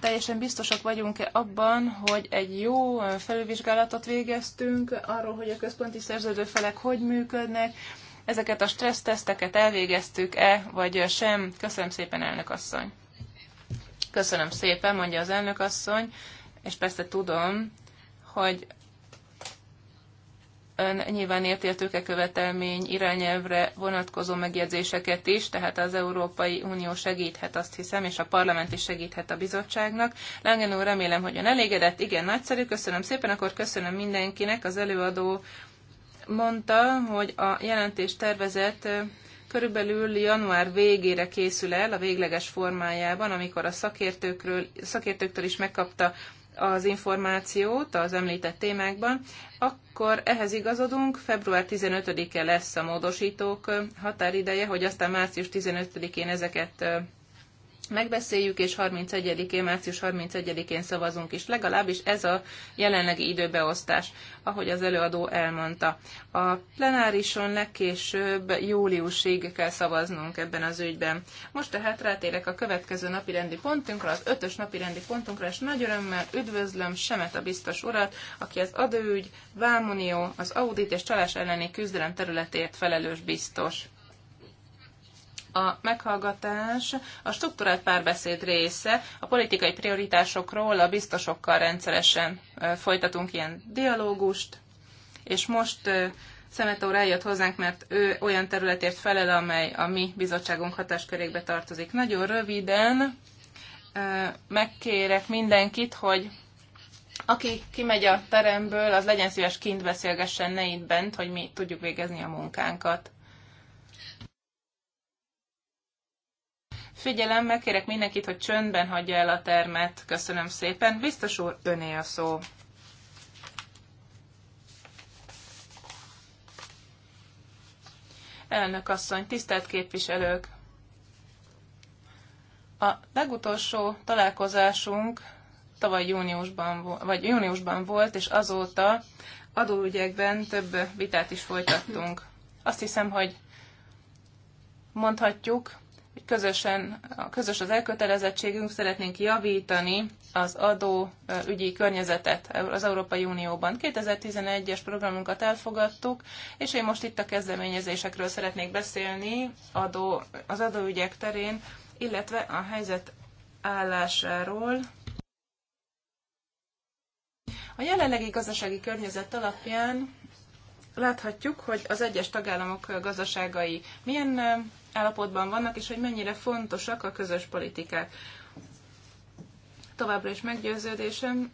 [SPEAKER 3] teljesen biztosak vagyunk-e abban, hogy egy jó felülvizsgálatot végeztünk arról, hogy a központi szerződőfelek hogy működnek, ezeket a stresszteszteket elvégeztük-e, vagy sem. Köszönöm szépen, elnök asszony. Köszönöm szépen, mondja az elnök asszony, és persze tudom, hogy ön nyilván érti a e tőkekövetelmény irányelvre vonatkozó megjegyzéseket is, tehát az Európai Unió segíthet, azt hiszem, és a parlament is segíthet a bizottságnak. Langen úr, remélem, hogy ön elégedett. Igen, nagyszerű, köszönöm szépen, akkor köszönöm mindenkinek. Az előadó mondta, hogy a jelentés tervezett körülbelül január végére készül el a végleges formájában, amikor a szakértőkről, szakértőktől is megkapta az információt az említett témákban, akkor ehhez igazodunk, február 15-e lesz a módosítók határideje, hogy aztán március 15-én ezeket megbeszéljük, és 31-én, március 31-én szavazunk is, legalábbis ez a jelenlegi időbeosztás, ahogy az előadó elmondta. A plenárison legkésőbb júliusig kell szavaznunk ebben az ügyben. Most tehát rátérek a következő napirendi pontunkra, az ötös napirendi pontunkra, és nagy örömmel üdvözlöm Semet a biztos urat, aki az adőügy, Vámunió, az audit és csalás elleni küzdelem területért felelős biztos a meghallgatás a struktúrált párbeszéd része. A politikai prioritásokról a biztosokkal rendszeresen folytatunk ilyen dialógust, és most Szemet eljött hozzánk, mert ő olyan területért felel, amely a mi bizottságunk hatáskörékbe tartozik. Nagyon röviden megkérek mindenkit, hogy aki kimegy a teremből, az legyen szíves kint beszélgessen, ne itt bent, hogy mi tudjuk végezni a munkánkat. Figyelem, megkérek mindenkit, hogy csöndben hagyja el a termet. Köszönöm szépen. Biztos úr, öné a szó. Elnök asszony, tisztelt képviselők! A legutolsó találkozásunk tavaly júniusban, vagy júniusban volt, és azóta adóügyekben több vitát is folytattunk. Azt hiszem, hogy mondhatjuk, közösen, közös az elkötelezettségünk, szeretnénk javítani az adóügyi környezetet az Európai Unióban. 2011-es programunkat elfogadtuk, és én most itt a kezdeményezésekről szeretnék beszélni adó, az adóügyek terén, illetve a helyzet állásáról. A jelenlegi gazdasági környezet alapján láthatjuk, hogy az egyes tagállamok gazdaságai milyen állapotban vannak, és hogy mennyire fontosak a közös politikák. Továbbra is meggyőződésem,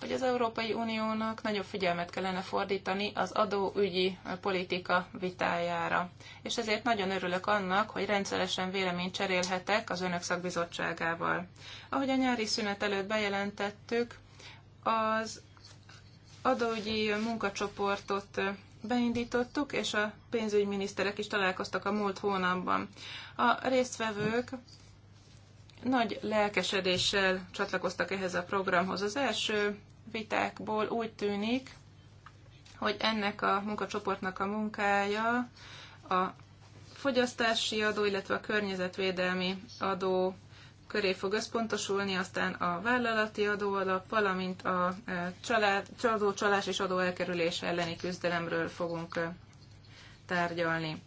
[SPEAKER 3] hogy az Európai Uniónak nagyobb figyelmet kellene fordítani az adóügyi politika vitájára. És ezért nagyon örülök annak, hogy rendszeresen véleményt cserélhetek az Önök szakbizottságával. Ahogy a nyári szünet előtt bejelentettük, az adóügyi munkacsoportot beindítottuk, és a pénzügyminiszterek is találkoztak a múlt hónapban. A résztvevők nagy lelkesedéssel csatlakoztak ehhez a programhoz. Az első vitákból úgy tűnik, hogy ennek a munkacsoportnak a munkája a fogyasztási adó, illetve a környezetvédelmi adó köré fog összpontosulni, aztán a vállalati adóalap, valamint a e, család, csalás és adóelkerülés elleni küzdelemről fogunk e, tárgyalni.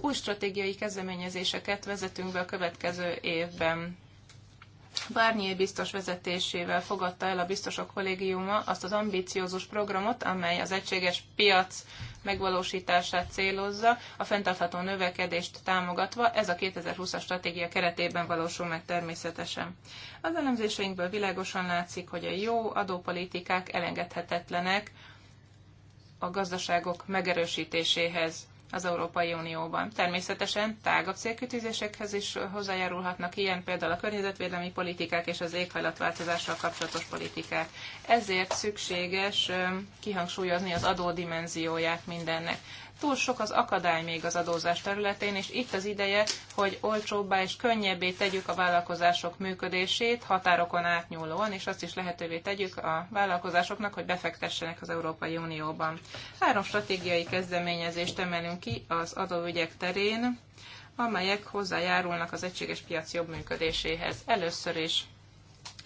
[SPEAKER 3] Új stratégiai kezdeményezéseket vezetünk be a következő évben. Bárnyi biztos vezetésével fogadta el a biztosok kollégiuma azt az ambiciózus programot, amely az egységes piac megvalósítását célozza, a fenntartható növekedést támogatva, ez a 2020-as stratégia keretében valósul meg természetesen. Az elemzéseinkből világosan látszik, hogy a jó adópolitikák elengedhetetlenek a gazdaságok megerősítéséhez az Európai Unióban. Természetesen tágabb célkütőzésekhez is hozzájárulhatnak ilyen például a környezetvédelmi politikák és az éghajlatváltozással kapcsolatos politikák. Ezért szükséges kihangsúlyozni az adódimenzióját mindennek. Túl sok az akadály még az adózás területén, és itt az ideje, hogy olcsóbbá és könnyebbé tegyük a vállalkozások működését határokon átnyúlóan, és azt is lehetővé tegyük a vállalkozásoknak, hogy befektessenek az Európai Unióban. Három stratégiai kezdeményezést emelünk ki az adóügyek terén, amelyek hozzájárulnak az egységes piac jobb működéséhez. Először is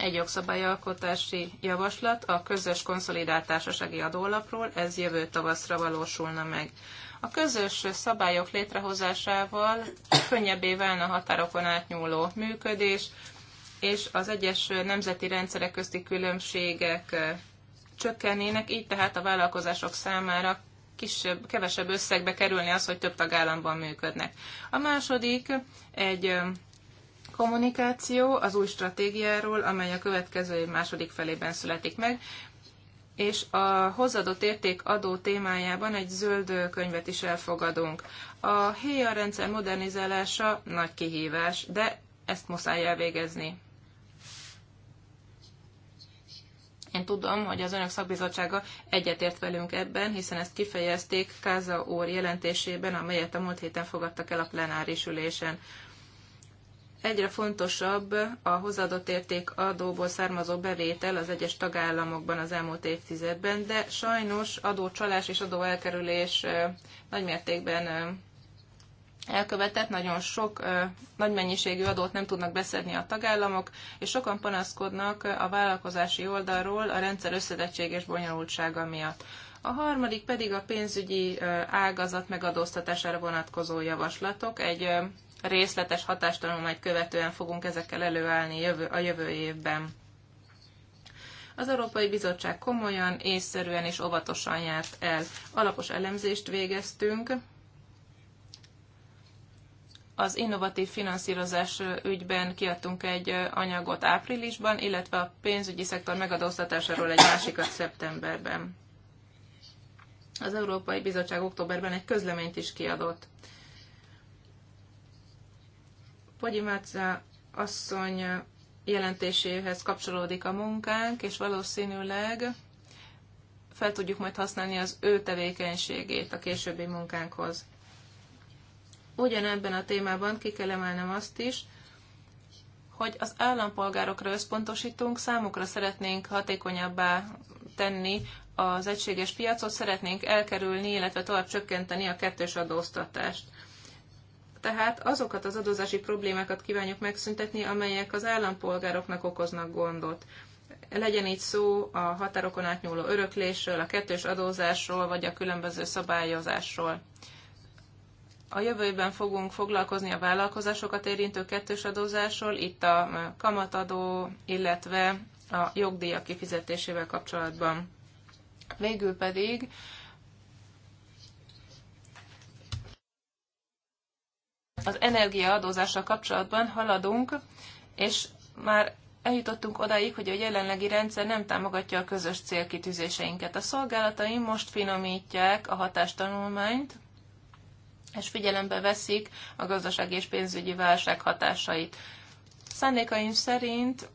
[SPEAKER 3] egy jogszabályalkotási javaslat a közös konszolidált társasági adólapról, ez jövő tavaszra valósulna meg. A közös szabályok létrehozásával könnyebbé válna a határokon átnyúló működés, és az egyes nemzeti rendszerek közti különbségek csökkennének, így tehát a vállalkozások számára kisebb, kevesebb összegbe kerülni az, hogy több tagállamban működnek. A második egy kommunikáció az új stratégiáról, amely a következő év második felében születik meg, és a hozzáadott érték adó témájában egy zöld könyvet is elfogadunk. A héja rendszer modernizálása nagy kihívás, de ezt muszáj elvégezni. Én tudom, hogy az önök szakbizottsága egyetért velünk ebben, hiszen ezt kifejezték Káza úr jelentésében, amelyet a múlt héten fogadtak el a plenáris ülésen egyre fontosabb a hozzáadott érték adóból származó bevétel az egyes tagállamokban az elmúlt évtizedben, de sajnos adócsalás és adóelkerülés nagymértékben elkövetett, nagyon sok nagy mennyiségű adót nem tudnak beszedni a tagállamok, és sokan panaszkodnak a vállalkozási oldalról a rendszer összetettség és bonyolultsága miatt. A harmadik pedig a pénzügyi ágazat megadóztatására vonatkozó javaslatok. Egy részletes hatástanulmányt követően fogunk ezekkel előállni jövő, a jövő évben. Az Európai Bizottság komolyan, észszerűen és óvatosan járt el. Alapos elemzést végeztünk, az innovatív finanszírozás ügyben kiadtunk egy anyagot áprilisban, illetve a pénzügyi szektor megadóztatásáról egy másikat szeptemberben. Az Európai Bizottság októberben egy közleményt is kiadott. Pogyimáca asszony jelentéséhez kapcsolódik a munkánk, és valószínűleg fel tudjuk majd használni az ő tevékenységét a későbbi munkánkhoz. Ugyanebben a témában ki kell emelnem azt is, hogy az állampolgárokra összpontosítunk, számukra szeretnénk hatékonyabbá tenni az egységes piacot, szeretnénk elkerülni, illetve tovább csökkenteni a kettős adóztatást tehát azokat az adózási problémákat kívánjuk megszüntetni, amelyek az állampolgároknak okoznak gondot. Legyen itt szó a határokon átnyúló öröklésről, a kettős adózásról, vagy a különböző szabályozásról. A jövőben fogunk foglalkozni a vállalkozásokat érintő kettős adózásról, itt a kamatadó, illetve a jogdíjak kifizetésével kapcsolatban. Végül pedig az energiaadózással kapcsolatban haladunk, és már eljutottunk odáig, hogy a jelenlegi rendszer nem támogatja a közös célkitűzéseinket. A szolgálataim most finomítják a hatástanulmányt, és figyelembe veszik a gazdasági és pénzügyi válság hatásait. Szándékaim szerint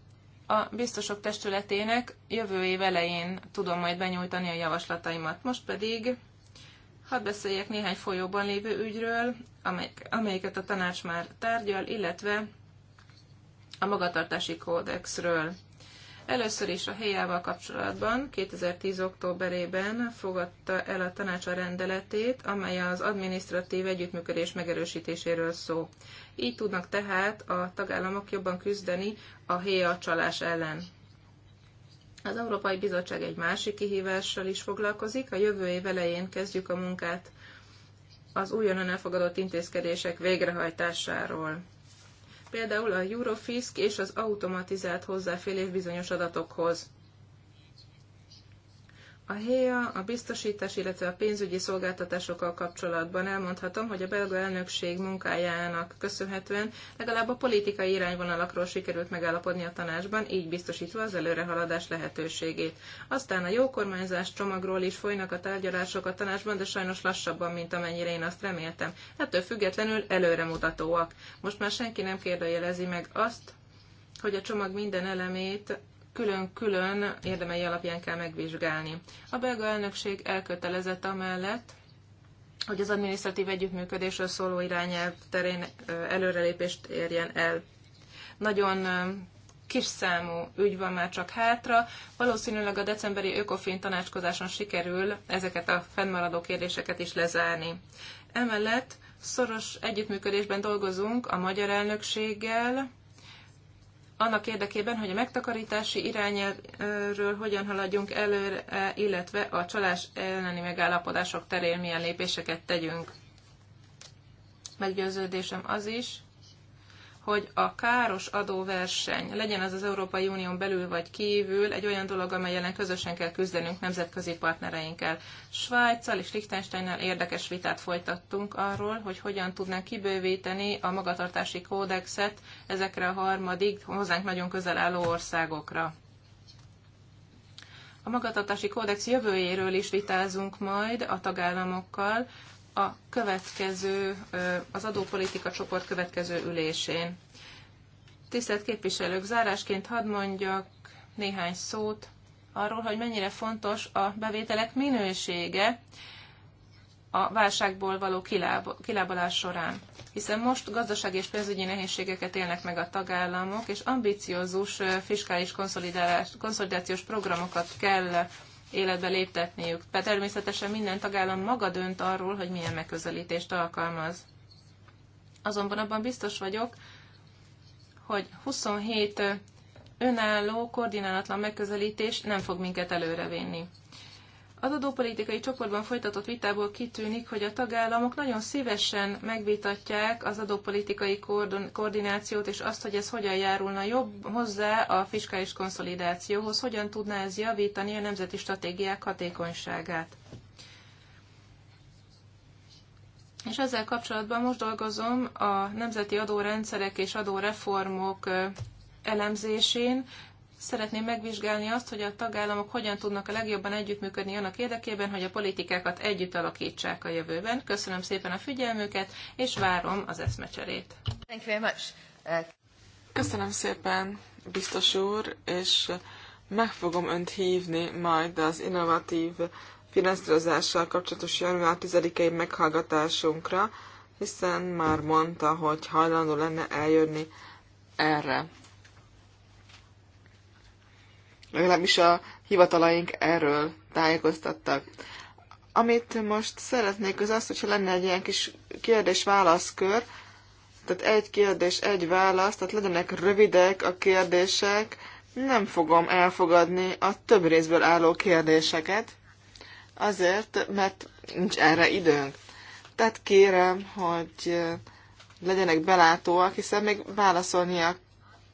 [SPEAKER 3] a biztosok testületének jövő év elején tudom majd benyújtani a javaslataimat. Most pedig Hadd beszéljek néhány folyóban lévő ügyről, amelyik, amelyiket a tanács már tárgyal, illetve a magatartási kódexről. Először is a helyával kapcsolatban 2010. októberében fogadta el a tanács a rendeletét, amely az administratív együttműködés megerősítéséről szó. Így tudnak tehát a tagállamok jobban küzdeni a héja e csalás ellen. Az Európai Bizottság egy másik kihívással is foglalkozik. A jövő év elején kezdjük a munkát az újonnan elfogadott intézkedések végrehajtásáról. Például a Eurofisk és az automatizált hozzáférés bizonyos adatokhoz. A HEA a biztosítás, illetve a pénzügyi szolgáltatásokkal kapcsolatban elmondhatom, hogy a belga elnökség munkájának köszönhetően legalább a politikai irányvonalakról sikerült megállapodni a tanácsban, így biztosítva az előrehaladás lehetőségét. Aztán a jó kormányzás csomagról is folynak a tárgyalások a tanácsban, de sajnos lassabban, mint amennyire én azt reméltem. Ettől függetlenül előremutatóak. Most már senki nem kérdőjelezi meg azt, hogy a csomag minden elemét külön-külön érdemei alapján kell megvizsgálni. A belga elnökség elkötelezett amellett, hogy az adminisztratív együttműködésről szóló irányelv terén előrelépést érjen el. Nagyon kis számú ügy van már csak hátra. Valószínűleg a decemberi ökofin tanácskozáson sikerül ezeket a fennmaradó kérdéseket is lezárni. Emellett szoros együttműködésben dolgozunk a magyar elnökséggel, annak érdekében, hogy a megtakarítási irányáról hogyan haladjunk előre, illetve a csalás elleni megállapodások terén milyen lépéseket tegyünk. Meggyőződésem az is, hogy a káros adóverseny, legyen az az Európai Unión belül vagy kívül, egy olyan dolog, amely ellen közösen kell küzdenünk nemzetközi partnereinkkel. Svájccal és Liechtensteinnel érdekes vitát folytattunk arról, hogy hogyan tudnánk kibővíteni a magatartási kódexet ezekre a harmadik, hozzánk nagyon közel álló országokra. A magatartási kódex jövőjéről is vitázunk majd a tagállamokkal, a következő, az adópolitika csoport következő ülésén. Tisztelt képviselők, zárásként hadd mondjak néhány szót arról, hogy mennyire fontos a bevételek minősége a válságból való kiláb, kilábalás során. Hiszen most gazdasági és pénzügyi nehézségeket élnek meg a tagállamok, és ambiciózus fiskális konszolidációs programokat kell életbe léptetniük. De természetesen minden tagállam maga dönt arról, hogy milyen megközelítést alkalmaz. Azonban abban biztos vagyok, hogy 27 önálló, koordinálatlan megközelítés nem fog minket előrevinni. Az adópolitikai csoportban folytatott vitából kitűnik, hogy a tagállamok nagyon szívesen megvitatják az adópolitikai koordinációt, és azt, hogy ez hogyan járulna jobb hozzá a fiskális konszolidációhoz, hogyan tudná ez javítani a nemzeti stratégiák hatékonyságát. És ezzel kapcsolatban most dolgozom a nemzeti adórendszerek és adóreformok elemzésén, Szeretném megvizsgálni azt, hogy a tagállamok hogyan tudnak a legjobban együttműködni annak érdekében, hogy a politikákat együtt alakítsák a jövőben. Köszönöm szépen a figyelmüket, és várom az eszmecserét. Köszönöm
[SPEAKER 4] szépen, biztos úr, és meg fogom önt hívni majd az innovatív finanszírozással kapcsolatos január 10-i meghallgatásunkra, hiszen már mondta, hogy hajlandó lenne eljönni erre legalábbis a hivatalaink erről tájékoztattak. Amit most szeretnék, az az, hogyha lenne egy ilyen kis kérdés-válaszkör, tehát egy kérdés, egy válasz, tehát legyenek rövidek a kérdések, nem fogom elfogadni a több részből álló kérdéseket, azért, mert nincs erre időnk. Tehát kérem, hogy legyenek belátóak, hiszen még válaszolnia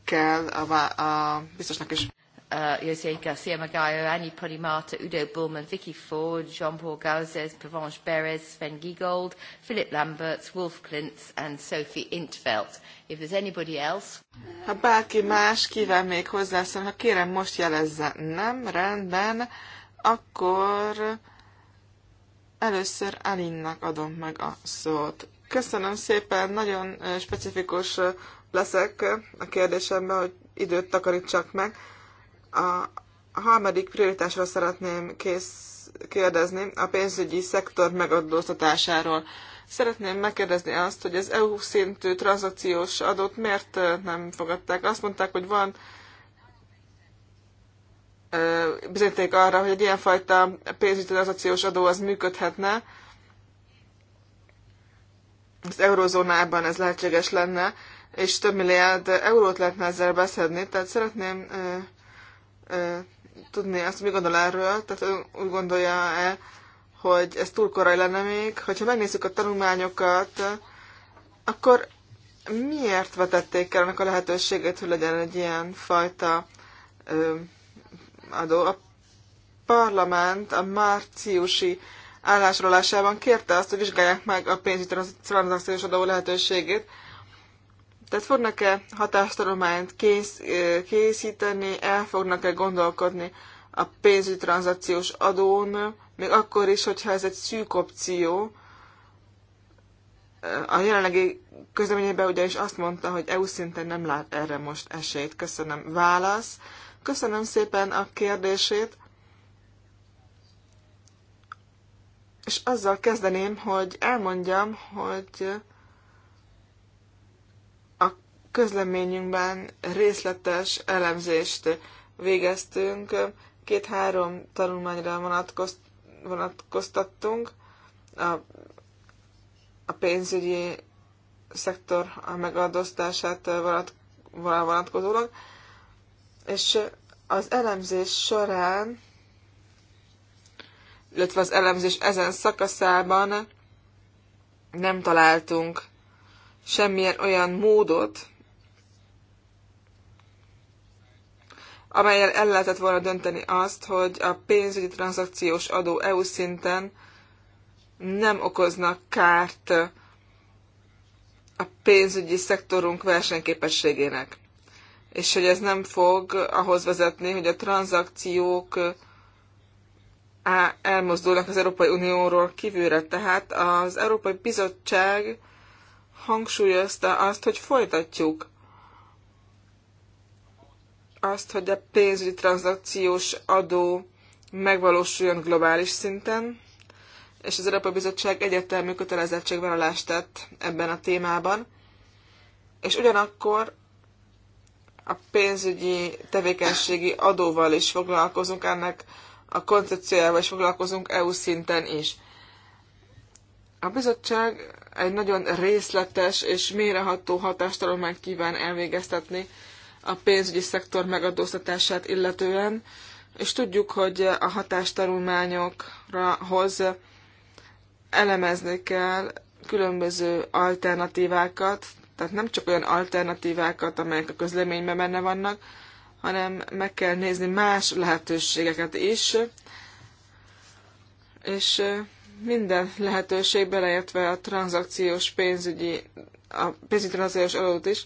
[SPEAKER 4] kell a, a biztosnak is uh, Jose Garcia
[SPEAKER 2] Magallo, Annie Podimata, Udo Bullman, Vicky Ford, Jean-Paul Gauzes, Provence Beres, Sven Giegold, Philip Lamberts, Wolf Klintz and Sophie Intveld. If there's
[SPEAKER 3] anybody else...
[SPEAKER 4] Ha bárki más kíván még hozzászólni, ha kérem most jelezze. Nem, rendben, akkor először Alinnak adom meg a szót. Köszönöm szépen, nagyon specifikus leszek a kérdésemben, hogy időt takarítsak meg a harmadik prioritásról szeretném kész kérdezni, a pénzügyi szektor megadóztatásáról. Szeretném megkérdezni azt, hogy az EU szintű tranzakciós adót miért nem fogadták. Azt mondták, hogy van bizonyíték arra, hogy egy ilyenfajta pénzügyi tranzakciós adó az működhetne. Az eurozónában ez lehetséges lenne, és több milliárd eurót lehetne ezzel beszedni. Tehát szeretném tudni azt, mi gondol erről, tehát úgy gondolja-e, hogy ez túl korai lenne még. Hogyha megnézzük a tanulmányokat, akkor miért vetették el ennek a lehetőséget, hogy legyen egy ilyen fajta ö, adó? A parlament a márciusi állásrólásában kérte azt, hogy vizsgálják meg a pénzügyi tranzakciós adó lehetőségét, tehát fognak-e hatástanulmányt kész, készíteni, el fognak-e gondolkodni a pénzügyi tranzakciós adón, még akkor is, hogyha ez egy szűk opció. A jelenlegi közleményében is azt mondta, hogy EU szinten nem lát erre most esélyt. Köszönöm. Válasz. Köszönöm szépen a kérdését. És azzal kezdeném, hogy elmondjam, hogy közleményünkben részletes elemzést végeztünk, két-három tanulmányra vonatkoztattunk a, a pénzügyi szektor a megadóztását vonat, vonatkozólag, és az elemzés során, illetve az elemzés ezen szakaszában nem találtunk semmilyen olyan módot, amelyel el lehetett volna dönteni azt, hogy a pénzügyi tranzakciós adó EU szinten nem okoznak kárt a pénzügyi szektorunk versenyképességének. És hogy ez nem fog ahhoz vezetni, hogy a tranzakciók elmozdulnak az Európai Unióról kívülre. Tehát az Európai Bizottság hangsúlyozta azt, hogy folytatjuk azt, hogy a pénzügyi tranzakciós adó megvalósuljon globális szinten, és az Európai Bizottság egyértelmű alást tett ebben a témában, és ugyanakkor a pénzügyi tevékenységi adóval is foglalkozunk, ennek a koncepciójával is foglalkozunk EU szinten is. A bizottság egy nagyon részletes és méreható hatástalományt kíván elvégeztetni a pénzügyi szektor megadóztatását illetően, és tudjuk, hogy a hatástanulmányokra hoz elemezni kell különböző alternatívákat, tehát nem csak olyan alternatívákat, amelyek a közleményben benne vannak, hanem meg kell nézni más lehetőségeket is, és minden lehetőség, beleértve a tranzakciós pénzügyi, a pénzügyi tranzakciós adót is,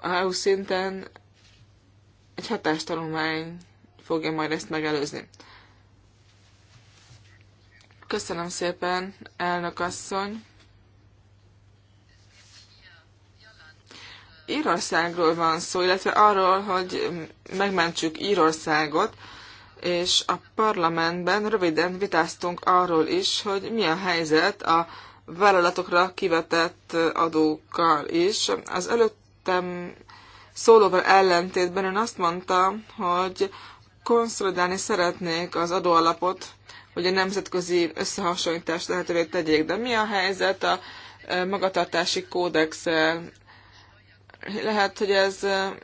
[SPEAKER 4] a EU szinten egy hatástanulmány fogja majd ezt megelőzni. Köszönöm szépen, elnök asszony. Írországról van szó, illetve arról, hogy megmentsük Írországot, és a parlamentben röviden vitáztunk arról is, hogy mi a helyzet a vállalatokra kivetett adókkal is. Az előtt mellettem szólóval ellentétben ön azt mondta, hogy konszolidálni szeretnék az adóalapot, hogy a nemzetközi összehasonlítást lehetővé tegyék. De mi a helyzet a e, magatartási kódexel? Lehet, hogy ez e,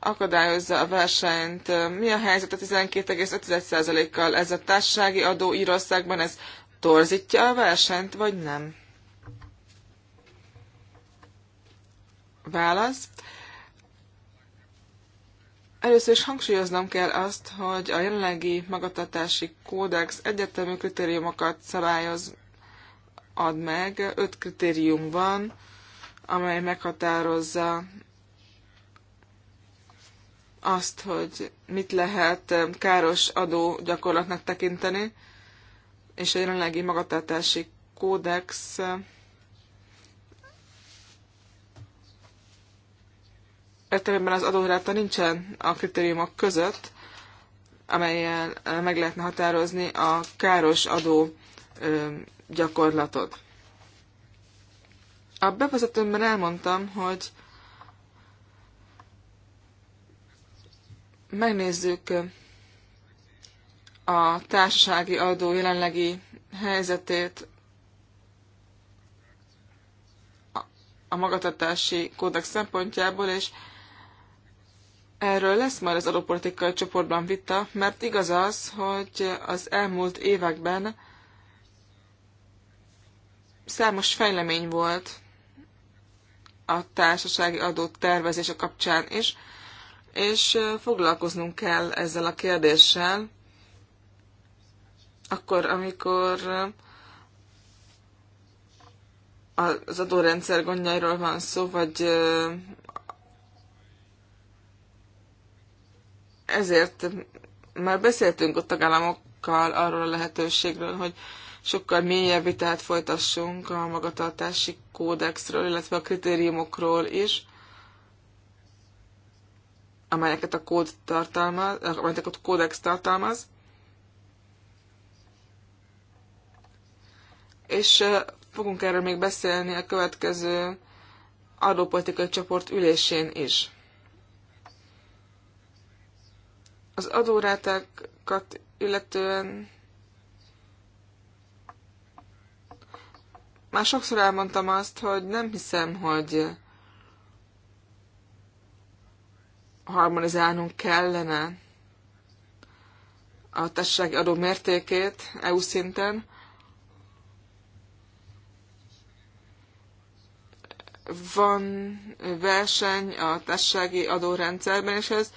[SPEAKER 4] akadályozza a versenyt. E, mi a helyzet a 12,5%-kal? Ez a társasági adó Írországban, ez torzítja a versenyt, vagy nem? Válasz. Először is hangsúlyoznom kell azt, hogy a jelenlegi magatartási kódex egyetemű kritériumokat szabályoz, ad meg. Öt kritérium van, amely meghatározza azt, hogy mit lehet káros adó gyakorlatnak tekinteni, és a jelenlegi magatartási kódex értelemben az adóráta nincsen a kritériumok között, amelyel meg lehetne határozni a káros adó gyakorlatot. A bevezetőmben elmondtam, hogy megnézzük a társasági adó jelenlegi helyzetét, a magatartási kódex szempontjából, és Erről lesz majd az adópolitikai csoportban vita, mert igaz az, hogy az elmúlt években számos fejlemény volt a társasági adó tervezése kapcsán is, és foglalkoznunk kell ezzel a kérdéssel, akkor, amikor az adórendszer gondjairól van szó, vagy ezért már beszéltünk a tagállamokkal arról a lehetőségről, hogy sokkal mélyebb vitát folytassunk a magatartási kódexről, illetve a kritériumokról is, amelyeket a kód tartalmaz, amelyeket a kódex tartalmaz. És fogunk erről még beszélni a következő adópolitikai csoport ülésén is. Az adórátákat illetően már sokszor elmondtam azt, hogy nem hiszem, hogy harmonizálnunk kellene a társasági adó mértékét EU szinten. Van verseny a társasági adórendszerben, és ez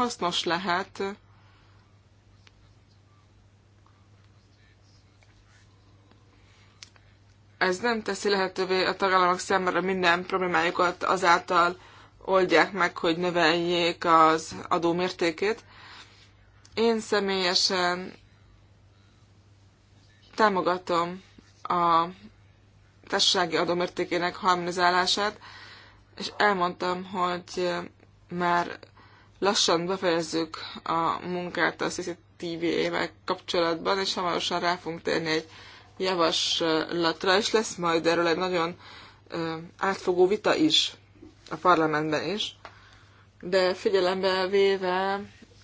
[SPEAKER 4] hasznos lehet ez nem teszi lehetővé a tagállamok számára minden problémájukat azáltal oldják meg, hogy növeljék az adó mértékét. Én személyesen támogatom a társasági adómértékének harmonizálását, és elmondtam, hogy már lassan befejezzük a munkát a cctv évek kapcsolatban, és hamarosan rá fogunk térni egy javaslatra, és lesz majd erről egy nagyon átfogó vita is a parlamentben is, de figyelembe véve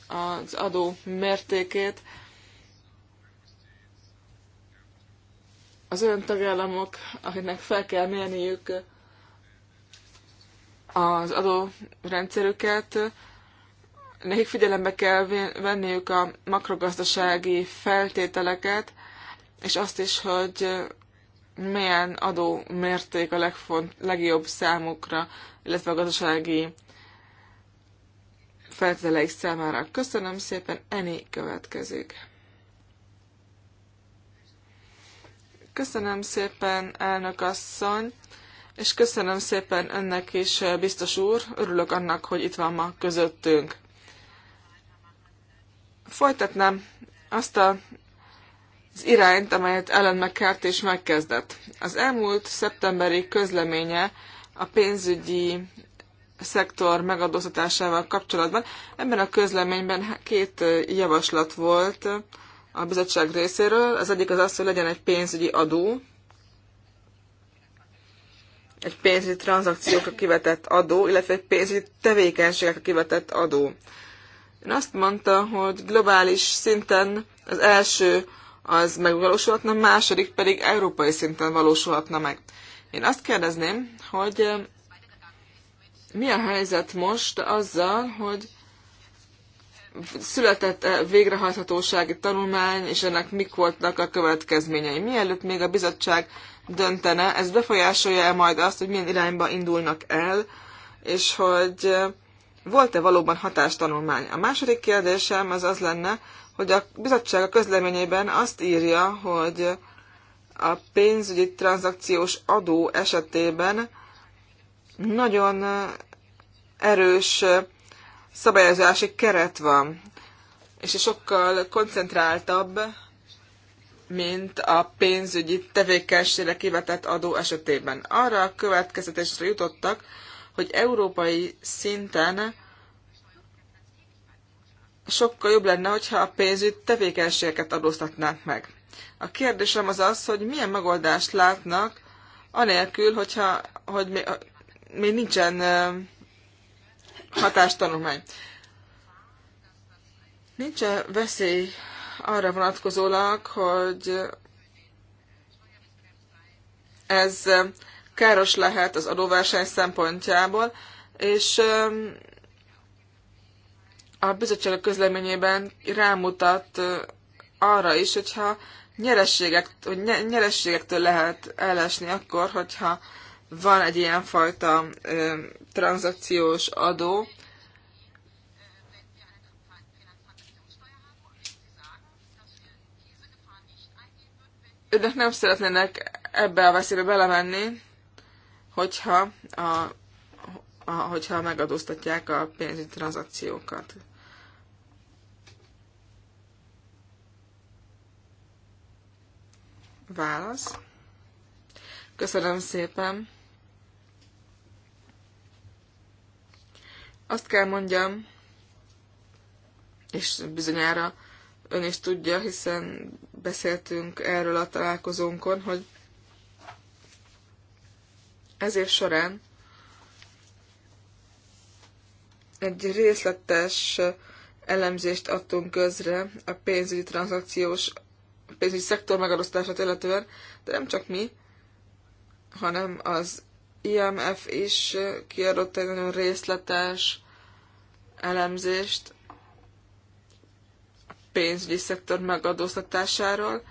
[SPEAKER 4] az adó mértékét, az olyan tagállamok, akiknek fel kell mérniük az adórendszerüket, nekik figyelembe kell venniük a makrogazdasági feltételeket, és azt is, hogy milyen adó mérték a legfont, legjobb számukra, illetve a gazdasági feltételeik számára. Köszönöm szépen, Eni következik. Köszönöm szépen, elnök asszony, és köszönöm szépen önnek is, biztos úr. Örülök annak, hogy itt van ma közöttünk. Folytatnám azt a, az irányt, amelyet Ellen McCarthy is megkezdett. Az elmúlt szeptemberi közleménye a pénzügyi szektor megadóztatásával kapcsolatban. Ebben a közleményben két javaslat volt a bizottság részéről. Az egyik az az, hogy legyen egy pénzügyi adó, egy pénzügyi tranzakciókra kivetett adó, illetve egy pénzügyi tevékenységekre kivetett adó. Ön azt mondta, hogy globális szinten az első az megvalósulhatna, második pedig európai szinten valósulhatna meg. Én azt kérdezném, hogy eh, mi a helyzet most azzal, hogy született -e végrehajthatósági tanulmány, és ennek mik voltak a következményei. Mielőtt még a bizottság döntene, ez befolyásolja -e majd azt, hogy milyen irányba indulnak el, és hogy eh, volt-e valóban hatástanulmány? A második kérdésem az az lenne, hogy a bizottság a közleményében azt írja, hogy a pénzügyi tranzakciós adó esetében nagyon erős szabályozási keret van, és sokkal koncentráltabb, mint a pénzügyi tevékenységre kivetett adó esetében. Arra a következetésre jutottak, hogy európai szinten sokkal jobb lenne, hogyha a pénzügy tevékenységeket adóztatnánk meg. A kérdésem az az, hogy milyen megoldást látnak, anélkül, hogyha, hogy még, még nincsen hatástanulmány. Nincs -e veszély arra vonatkozólag, hogy ez káros lehet az adóverseny szempontjából, és a bizottság közleményében rámutat arra is, hogyha nyerességek, hogy nyerességektől lehet elesni akkor, hogyha van egy ilyenfajta ö, tranzakciós adó, Önök nem szeretnének ebbe a veszélybe belemenni, hogyha, a, a, hogyha megadóztatják a pénzügyi tranzakciókat. Válasz. Köszönöm szépen. Azt kell mondjam, és bizonyára ön is tudja, hiszen beszéltünk erről a találkozónkon, hogy ez év során egy részletes elemzést adtunk közre a pénzügyi tranzakciós, a pénzügyi szektor megadosztását illetően, de nem csak mi, hanem az IMF is kiadott egy nagyon részletes elemzést a pénzügyi szektor megadóztatásáról,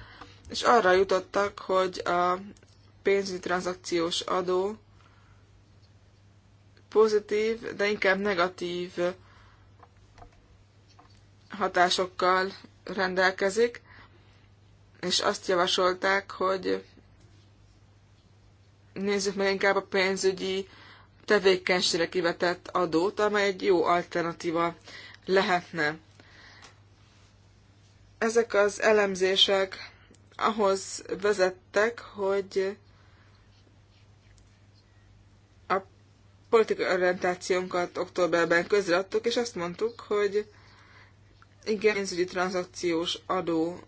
[SPEAKER 4] és arra jutottak, hogy a pénzügyi tranzakciós adó pozitív, de inkább negatív hatásokkal rendelkezik, és azt javasolták, hogy nézzük meg inkább a pénzügyi tevékenységre kivetett adót, amely egy jó alternatíva lehetne. Ezek az elemzések ahhoz vezettek, hogy politikai orientációnkat októberben közreadtuk, és azt mondtuk, hogy igen, pénzügyi tranzakciós adó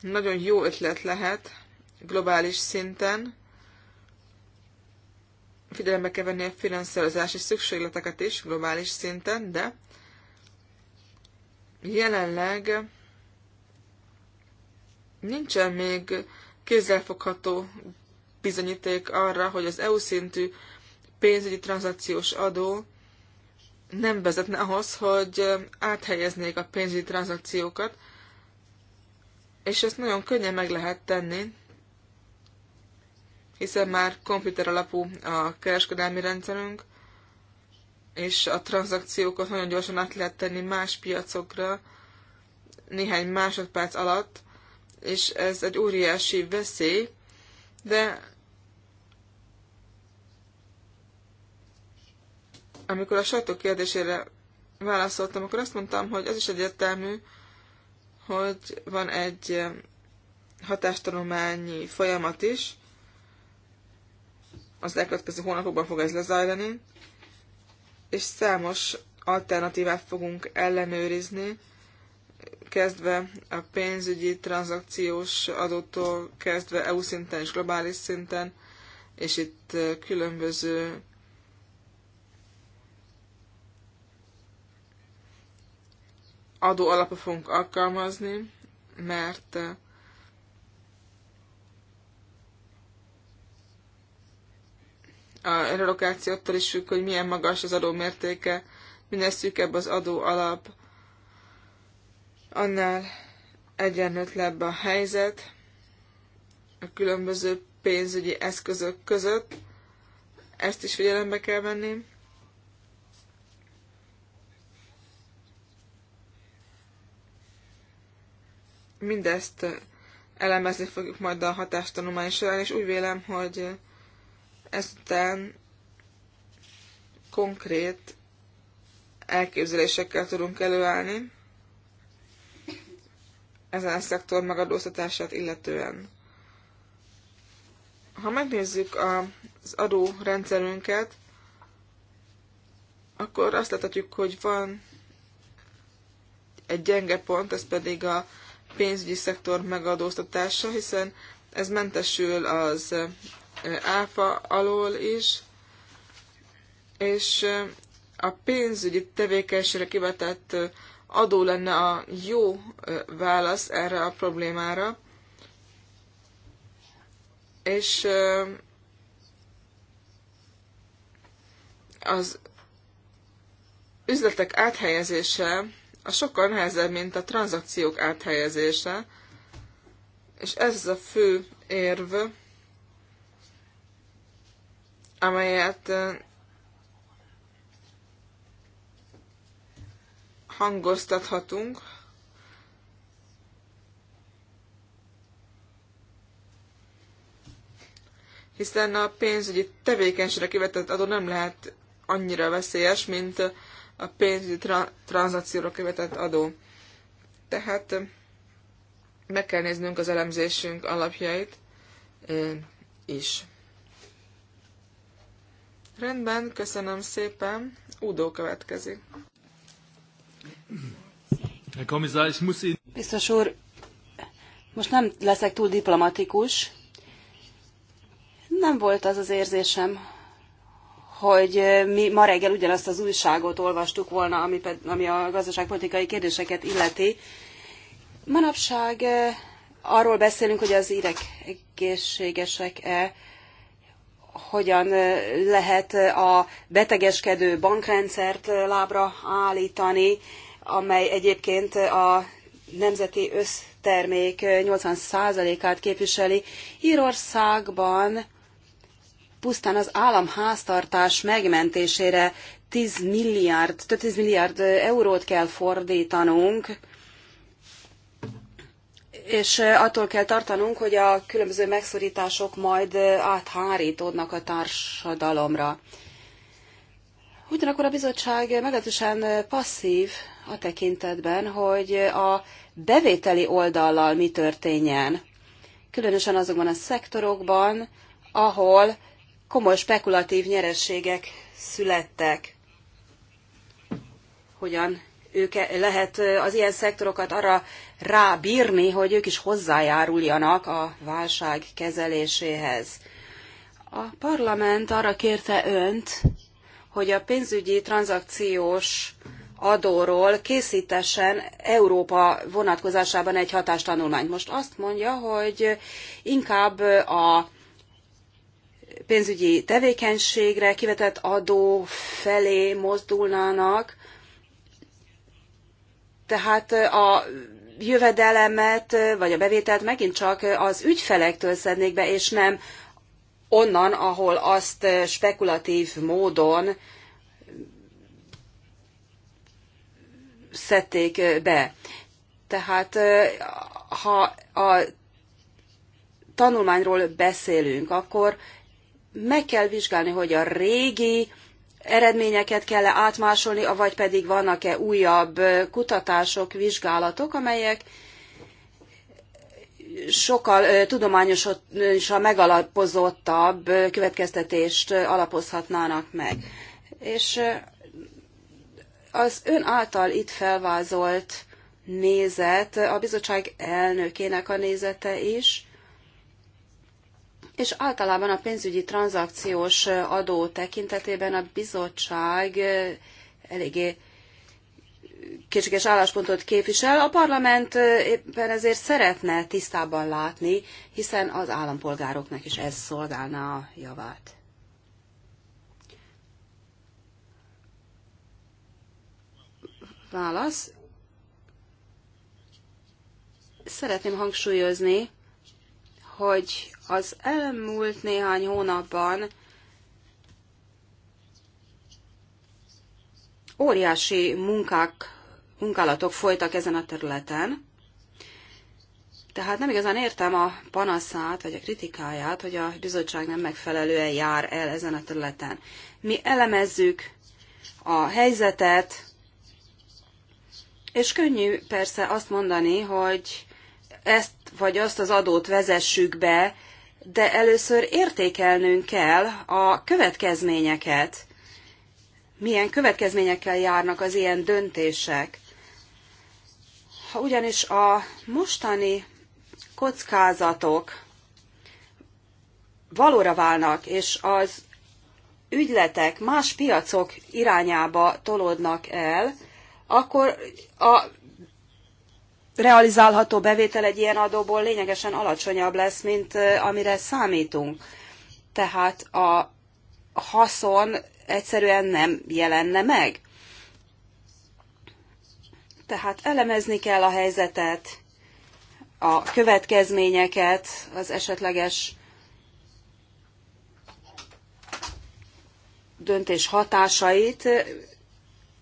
[SPEAKER 4] nagyon jó ötlet lehet globális szinten, figyelembe kell venni a finanszírozási szükségleteket is globális szinten, de jelenleg nincsen még kézzelfogható bizonyíték arra, hogy az EU szintű pénzügyi tranzakciós adó nem vezetne ahhoz, hogy áthelyeznék a pénzügyi tranzakciókat, és ezt nagyon könnyen meg lehet tenni, hiszen már komputer alapú a kereskedelmi rendszerünk, és a tranzakciókat nagyon gyorsan át lehet tenni más piacokra néhány másodperc alatt, és ez egy óriási veszély, de amikor a sajtó kérdésére válaszoltam, akkor azt mondtam, hogy az is egyértelmű, hogy van egy eh, hatástanulmányi folyamat is, az elkövetkező hónapokban fog ez lezajlani, és számos alternatívát fogunk ellenőrizni, kezdve a pénzügyi tranzakciós adótól, kezdve EU szinten és globális szinten, és itt eh, különböző adó alapot fogunk alkalmazni, mert eh, a relokációtól is függ, hogy milyen magas az adó mértéke, minél szűkebb az adó alap, annál egyenlőtlebb a helyzet a különböző pénzügyi eszközök között. Ezt is figyelembe kell venni. mindezt elemezni fogjuk majd a hatástanulmány során, és úgy vélem, hogy ezután konkrét elképzelésekkel tudunk előállni ezen a szektor megadóztatását illetően. Ha megnézzük az adórendszerünket, akkor azt láthatjuk, hogy van egy gyenge pont, ez pedig a pénzügyi szektor megadóztatása, hiszen ez mentesül az áfa alól is, és a pénzügyi tevékenységre kivetett adó lenne a jó válasz erre a problémára, és az üzletek áthelyezése a sokkal nehezebb, mint a tranzakciók áthelyezése, és ez az a fő érv, amelyet hangoztathatunk, hiszen a pénzügyi tevékenységre kivetett adó nem lehet annyira veszélyes, mint a pénzügyi tra- tranzakcióra követett adó. Tehát meg kell néznünk az elemzésünk alapjait is. Rendben, köszönöm
[SPEAKER 1] szépen. Udó következik. Biztos úr, most nem leszek túl diplomatikus. Nem volt az az érzésem, hogy mi ma reggel ugyanazt az újságot olvastuk volna, ami, ami a gazdaságpolitikai kérdéseket illeti. Manapság arról beszélünk, hogy az írek egészségesek-e, hogyan lehet a betegeskedő bankrendszert lábra állítani, amely egyébként a nemzeti össztermék 80%-át képviseli. Írországban pusztán az állam háztartás megmentésére 10 milliárd, több 10 milliárd eurót kell fordítanunk, és attól kell tartanunk, hogy a különböző megszorítások majd áthárítódnak a társadalomra. Ugyanakkor a bizottság meglehetősen passzív a tekintetben, hogy a bevételi oldallal mi történjen. Különösen azokban a szektorokban, ahol komoly spekulatív nyerességek születtek. Hogyan ők e- lehet az ilyen szektorokat arra rábírni, hogy ők is hozzájáruljanak a válság kezeléséhez. A parlament arra kérte önt, hogy a pénzügyi tranzakciós adóról készítessen Európa vonatkozásában egy hatástanulmányt. Most azt mondja, hogy inkább a pénzügyi tevékenységre kivetett adó felé mozdulnának, tehát a jövedelemet vagy a bevételt megint csak az ügyfelektől szednék be, és nem onnan, ahol azt spekulatív módon szedték be. Tehát ha a tanulmányról beszélünk, akkor meg kell vizsgálni, hogy a régi eredményeket kell -e átmásolni, vagy pedig vannak-e újabb kutatások, vizsgálatok, amelyek sokkal tudományosan megalapozottabb következtetést alapozhatnának meg. És az ön által itt felvázolt nézet, a bizottság elnökének a nézete is, és általában a pénzügyi tranzakciós adó tekintetében a bizottság eléggé kétséges álláspontot képvisel. A parlament éppen ezért szeretne tisztában látni, hiszen az állampolgároknak is ez szolgálná a javát. Válasz. Szeretném hangsúlyozni, hogy az elmúlt néhány hónapban óriási munkák, munkálatok folytak ezen a területen, tehát nem igazán értem a panaszát, vagy a kritikáját, hogy a bizottság nem megfelelően jár el ezen a területen. Mi elemezzük a helyzetet, és könnyű persze azt mondani, hogy ezt vagy azt az adót vezessük be, de először értékelnünk kell a következményeket. Milyen következményekkel járnak az ilyen döntések? Ha ugyanis a mostani kockázatok valóra válnak, és az ügyletek más piacok irányába tolódnak el, akkor a realizálható bevétel egy ilyen adóból lényegesen alacsonyabb lesz, mint amire számítunk. Tehát a haszon egyszerűen nem jelenne meg. Tehát elemezni kell a helyzetet, a következményeket, az esetleges döntés hatásait.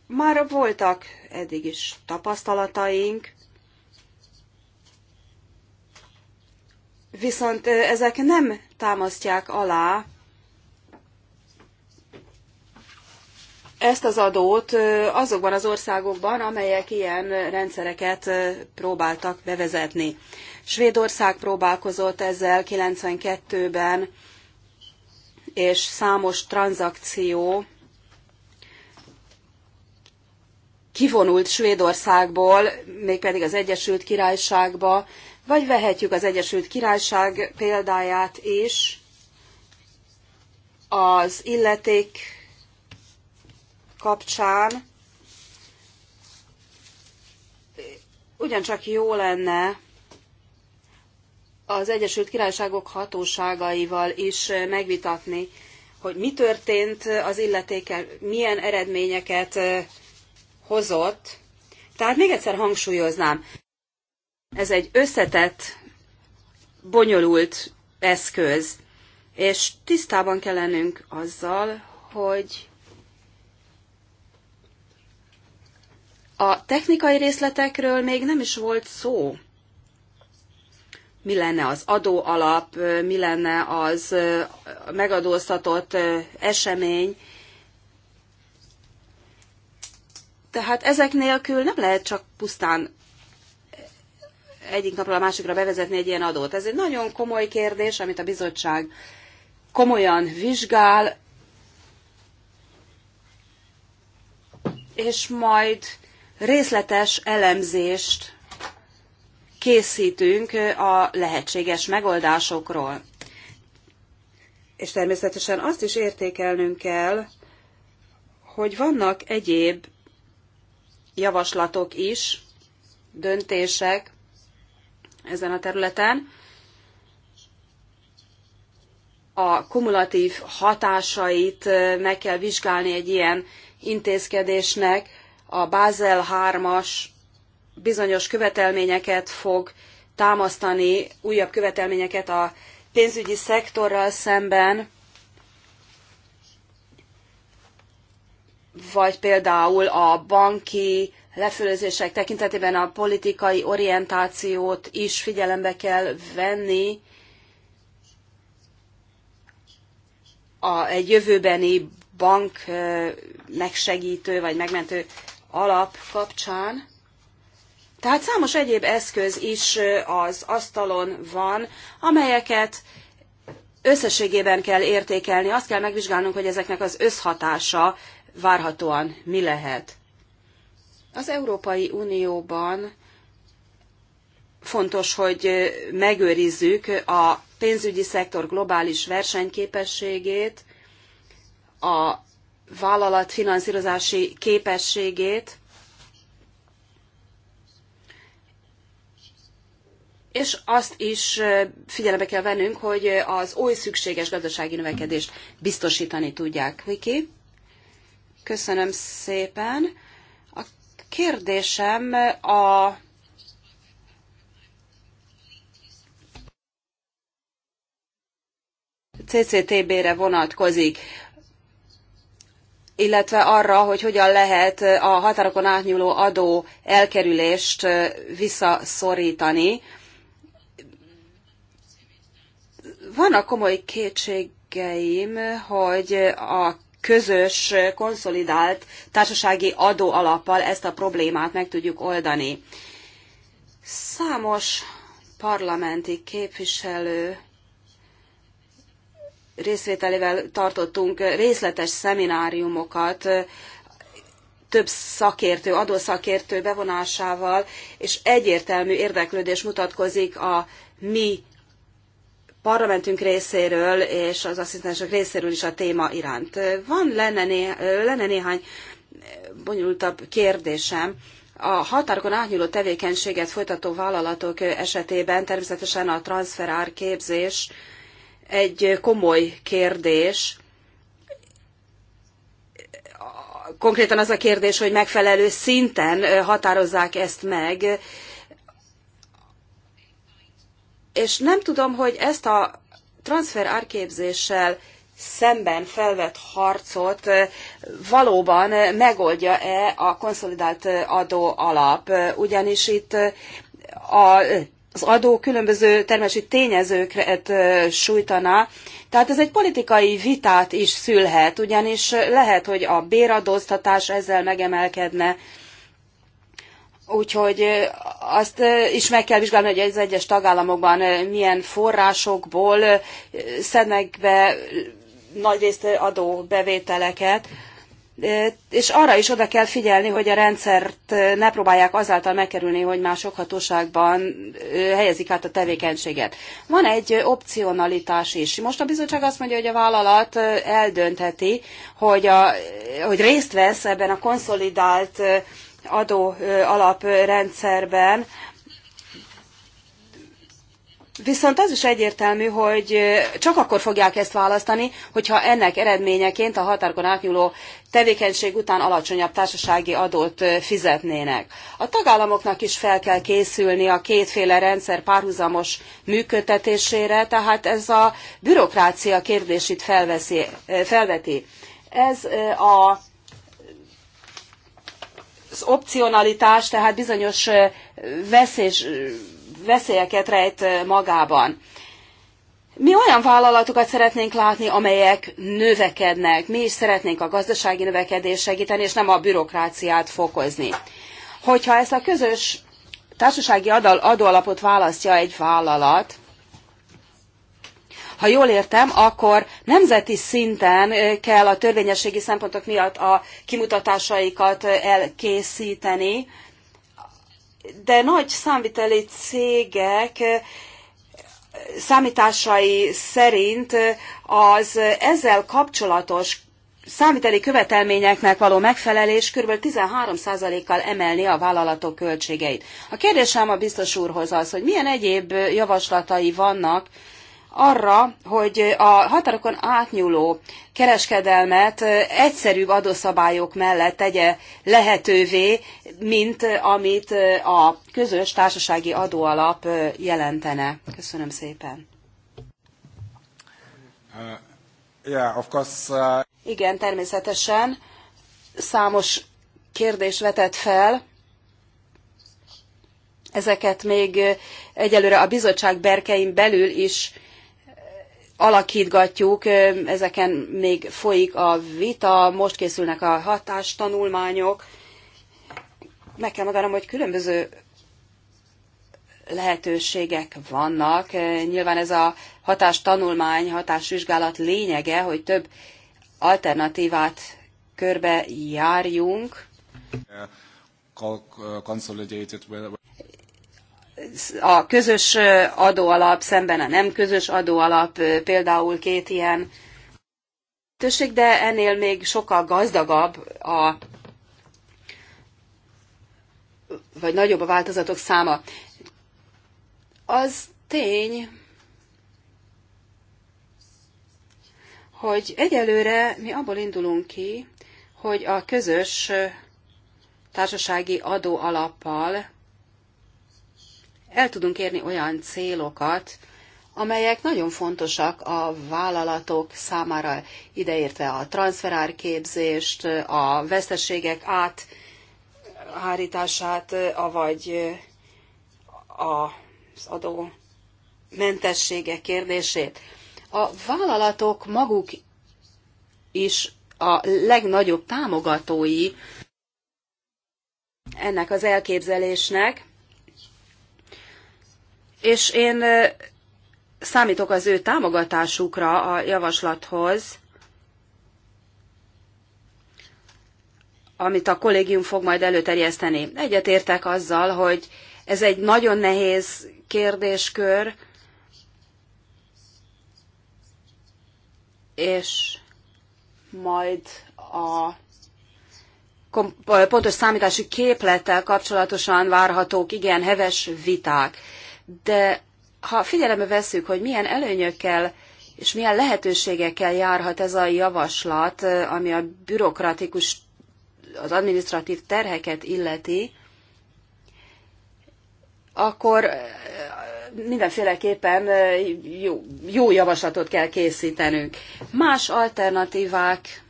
[SPEAKER 1] Már voltak eddig is tapasztalataink, viszont ezek nem támasztják alá ezt az adót azokban az országokban, amelyek ilyen rendszereket próbáltak bevezetni. Svédország próbálkozott ezzel 92-ben, és számos tranzakció kivonult Svédországból, mégpedig az Egyesült Királyságba, vagy vehetjük az Egyesült Királyság példáját is, az illeték kapcsán ugyancsak jó lenne az Egyesült Királyságok hatóságaival is megvitatni, hogy mi történt az illetékkel, milyen eredményeket hozott. Tehát még egyszer hangsúlyoznám, ez egy összetett, bonyolult eszköz, és tisztában kell lennünk azzal, hogy a technikai részletekről még nem is volt szó. Mi lenne az adóalap, mi lenne az megadóztatott esemény, tehát ezek nélkül nem lehet csak pusztán egyik napról a másikra bevezetni egy ilyen adót. Ez egy nagyon komoly kérdés, amit a bizottság komolyan vizsgál, és majd részletes elemzést készítünk a lehetséges megoldásokról. És természetesen azt is értékelnünk kell, hogy vannak egyéb javaslatok is, döntések, ezen a területen. A kumulatív hatásait meg kell vizsgálni egy ilyen intézkedésnek. A Basel 3-as bizonyos követelményeket fog támasztani, újabb követelményeket a pénzügyi szektorral szemben, vagy például a banki lefölözések tekintetében a politikai orientációt is figyelembe kell venni a, egy jövőbeni bank megsegítő vagy megmentő alap kapcsán. Tehát számos egyéb eszköz is az asztalon van, amelyeket összességében kell értékelni, azt kell megvizsgálnunk, hogy ezeknek az összhatása várhatóan mi lehet. Az Európai Unióban fontos, hogy megőrizzük a pénzügyi szektor globális versenyképességét, a vállalat finanszírozási képességét, és azt is figyelembe kell vennünk, hogy az oly szükséges gazdasági növekedést biztosítani tudják. Viki, köszönöm szépen. Kérdésem a CCTB-re vonatkozik, illetve arra, hogy hogyan lehet a határokon átnyúló adó elkerülést visszaszorítani. Vannak komoly kétségeim, hogy a közös, konszolidált társasági adó alappal ezt a problémát meg tudjuk oldani. Számos parlamenti képviselő részvételével tartottunk részletes szemináriumokat, több szakértő, adószakértő bevonásával, és egyértelmű érdeklődés mutatkozik a mi parlamentünk részéről és az asszisztensek részéről is a téma iránt. Van lenne, né, lenne néhány eh, bonyolultabb kérdésem. A határokon átnyúló tevékenységet folytató vállalatok esetében természetesen a transferár képzés egy komoly kérdés. Konkrétan az a kérdés, hogy megfelelő szinten eh, határozzák ezt meg, és nem tudom, hogy ezt a transfer árképzéssel szemben felvett harcot valóban megoldja-e a konszolidált adó alap. Ugyanis itt a az adó különböző termési tényezőket sújtana. Tehát ez egy politikai vitát is szülhet, ugyanis lehet, hogy a béradóztatás ezzel megemelkedne, Úgyhogy azt is meg kell vizsgálni, hogy az egyes tagállamokban milyen forrásokból szednek be nagyrészt adóbevételeket, és arra is oda kell figyelni, hogy a rendszert ne próbálják azáltal megkerülni, hogy mások hatóságban helyezik át a tevékenységet. Van egy opcionalitás is. Most a bizottság azt mondja, hogy a vállalat eldöntheti, hogy, a, hogy részt vesz ebben a konszolidált adó alaprendszerben. Viszont az is egyértelmű, hogy csak akkor fogják ezt választani, hogyha ennek eredményeként a határkon átnyúló tevékenység után alacsonyabb társasági adót fizetnének. A tagállamoknak is fel kell készülni a kétféle rendszer párhuzamos működtetésére, tehát ez a bürokrácia kérdését felveszi, felveti. Ez a az opcionalitás tehát bizonyos veszés, veszélyeket rejt magában. Mi olyan vállalatokat szeretnénk látni, amelyek növekednek. Mi is szeretnénk a gazdasági növekedést segíteni, és nem a bürokráciát fokozni. Hogyha ezt a közös társasági adal, adóalapot választja egy vállalat, ha jól értem, akkor nemzeti szinten kell a törvényességi szempontok miatt a kimutatásaikat elkészíteni, de nagy számviteli cégek számításai szerint az ezzel kapcsolatos számviteli követelményeknek való megfelelés kb. 13%-kal emelni a vállalatok költségeit. A kérdésem a biztos úrhoz az, hogy milyen egyéb javaslatai vannak arra, hogy a határokon átnyúló kereskedelmet egyszerűbb adószabályok mellett tegye lehetővé, mint amit a közös társasági adóalap jelentene. Köszönöm szépen.
[SPEAKER 2] Uh, yeah, of course, uh...
[SPEAKER 1] Igen, természetesen számos kérdés vetett fel. Ezeket még egyelőre a bizottság berkein belül is alakítgatjuk, ezeken még folyik a vita, most készülnek a hatástanulmányok. Meg kell mondanom, hogy különböző lehetőségek vannak. Nyilván ez a hatástanulmány, hatásvizsgálat lényege, hogy több alternatívát körbe járjunk. Uh, uh, consolidated a közös adóalap szemben a nem közös adóalap, például két ilyen lehetőség, de ennél még sokkal gazdagabb a vagy nagyobb a változatok száma. Az tény, hogy egyelőre mi abból indulunk ki, hogy a közös társasági adóalappal el tudunk érni olyan célokat, amelyek nagyon fontosak a vállalatok számára, ideértve a transferárképzést, a veszteségek áthárítását, avagy eh, az adó mentessége kérdését. A vállalatok maguk is a legnagyobb támogatói ennek az elképzelésnek, és én számítok az ő támogatásukra a javaslathoz, amit a kollégium fog majd előterjeszteni. Egyetértek azzal, hogy ez egy nagyon nehéz kérdéskör, és majd a pontos számítási képlettel kapcsolatosan várhatók igen heves viták de ha figyelembe vesszük, hogy milyen előnyökkel és milyen lehetőségekkel járhat ez a javaslat, ami a bürokratikus, az administratív terheket illeti, akkor eh, mindenféleképpen eh, jó, jó javaslatot kell készítenünk. Más alternatívák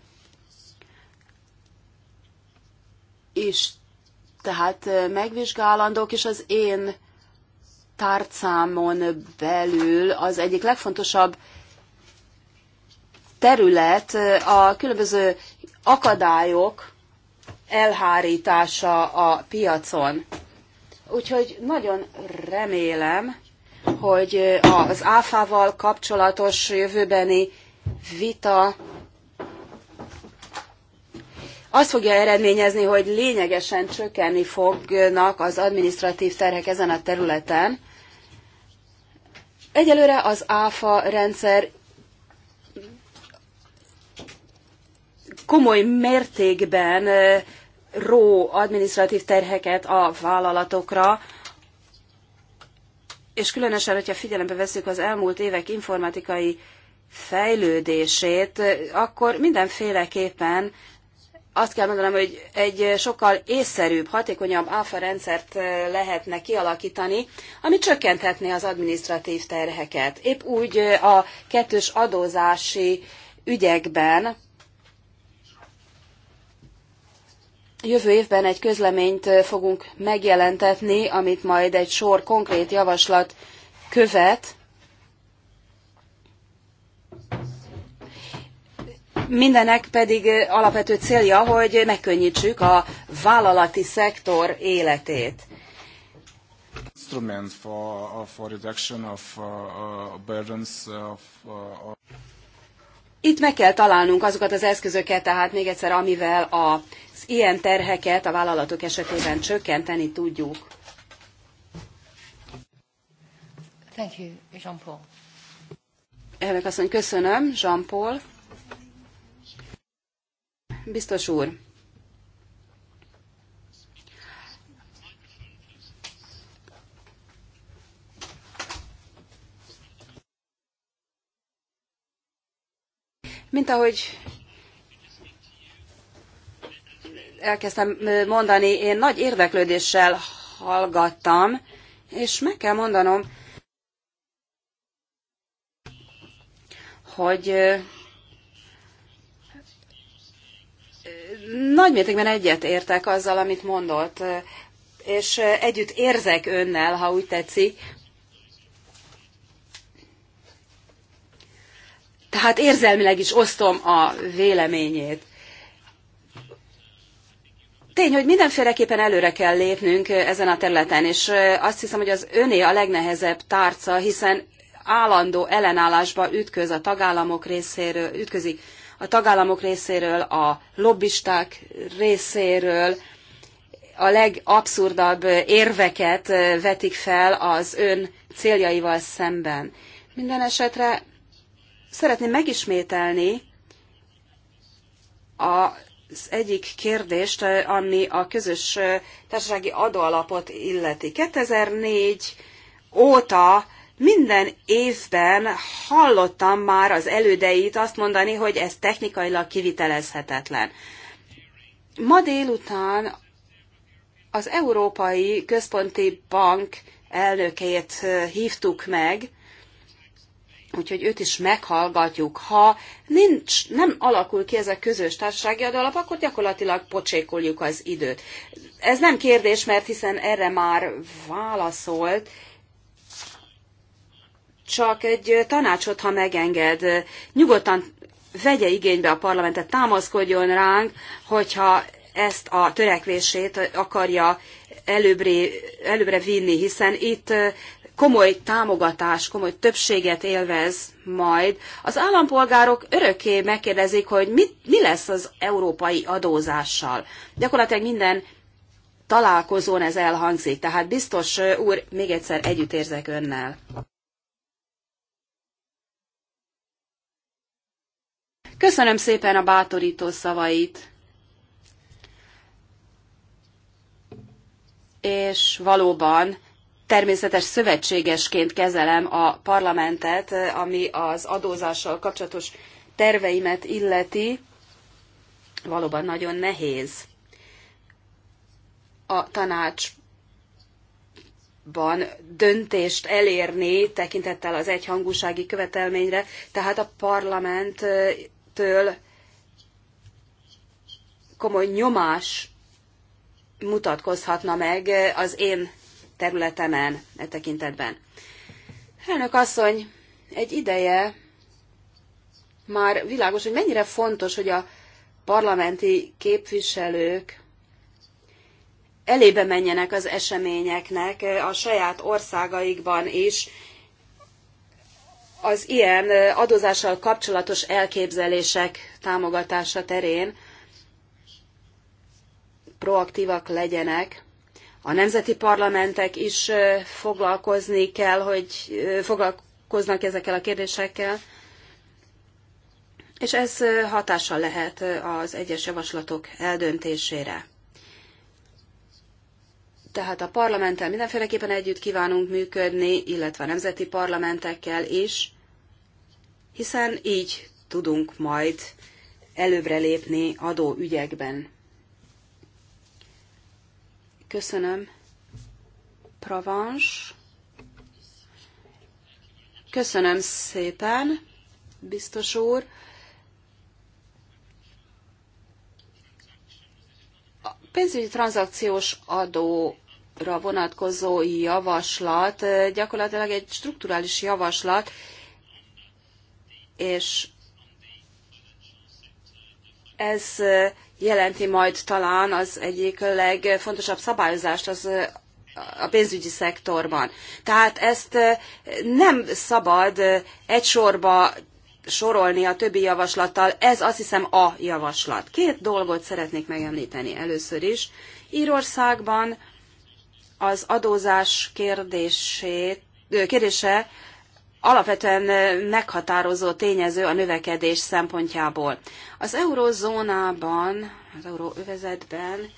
[SPEAKER 1] is tehát eh, megvizsgálandók, és az én tárcámon belül az egyik legfontosabb terület a különböző akadályok elhárítása a piacon. Úgyhogy nagyon remélem, hogy az áfával kapcsolatos jövőbeni vita azt fogja eredményezni, hogy lényegesen csökkenni fognak az administratív terhek ezen a területen, Egyelőre az ÁFA rendszer komoly mértékben ró administratív terheket a vállalatokra, és különösen, hogyha figyelembe veszük az elmúlt évek informatikai fejlődését, akkor mindenféleképpen azt kell mondanom, hogy egy sokkal észszerűbb, hatékonyabb áfa rendszert eh, lehetne kialakítani, ami csökkenthetné az administratív terheket. Épp úgy eh, a kettős adózási ügyekben jövő évben egy közleményt eh, fogunk megjelentetni, amit majd egy sor konkrét javaslat követ, Mindenek pedig alapvető célja, hogy megkönnyítsük a vállalati szektor életét. itt meg kell találnunk azokat az eszközöket, tehát még egyszer, amivel az ilyen terheket a vállalatok esetében csökkenteni tudjuk.
[SPEAKER 2] Thank you, Jean-Paul.
[SPEAKER 1] Elnök asszony, köszönöm, Jean-Paul. Biztos úr, mint ahogy elkezdtem mondani, én nagy érdeklődéssel hallgattam, és meg kell mondanom, hogy nagy mértékben egyet értek azzal, amit mondott, és együtt érzek önnel, ha úgy tetszik. Tehát érzelmileg is osztom a véleményét. Tény, hogy mindenféleképpen előre kell lépnünk ezen a területen, és azt hiszem, hogy az öné a legnehezebb tárca, hiszen állandó ellenállásba ütköz a tagállamok részéről, ütközik a tagállamok részéről, a lobbisták részéről, a legabszurdabb érveket vetik fel az ön céljaival szemben. Minden esetre szeretném megismételni az egyik kérdést, ami a közös társasági adóalapot illeti. 2004 óta minden évben hallottam már az elődeit azt mondani, hogy ez technikailag kivitelezhetetlen. Ma délután az Európai Központi Bank elnökét hívtuk meg, úgyhogy őt is meghallgatjuk. Ha nincs, nem alakul ki ez a közös társasági adalap, akkor gyakorlatilag pocsékoljuk az időt. Ez nem kérdés, mert hiszen erre már válaszolt, csak egy tanácsot, ha megenged. Nyugodtan vegye igénybe a parlamentet, támaszkodjon ránk, hogyha ezt a törekvését akarja előbbre, előbbre vinni, hiszen itt komoly támogatás, komoly többséget élvez majd. Az állampolgárok örökké megkérdezik, hogy mit, mi lesz az európai adózással. Gyakorlatilag minden találkozón ez elhangzik, tehát biztos úr, még egyszer együttérzek önnel. Köszönöm szépen a bátorító szavait. És valóban természetes szövetségesként kezelem a parlamentet, ami az adózással kapcsolatos terveimet illeti. Valóban nagyon nehéz a tanácsban döntést elérni tekintettel az egyhangúsági követelményre, tehát a parlament től komoly nyomás mutatkozhatna meg az én területemen e tekintetben. Elnök asszony, egy ideje már világos, hogy mennyire fontos, hogy a parlamenti képviselők elébe menjenek az eseményeknek a saját országaikban is, az ilyen adózással kapcsolatos elképzelések támogatása terén proaktívak legyenek. A nemzeti parlamentek is foglalkozni kell, hogy foglalkoznak ezekkel a kérdésekkel, és ez hatással lehet az egyes javaslatok eldöntésére. Tehát a parlamenttel mindenféleképpen együtt kívánunk működni, illetve a nemzeti parlamentekkel is, hiszen így tudunk majd előbbre lépni adóügyekben. Köszönöm. Provence. Köszönöm szépen, biztos úr. pénzügyi tranzakciós adóra vonatkozó javaslat gyakorlatilag egy strukturális javaslat, és ez jelenti majd talán az egyik legfontosabb szabályozást az a pénzügyi szektorban. Tehát ezt nem szabad egy sorba sorolni a többi javaslattal, ez azt hiszem a javaslat. Két dolgot szeretnék megemlíteni először is. Írországban az adózás kérdését, kérdése alapvetően meghatározó tényező a növekedés szempontjából. Az eurozónában, az euróövezetben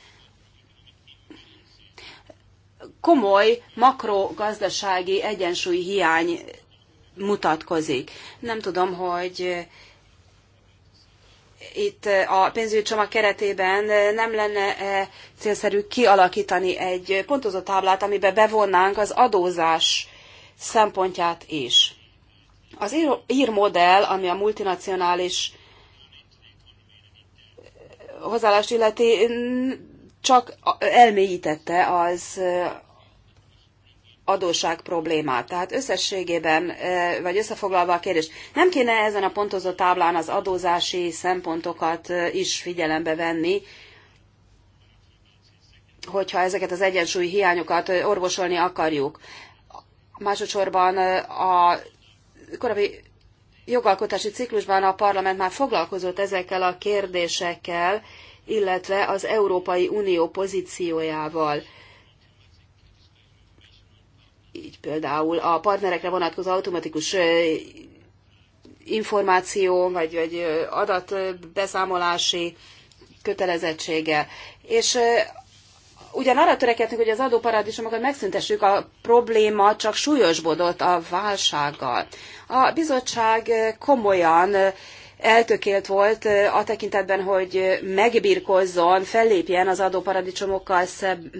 [SPEAKER 1] komoly makrogazdasági egyensúly hiány mutatkozik. Nem tudom, hogy eh, itt eh, a pénzügyi csomag keretében eh, nem lenne célszerű kialakítani egy pontozó táblát, amiben bevonnánk az adózás szempontját is. Az ír modell, ami a multinacionális hozzáállást illeti, csak elmélyítette az adósság problémát. Tehát összességében, e, vagy összefoglalva a kérdés, nem kéne ezen a pontozó táblán az adózási szempontokat e, is figyelembe venni, hogyha ezeket az egyensúly hiányokat e, orvosolni akarjuk. Másodszorban a korábbi jogalkotási ciklusban a parlament már foglalkozott ezekkel a kérdésekkel, illetve az Európai Unió pozíciójával így például a partnerekre vonatkozó automatikus információ vagy, vagy adatbeszámolási kötelezettsége. És ugyan arra törekedtünk, hogy az adóparadicsomokat megszüntessük, a probléma csak súlyosbodott a válsággal. A bizottság komolyan eltökélt volt a tekintetben, hogy megbirkozzon, fellépjen az adóparadicsomokkal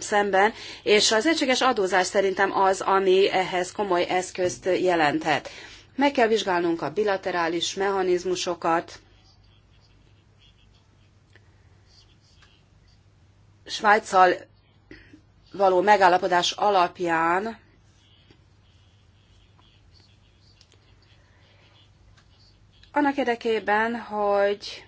[SPEAKER 1] szemben, és az egységes adózás szerintem az, ami ehhez komoly eszközt jelenthet. Meg kell vizsgálnunk a bilaterális mechanizmusokat, Svájccal való megállapodás alapján Annak érdekében, hogy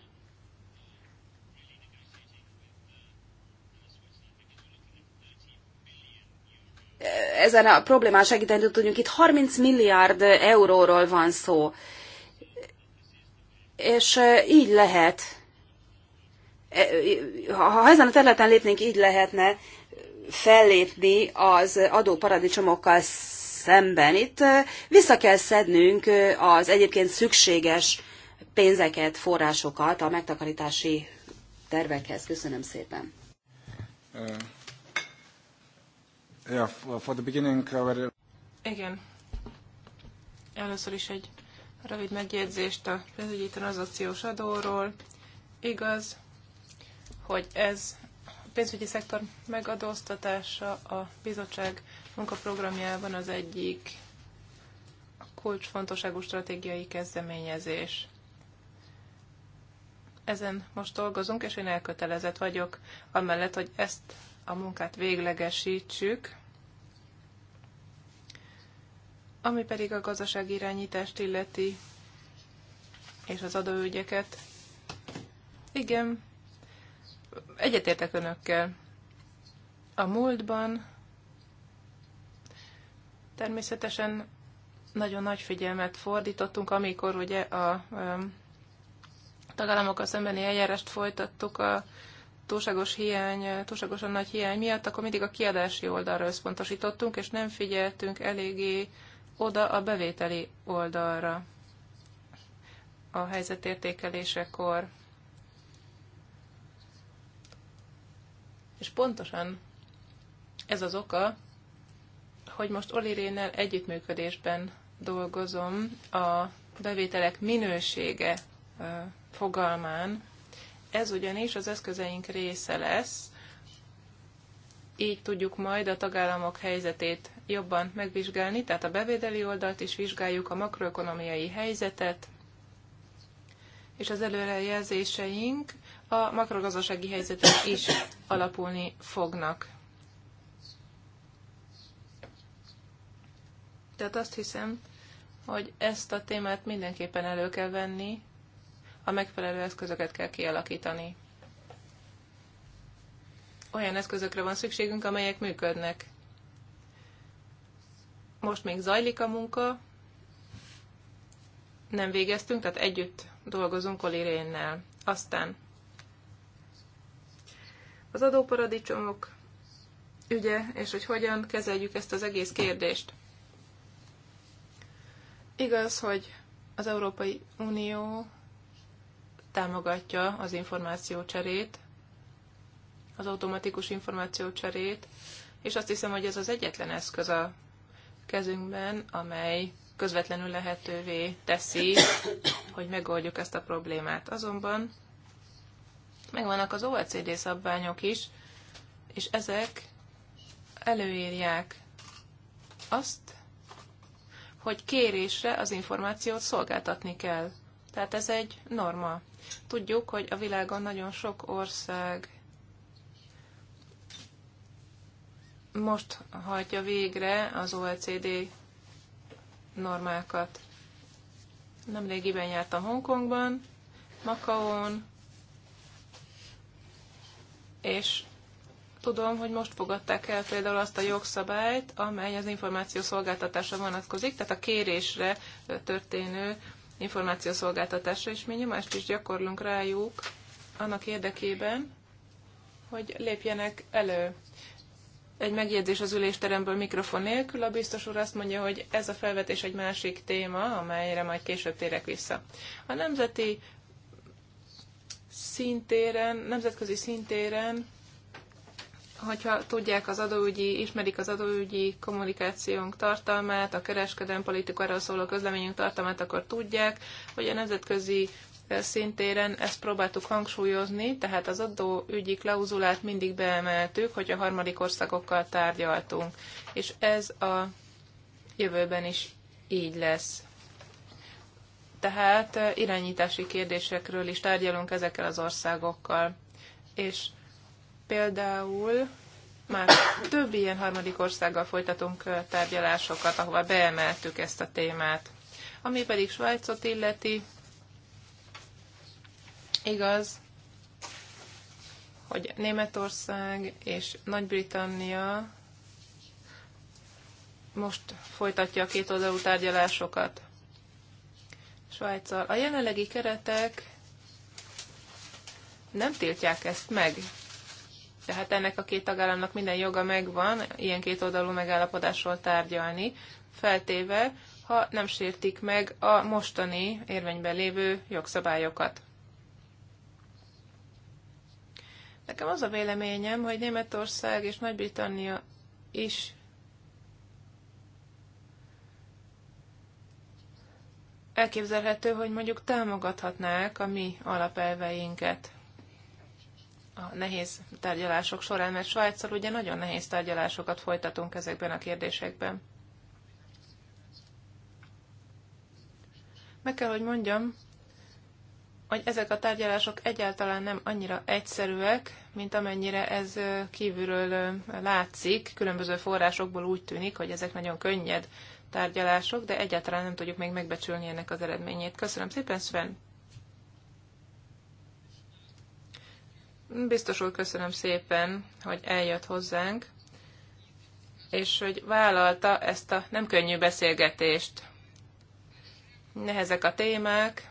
[SPEAKER 1] ezen a problémán segíteni tudjunk. Itt 30 milliárd euróról van szó. És így lehet, e, ha ezen a területen lépnénk, így lehetne fellépni az adóparadicsomokkal szemben. Itt vissza kell szednünk az egyébként szükséges pénzeket, forrásokat a megtakarítási tervekhez. Köszönöm szépen.
[SPEAKER 2] Uh, yeah, for the beginning, our...
[SPEAKER 3] Igen. Először is egy rövid megjegyzést a pénzügyi tranzakciós adóról. Igaz, hogy ez a pénzügyi szektor megadóztatása a bizottság munkaprogramjában az egyik kulcsfontosságú stratégiai kezdeményezés. Ezen most dolgozunk, és én elkötelezett vagyok amellett, hogy ezt a munkát véglegesítsük, ami pedig a gazdasági irányítást illeti, és az adóügyeket. Igen, egyetértek önökkel. A múltban Természetesen nagyon nagy figyelmet fordítottunk, amikor ugye a tagállamokkal szembeni eljárást folytattuk a túlságos hiány, túlságosan nagy hiány miatt, akkor mindig a kiadási oldalra összpontosítottunk, és nem figyeltünk eléggé oda a bevételi oldalra a helyzetértékelésekor. És pontosan ez az oka, hogy most Olirénnel együttműködésben dolgozom a bevételek minősége fogalmán. Ez ugyanis az eszközeink része lesz, így tudjuk majd a tagállamok helyzetét jobban megvizsgálni, tehát a bevételi oldalt is vizsgáljuk, a makroökonomiai helyzetet, és az előrejelzéseink a makrogazdasági helyzetet is alapulni fognak. Tehát azt hiszem, hogy ezt a témát mindenképpen elő kell venni, a megfelelő eszközöket kell kialakítani. Olyan eszközökre van szükségünk, amelyek működnek. Most még zajlik a munka, nem végeztünk, tehát együtt dolgozunk Olirénnel. Aztán az adóparadicsomok ügye, és hogy hogyan kezeljük ezt az egész kérdést. Igaz, hogy az Európai Unió támogatja az információcserét, az automatikus információcserét, és azt hiszem, hogy ez az egyetlen eszköz a kezünkben, amely közvetlenül lehetővé teszi, hogy megoldjuk ezt a problémát. Azonban megvannak az OECD szabványok is, és ezek előírják azt, hogy kérésre az információt szolgáltatni kell. Tehát ez egy norma. Tudjuk, hogy a világon nagyon sok ország most hagyja végre az OECD normákat. Nemrégiben jártam Hongkongban, Makaón, és tudom, hogy most fogadták el például azt a jogszabályt, amely az információszolgáltatásra vonatkozik, tehát a kérésre történő információszolgáltatásra, és mi nyomást is gyakorlunk rájuk annak érdekében, hogy lépjenek elő. Egy megjegyzés az ülésteremből mikrofon nélkül, a biztos úr azt mondja, hogy ez a felvetés egy másik téma, amelyre majd később térek vissza. A nemzeti szintéren, nemzetközi szintéren hogyha tudják az adóügyi, ismerik az adóügyi kommunikációnk tartalmát, a kereskedelmi politikáról szóló közleményünk tartalmát, akkor tudják, hogy a nemzetközi eh, szintéren ezt próbáltuk hangsúlyozni, tehát az adóügyi klauzulát mindig beemeltük, hogy a harmadik országokkal tárgyaltunk. És ez a jövőben is így lesz. Tehát eh, irányítási kérdésekről is tárgyalunk ezekkel az országokkal. És például már több ilyen harmadik országgal folytatunk tárgyalásokat, ahova beemeltük ezt a témát. Ami pedig Svájcot illeti, igaz, hogy Németország és Nagy-Britannia most folytatja a két oldalú tárgyalásokat Svájccal. A jelenlegi keretek nem tiltják ezt meg, tehát ennek a két tagállamnak minden joga megvan ilyen kétoldalú megállapodásról tárgyalni, feltéve, ha nem sértik meg a mostani érvényben lévő jogszabályokat. Nekem az a véleményem, hogy Németország és Nagy-Britannia is elképzelhető, hogy mondjuk támogathatnák a mi alapelveinket a nehéz tárgyalások során, mert Svájccal ugye nagyon nehéz tárgyalásokat folytatunk ezekben a kérdésekben. Meg kell, hogy mondjam, hogy ezek a tárgyalások egyáltalán nem annyira egyszerűek, mint amennyire ez kívülről látszik. Különböző forrásokból úgy tűnik, hogy ezek nagyon könnyed tárgyalások, de egyáltalán nem tudjuk még megbecsülni ennek az eredményét. Köszönöm szépen, Sven! Biztos úr, köszönöm szépen, hogy eljött hozzánk, és hogy vállalta ezt a nem könnyű beszélgetést. Nehezek a témák,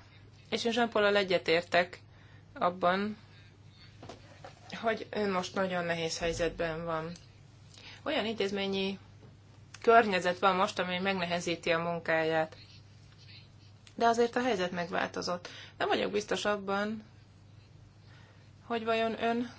[SPEAKER 3] és én jean egyetértek abban, hogy ön most nagyon nehéz helyzetben van. Olyan intézményi környezet van most, ami megnehezíti a munkáját. De azért a helyzet megváltozott. Nem vagyok biztos abban, hogy vajon ön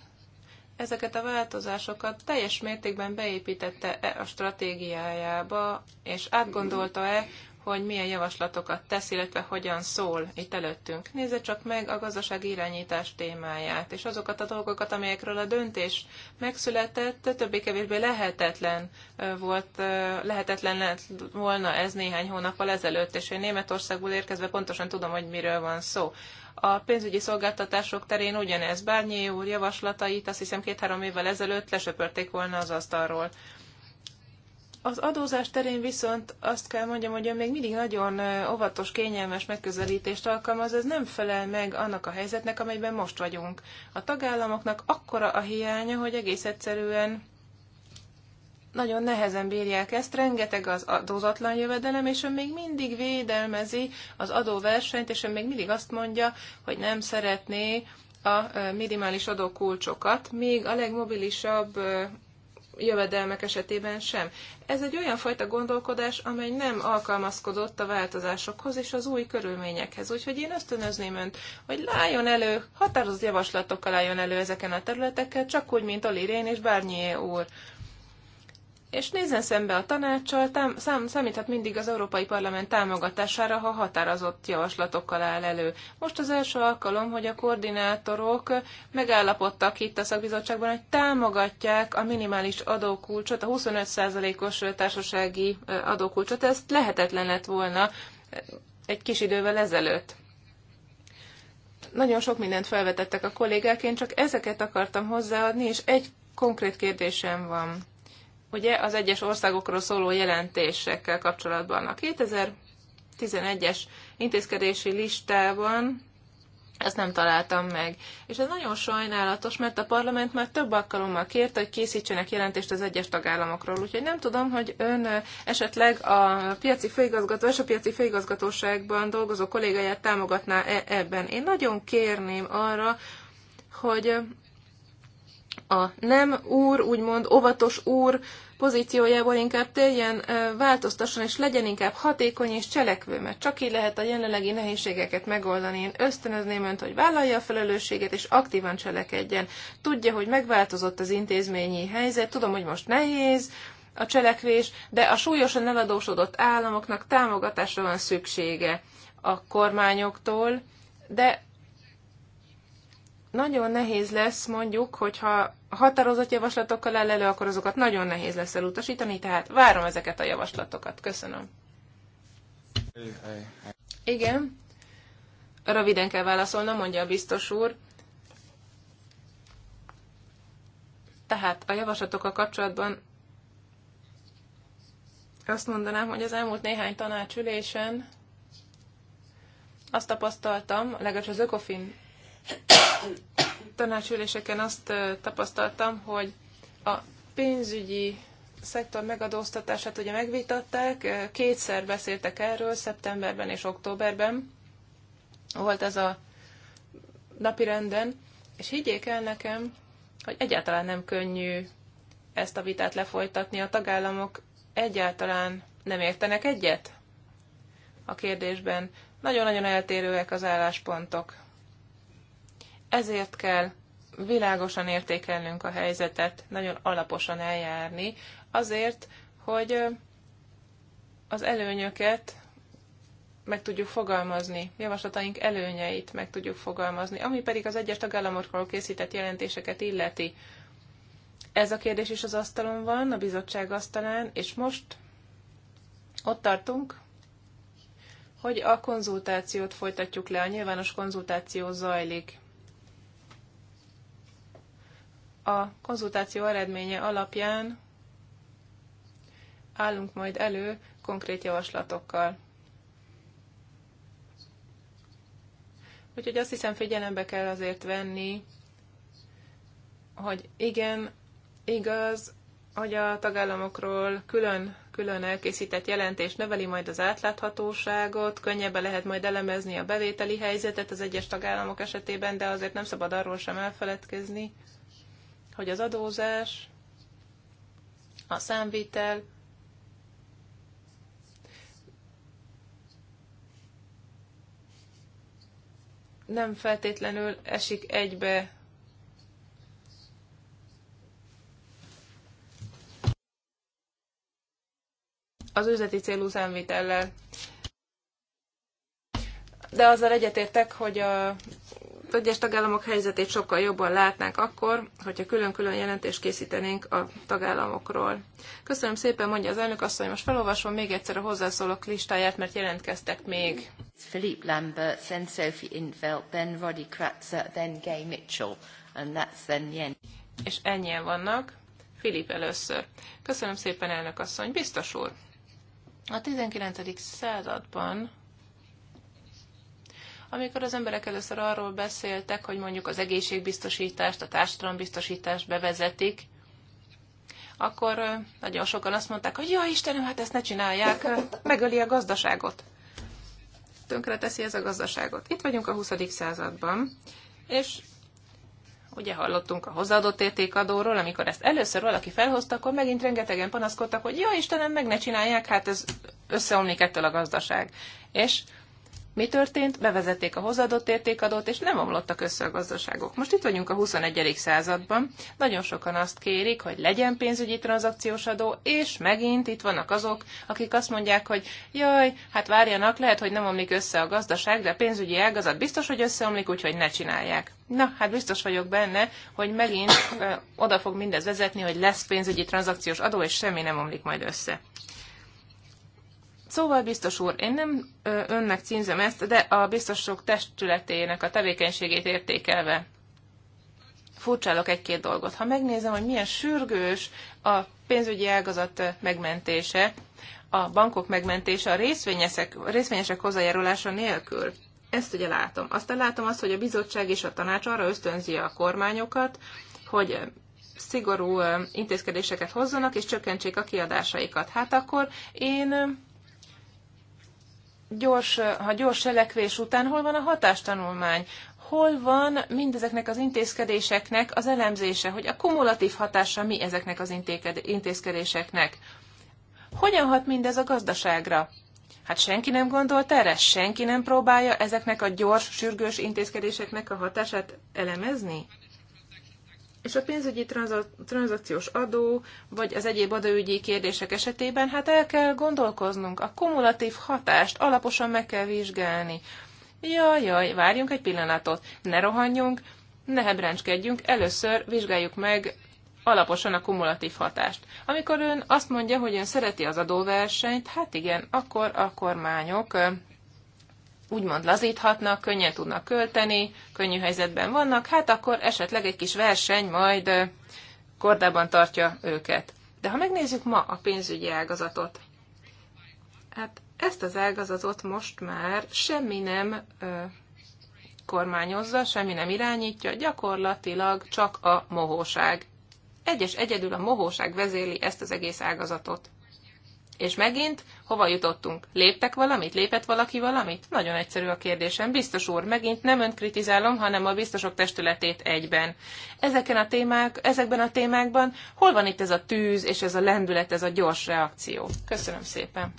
[SPEAKER 3] ezeket a változásokat teljes mértékben beépítette-e a stratégiájába, és átgondolta-e, hogy milyen javaslatokat tesz, illetve hogyan szól itt előttünk. Nézze csak meg a gazdasági irányítás témáját, és azokat a dolgokat, amelyekről a döntés megszületett, többé-kevésbé lehetetlen volt, lehetetlen lett volna ez néhány hónappal ezelőtt, és én Németországból érkezve pontosan tudom, hogy miről van szó. A pénzügyi szolgáltatások terén ugyanez Bárnyi úr javaslatait azt hiszem két-három évvel ezelőtt lesöpörték volna az asztalról. Az adózás terén viszont azt kell mondjam, hogy ön még mindig nagyon óvatos, kényelmes megközelítést alkalmaz, ez nem felel meg annak a helyzetnek, amelyben most vagyunk. A tagállamoknak akkora a hiánya, hogy egész egyszerűen nagyon nehezen bírják ezt, rengeteg az adózatlan jövedelem, és ő még mindig védelmezi az adóversenyt, és ő még mindig azt mondja, hogy nem szeretné a minimális adókulcsokat, még a legmobilisabb jövedelmek esetében sem. Ez egy olyan fajta gondolkodás, amely nem alkalmazkodott a változásokhoz és az új körülményekhez. Úgyhogy én ösztönözném önt, hogy lájon elő, határozott javaslatokkal álljon elő ezeken a területekkel, csak úgy, mint Oli Rén és bárnyi úr és nézzen szembe a tanácssal, tám- szám- számíthat mindig az Európai Parlament támogatására, ha határozott javaslatokkal áll elő. Most az első alkalom, hogy a koordinátorok megállapodtak itt a szakbizottságban, hogy támogatják a minimális adókulcsot, a 25%-os társasági adókulcsot. Ezt lehetetlen lett volna egy kis idővel ezelőtt nagyon sok mindent felvetettek a kollégák, én csak ezeket akartam hozzáadni, és egy konkrét kérdésem van ugye az egyes országokról szóló jelentésekkel kapcsolatban. A 2011-es intézkedési listában ezt nem találtam meg. És ez nagyon sajnálatos, mert a parlament már több alkalommal kérte, hogy készítsenek jelentést az egyes tagállamokról. Úgyhogy nem tudom, hogy ön esetleg a piaci főigazgató és a piaci főigazgatóságban dolgozó kollégáját támogatná -e ebben. Én nagyon kérném arra, hogy a nem úr, úgymond óvatos úr pozíciójából inkább térjen, változtasson, és legyen inkább hatékony és cselekvő, mert csak így lehet a jelenlegi nehézségeket megoldani. Én ösztönözném önt, hogy vállalja a felelősséget, és aktívan cselekedjen. Tudja, hogy megváltozott az intézményi helyzet, tudom, hogy most nehéz, a cselekvés, de a súlyosan eladósodott államoknak támogatásra van szüksége a kormányoktól, de nagyon nehéz lesz mondjuk, hogyha határozott javaslatokkal áll elő, akkor azokat nagyon nehéz lesz elutasítani, tehát várom ezeket a javaslatokat. Köszönöm. Igen. Röviden kell válaszolnom, mondja a biztos úr. Tehát a javaslatokkal kapcsolatban azt mondanám, hogy az elmúlt néhány tanácsülésen azt tapasztaltam, legalábbis az Ökofin tanácsüléseken azt tapasztaltam, hogy a pénzügyi szektor megadóztatását ugye megvitatták, kétszer beszéltek erről, szeptemberben és októberben volt ez a napi renden, és higgyék el nekem, hogy egyáltalán nem könnyű ezt a vitát lefolytatni, a tagállamok egyáltalán nem értenek egyet a kérdésben. Nagyon-nagyon eltérőek az álláspontok. Ezért kell világosan értékelnünk a helyzetet, nagyon alaposan eljárni, azért, hogy az előnyöket meg tudjuk fogalmazni, javaslataink előnyeit meg tudjuk fogalmazni, ami pedig az egyes tagállamokról készített jelentéseket illeti. Ez a kérdés is az asztalon van, a bizottság asztalán, és most ott tartunk, hogy a konzultációt folytatjuk le, a nyilvános konzultáció zajlik a konzultáció eredménye alapján állunk majd elő konkrét javaslatokkal. Úgyhogy azt hiszem figyelembe kell azért venni, hogy igen, igaz, hogy a tagállamokról külön külön elkészített jelentés növeli majd az átláthatóságot, könnyebben lehet majd elemezni a bevételi helyzetet az egyes tagállamok esetében, de azért nem szabad arról sem elfeledkezni, hogy az adózás, a számvétel, nem feltétlenül esik egybe az üzleti célú számvitellel. De azzal egyetértek, hogy a egyes tagállamok helyzetét sokkal jobban látnánk akkor, hogyha külön-külön jelentést készítenénk a tagállamokról. Köszönöm szépen, mondja az elnök asszony, most felolvasom még egyszer a hozzászólók listáját, mert jelentkeztek még. Lambert, then Sophie Infeld, then Roddy Kratzer, then Gay Mitchell, and that's then És ennyien vannak. Filip először. Köszönöm szépen, elnök asszony. Biztos úr, a 19. században amikor az emberek először arról beszéltek, hogy mondjuk az egészségbiztosítást, a társadalombiztosítást bevezetik, akkor nagyon sokan azt mondták, hogy jaj Istenem, hát ezt ne csinálják, megöli a gazdaságot. Tönkre teszi ez a gazdaságot. Itt vagyunk a 20. században, és ugye hallottunk a hozzáadott értékadóról, amikor ezt először valaki felhozta, akkor megint rengetegen panaszkodtak, hogy jaj Istenem, meg ne csinálják, hát ez összeomlik ettől a gazdaság. És mi történt? Bevezették a hozadott értékadót, és nem omlottak össze a gazdaságok. Most itt vagyunk a 21. században. Nagyon sokan azt kérik, hogy legyen pénzügyi tranzakciós adó, és megint itt vannak azok, akik azt mondják, hogy jaj, hát várjanak, lehet, hogy nem omlik össze a gazdaság, de a pénzügyi ágazat biztos, hogy összeomlik, úgyhogy ne csinálják. Na, hát biztos vagyok benne, hogy megint ö, oda fog mindez vezetni, hogy lesz pénzügyi tranzakciós adó, és semmi nem omlik majd össze. Szóval, biztos úr, én nem önnek címzem ezt, de a biztosok testületének a tevékenységét értékelve furcsálok egy-két dolgot. Ha megnézem, hogy milyen sürgős a pénzügyi ágazat megmentése, a bankok megmentése a részvényesek, részvényesek hozzájárulása nélkül, ezt ugye látom. Aztán látom azt, hogy a bizottság és a tanács arra ösztönzi a kormányokat, hogy szigorú intézkedéseket hozzanak és csökkentsék a kiadásaikat. Hát akkor én gyors, ha gyors selekvés után hol van a hatástanulmány? Hol van mindezeknek az intézkedéseknek az elemzése, hogy a kumulatív hatása mi ezeknek az intézkedéseknek? Hogyan hat mindez a gazdaságra? Hát senki nem gondolt erre, senki nem próbálja ezeknek a gyors, sürgős intézkedéseknek a hatását elemezni? És a pénzügyi tranzakciós adó, vagy az egyéb adóügyi kérdések esetében, hát el kell gondolkoznunk, a kumulatív hatást alaposan meg kell vizsgálni. Jaj, jaj, várjunk egy pillanatot, ne rohanjunk, ne hebráncskedjünk, először vizsgáljuk meg alaposan a kumulatív hatást. Amikor ön azt mondja, hogy ön szereti az adóversenyt, hát igen, akkor a kormányok úgymond lazíthatnak, könnyen tudnak költeni, könnyű helyzetben vannak, hát akkor esetleg egy kis verseny majd kordában tartja őket. De ha megnézzük ma a pénzügyi ágazatot, hát ezt az ágazatot most már semmi nem ö, kormányozza, semmi nem irányítja, gyakorlatilag csak a mohóság. Egyes egyedül a mohóság vezéli ezt az egész ágazatot. És megint Hova jutottunk? Léptek valamit? Lépett valaki valamit? Nagyon egyszerű a kérdésem. Biztos úr, megint nem önt kritizálom, hanem a biztosok testületét egyben. Ezeken a témák, ezekben a témákban hol van itt ez a tűz és ez a lendület, ez a gyors reakció? Köszönöm szépen.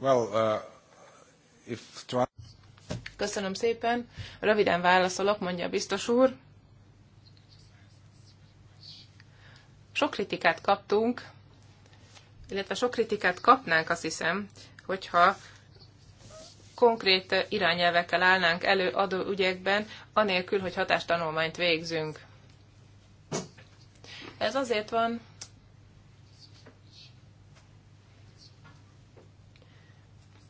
[SPEAKER 2] Well, uh, if...
[SPEAKER 3] Köszönöm szépen. Röviden válaszolok, mondja a biztos úr. Sok kritikát kaptunk illetve sok kritikát kapnánk, azt hiszem, hogyha konkrét irányelvekkel állnánk elő adóügyekben, anélkül, hogy hatástanulmányt végzünk. Ez azért van,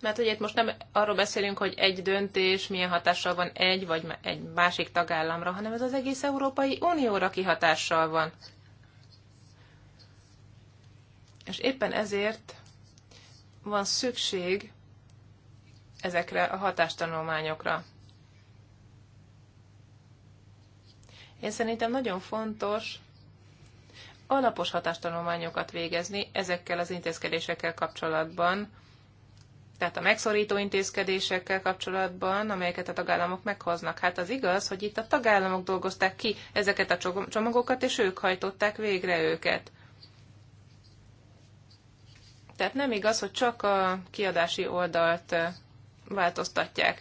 [SPEAKER 3] mert ugye itt most nem arról beszélünk, hogy egy döntés milyen hatással van egy vagy egy másik tagállamra, hanem ez az egész Európai Unióra kihatással van. És éppen ezért van szükség ezekre a hatástanulmányokra. Én szerintem nagyon fontos alapos hatástanulmányokat végezni ezekkel az intézkedésekkel kapcsolatban, tehát a megszorító intézkedésekkel kapcsolatban, amelyeket a tagállamok meghoznak. Hát az igaz, hogy itt a tagállamok dolgozták ki ezeket a csomagokat, és ők hajtották végre őket. Tehát nem igaz, hogy csak a kiadási oldalt változtatják.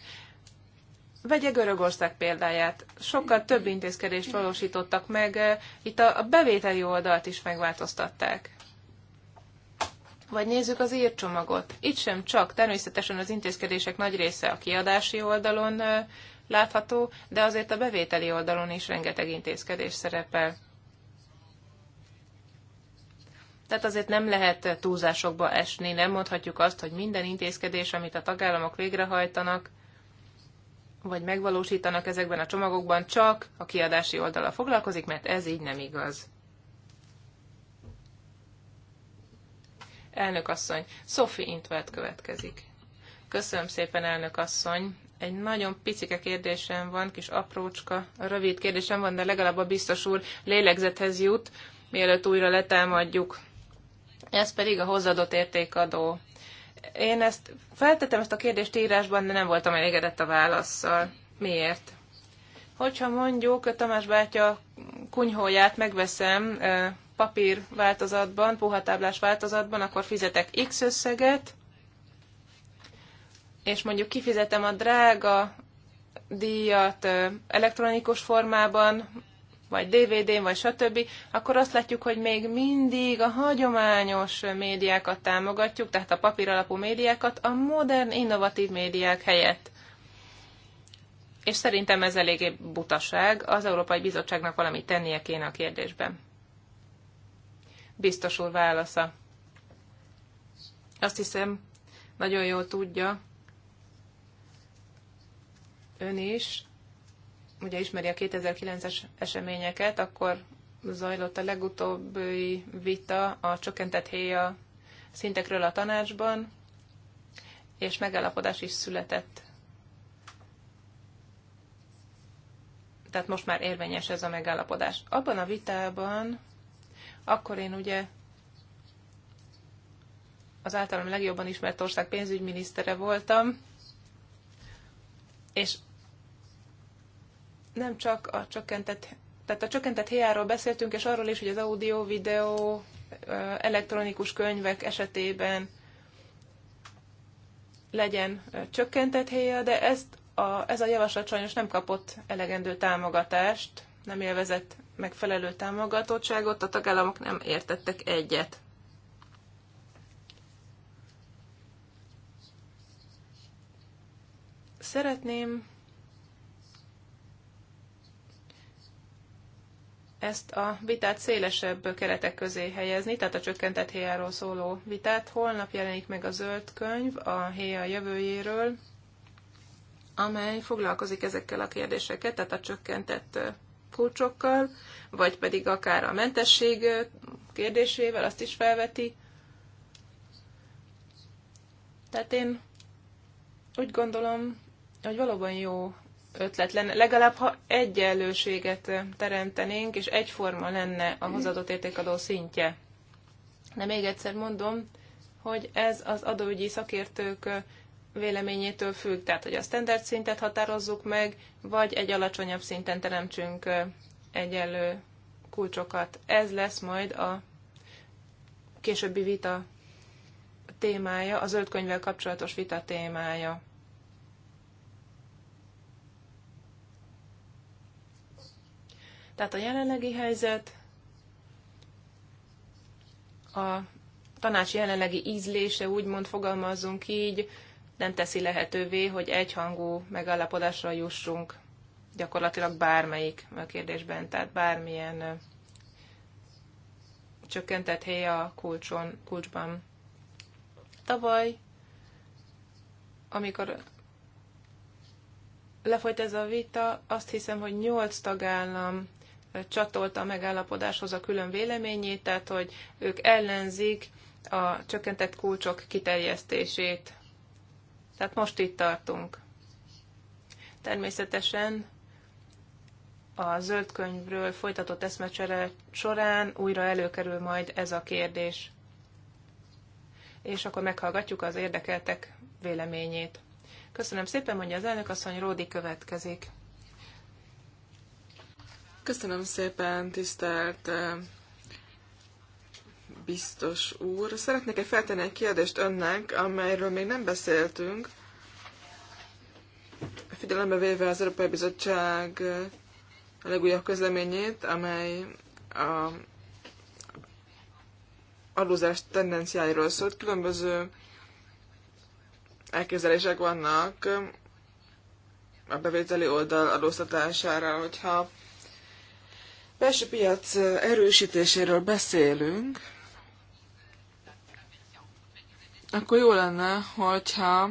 [SPEAKER 3] Vegye Görögország példáját. Sokkal több intézkedést valósítottak meg, itt a bevételi oldalt is megváltoztatták. Vagy nézzük az írcsomagot. Itt sem csak, természetesen az intézkedések nagy része a kiadási oldalon látható, de azért a bevételi oldalon is rengeteg intézkedés szerepel. Tehát azért nem lehet túlzásokba esni, nem mondhatjuk azt, hogy minden intézkedés, amit a tagállamok végrehajtanak, vagy megvalósítanak ezekben a csomagokban, csak a kiadási oldala foglalkozik, mert ez így nem igaz. Elnök asszony, Sophie Intvert következik. Köszönöm szépen, elnök asszony. Egy nagyon picike kérdésem van, kis aprócska, rövid kérdésem van, de legalább a biztos úr lélegzethez jut, mielőtt újra letámadjuk ez pedig a hozzáadott értékadó. Én ezt feltettem ezt a kérdést írásban, de nem voltam elégedett a válaszsal. Miért? Hogyha mondjuk Tamás bátya kunyhóját megveszem papír változatban, puhatáblás változatban, akkor fizetek X összeget, és mondjuk kifizetem a drága díjat elektronikus formában, vagy DVD-n, vagy stb., akkor azt látjuk, hogy még mindig a hagyományos médiákat támogatjuk, tehát a papíralapú médiákat a modern, innovatív médiák helyett. És szerintem ez eléggé butaság, az Európai Bizottságnak valami tennie kéne a kérdésben. Biztos úr válasza. Azt hiszem, nagyon jól tudja ön is, ugye ismeri a 2009-es eseményeket, akkor zajlott a legutóbbi vita a csökkentett héja szintekről a tanácsban, és megállapodás is született. Tehát most már érvényes ez a megállapodás. Abban a vitában, akkor én ugye az általam legjobban ismert ország pénzügyminisztere voltam, és nem csak a csökkentett, tehát a csökkentett hiáról beszéltünk, és arról is, hogy az audio, videó, elektronikus könyvek esetében legyen csökkentett héja, de ezt a, ez a javaslat sajnos nem kapott elegendő támogatást, nem élvezett megfelelő támogatottságot, a tagállamok nem értettek egyet. Szeretném ezt a vitát szélesebb keretek közé helyezni, tehát a csökkentett héjáról szóló vitát. Holnap jelenik meg a zöld könyv a héja jövőjéről, amely foglalkozik ezekkel a kérdéseket, tehát a csökkentett kulcsokkal, vagy pedig akár a mentesség kérdésével, azt is felveti. Tehát én úgy gondolom, hogy valóban jó ötlet lenne. Legalább, ha egyenlőséget eh, teremtenénk, és egyforma lenne a hozadott értékadó szintje. De még egyszer mondom, hogy ez az adóügyi szakértők eh, véleményétől függ, tehát hogy a standard szintet határozzuk meg, vagy egy alacsonyabb szinten teremtsünk eh, egyenlő kulcsokat. Ez lesz majd a későbbi vita témája, a zöld könyvvel kapcsolatos vita témája. Tehát a jelenlegi helyzet, a tanács jelenlegi ízlése, úgymond fogalmazzunk így, nem teszi lehetővé, hogy egyhangú megállapodásra jussunk gyakorlatilag bármelyik kérdésben, tehát bármilyen csökkentett hely a kulcson, kulcsban. Tavaly, amikor lefolyt ez a vita, azt hiszem, hogy nyolc tagállam csatolta a megállapodáshoz a külön véleményét, tehát hogy ők ellenzik a csökkentett kulcsok kiterjesztését. Tehát most itt tartunk. Természetesen a zöld könyvről folytatott eszmecsere során újra előkerül majd ez a kérdés. És akkor meghallgatjuk az érdekeltek véleményét. Köszönöm szépen, mondja az elnök asszony, Ródi következik.
[SPEAKER 4] Köszönöm szépen, tisztelt biztos úr. Szeretnék egy feltenni egy kérdést önnek, amelyről még nem beszéltünk. Figyelembe véve az Európai Bizottság legújabb közleményét, amely a adózás tendenciáiról szólt, különböző elképzelések vannak a bevételi oldal adóztatására, hogyha belső piac erősítéséről beszélünk, akkor jó lenne, hogyha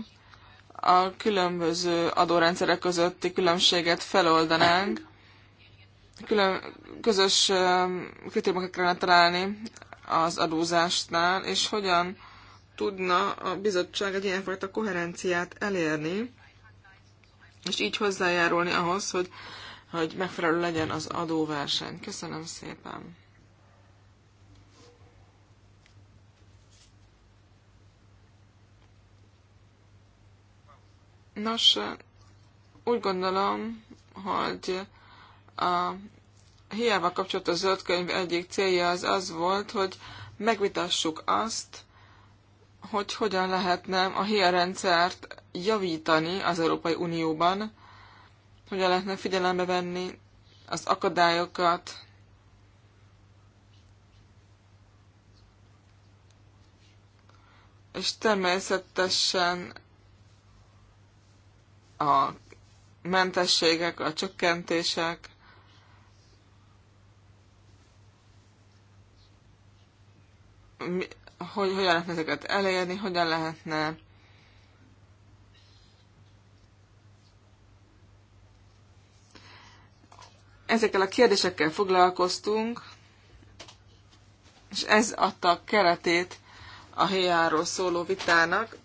[SPEAKER 4] a különböző adórendszerek közötti különbséget feloldanánk, külön, közös kritériumokat kellene találni az adózásnál, és hogyan tudna a bizottság egy ilyenfajta koherenciát elérni, és így hozzájárulni ahhoz, hogy hogy megfelelő legyen az adóverseny. Köszönöm szépen! Nos, úgy gondolom, hogy a hiába a zöld könyv egyik célja az az volt, hogy megvitassuk azt, hogy hogyan lehetne a hiárendszert javítani az Európai Unióban, hogyan lehetne figyelembe venni az akadályokat, és természetesen a mentességek, a csökkentések, hogy hogyan lehetne ezeket elérni, hogyan lehetne Ezekkel a kérdésekkel foglalkoztunk, és ez adta a keretét a héjáról szóló vitának,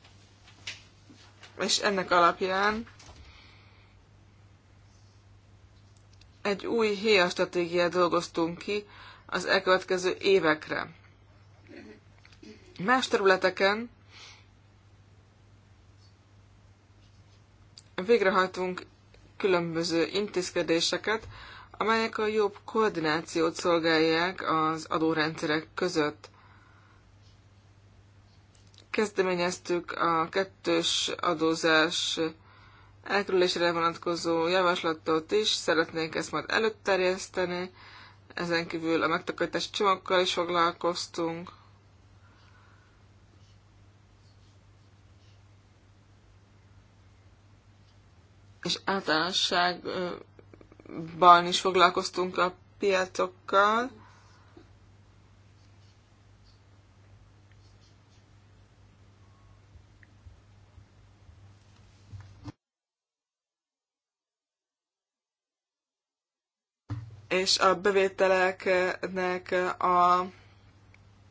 [SPEAKER 4] és ennek alapján egy új héja stratégiát dolgoztunk ki az elkövetkező évekre. Más területeken végrehajtunk különböző intézkedéseket, amelyek a jobb koordinációt szolgálják az adórendszerek között. Kezdeményeztük a kettős adózás elkerülésére vonatkozó javaslatot is, szeretnénk ezt majd előterjeszteni, ezen kívül a megtakarítás csomagkal is foglalkoztunk. És általánosságban ban is foglalkoztunk a piacokkal. És a bevételeknek a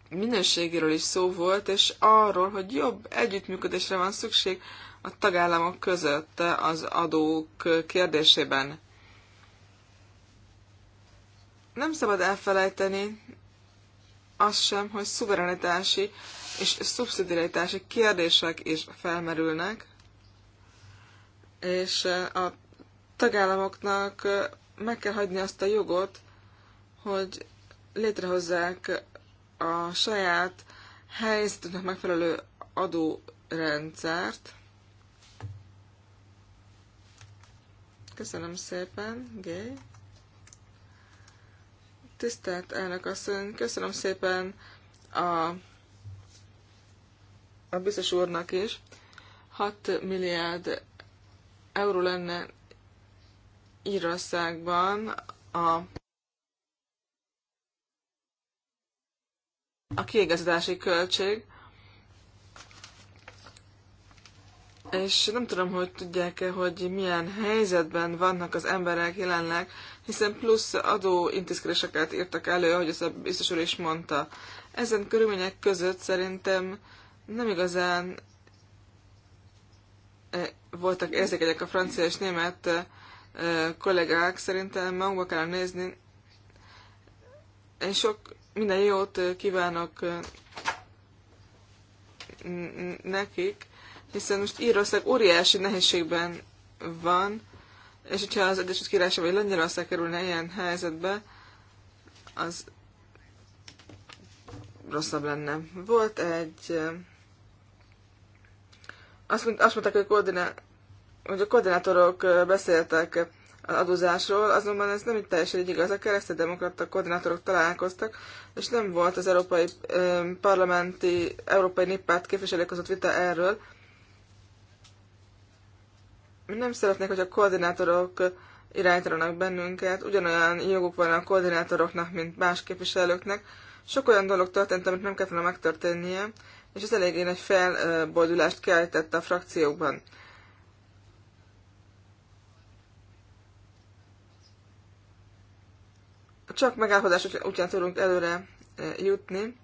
[SPEAKER 4] minőségéről is szó volt, és arról, hogy jobb együttműködésre van szükség a tagállamok között az adók kérdésében nem szabad elfelejteni azt sem, hogy szuverenitási és szubszidiaritási kérdések is felmerülnek, és eh, a tagállamoknak eh, meg kell hagyni azt a jogot, hogy létrehozzák a saját helyzetnek megfelelő adórendszert. Köszönöm szépen, Gay. Tisztelt elnök asszony, köszönöm szépen a, a biztos úrnak is. 6 milliárd euró lenne Írországban a a kiegazdási költség. És nem tudom, hogy tudják-e, hogy milyen helyzetben vannak az emberek jelenleg, hiszen plusz adó intézkedéseket írtak elő, ahogy az a biztos úr is mondta. Ezen körülmények között szerintem nem igazán eh, voltak érzékenyek a francia és német eh, kollégák, szerintem magunkba kell nézni. Én sok minden jót eh, kívánok nekik, hiszen most Írország óriási nehézségben van, és hogyha az Egyesült Királyság vagy Lengyelország kerülne ilyen helyzetbe, az rosszabb lenne. Volt egy... Azt, mond, azt mondták, hogy, koordiná... hogy a koordinátorok beszéltek az adózásról, azonban ez nem teljesen így igaz. A kereszténydemokrata koordinátorok találkoztak, és nem volt az Európai Parlamenti Európai Néppárt képviselők között vita erről, mi nem szeretnék, hogy a koordinátorok irányítanak bennünket, ugyanolyan joguk van a koordinátoroknak, mint más képviselőknek. Sok olyan dolog történt, amit nem kellett volna megtörténnie, és ez eléggé egy felboldulást keltett a frakciókban. Csak megállapodás után tudunk előre jutni.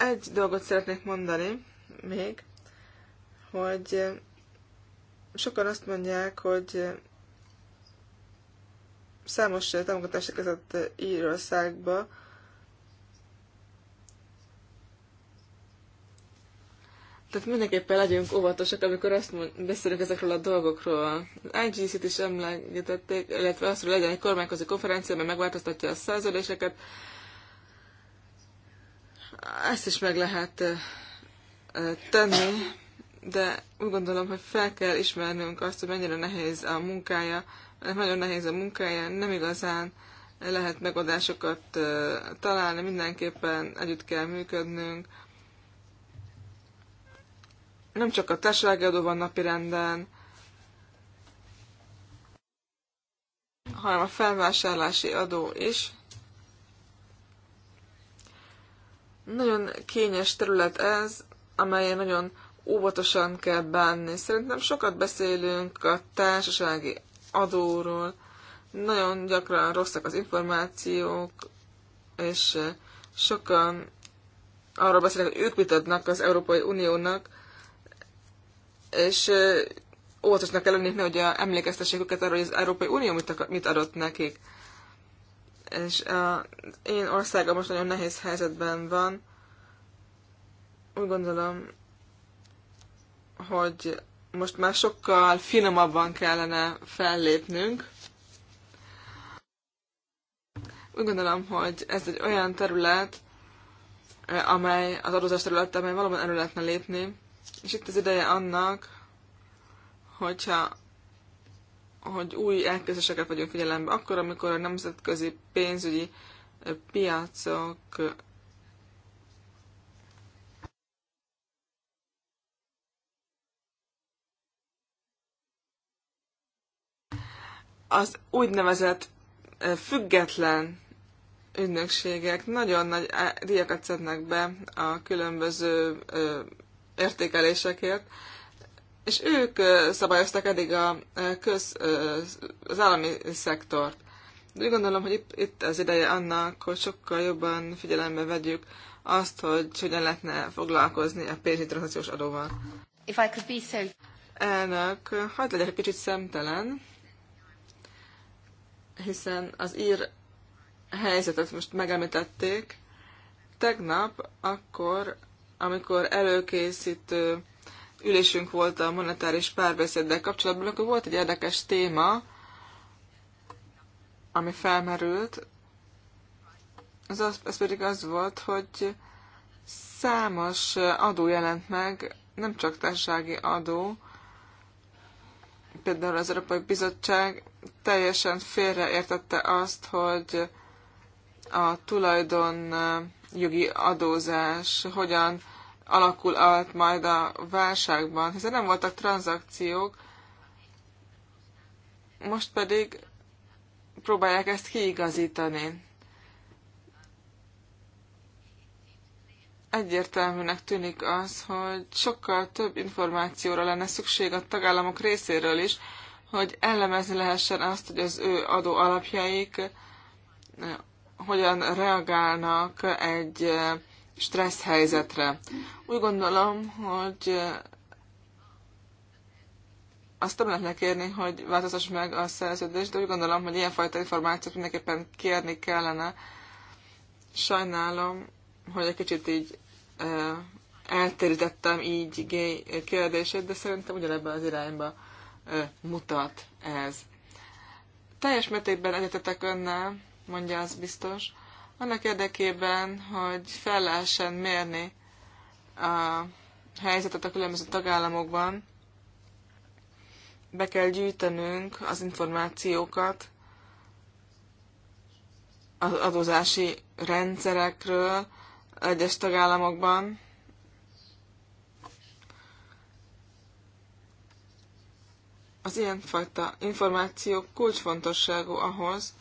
[SPEAKER 4] Egy dolgot szeretnék mondani még, hogy sokan azt mondják, hogy számos támogatás érkezett Írországba, Tehát mindenképpen legyünk óvatosak, amikor azt mond, beszélünk ezekről a dolgokról. Az IGC-t is emlegetették, illetve azt, hogy legyen egy kormányközi konferencia, mert megváltoztatja a szerződéseket. Ezt is meg lehet tenni, de úgy gondolom, hogy fel kell ismernünk azt, hogy mennyire nehéz a munkája, nagyon nehéz a munkája, nem igazán lehet megoldásokat találni, mindenképpen együtt kell működnünk. Nem csak a társasági van napi renden, hanem a felvásárlási adó is. Nagyon kényes terület ez, amelyen nagyon óvatosan kell bánni. Szerintem sokat beszélünk a társasági adóról, nagyon gyakran rosszak az információk, és eh, sokan arról beszélnek, hogy ők mit adnak az Európai Uniónak, és eh, óvatosnak kell lenni, hogy eh, emlékeztessék őket arra, hogy az Európai Unió mit adott nekik és a, én országom most nagyon nehéz helyzetben van. Úgy gondolom, hogy most már sokkal finomabban kellene fellépnünk. Úgy gondolom, hogy ez egy olyan terület, amely az adózás területe, amely valóban elő lehetne lépni, és itt az ideje annak, hogyha hogy új elképzeléseket vagyunk figyelembe, akkor, amikor a nemzetközi pénzügyi eh, piacok az úgynevezett eh, független ügynökségek nagyon nagy eh, díjakat szednek be a különböző értékelésekért, és ők szabályozták eddig a köz, az állami szektort. De úgy gondolom, hogy itt, itt az ideje annak, hogy sokkal jobban figyelembe vegyük azt, hogy hogyan lehetne foglalkozni a pénzintranszakciós adóval. If I could be so... Elnök, hagyd legyek egy kicsit szemtelen, hiszen az ír helyzetet most megemlítették. Tegnap, akkor, amikor előkészítő ülésünk volt a monetáris párbeszéddel kapcsolatban, akkor volt egy érdekes téma, ami felmerült, Ez az, ez pedig az volt, hogy számos adó jelent meg, nem csak társasági adó, például az Európai Bizottság teljesen félreértette azt, hogy a tulajdon jogi adózás hogyan alakul át majd a válságban, hiszen nem voltak tranzakciók, most pedig próbálják ezt kiigazítani. Egyértelműnek tűnik az, hogy sokkal több információra lenne szükség a tagállamok részéről is, hogy ellemezni lehessen azt, hogy az ő adó alapjaik hogyan reagálnak egy stressz helyzetre. Úgy gondolom, hogy azt nem lehetne kérni, hogy változtass meg a szerződést, de úgy gondolom, hogy ilyenfajta információt mindenképpen kérni kellene. Sajnálom, hogy egy kicsit így eltérítettem így gay kérdését, de szerintem ugyanebben az irányba mutat ez. Teljes mértékben egyetetek önnel, mondja az biztos, annak érdekében, hogy fel lehessen mérni a helyzetet a különböző tagállamokban, be kell gyűjtenünk az információkat az adózási rendszerekről egyes tagállamokban, az ilyenfajta információk kulcsfontosságú ahhoz,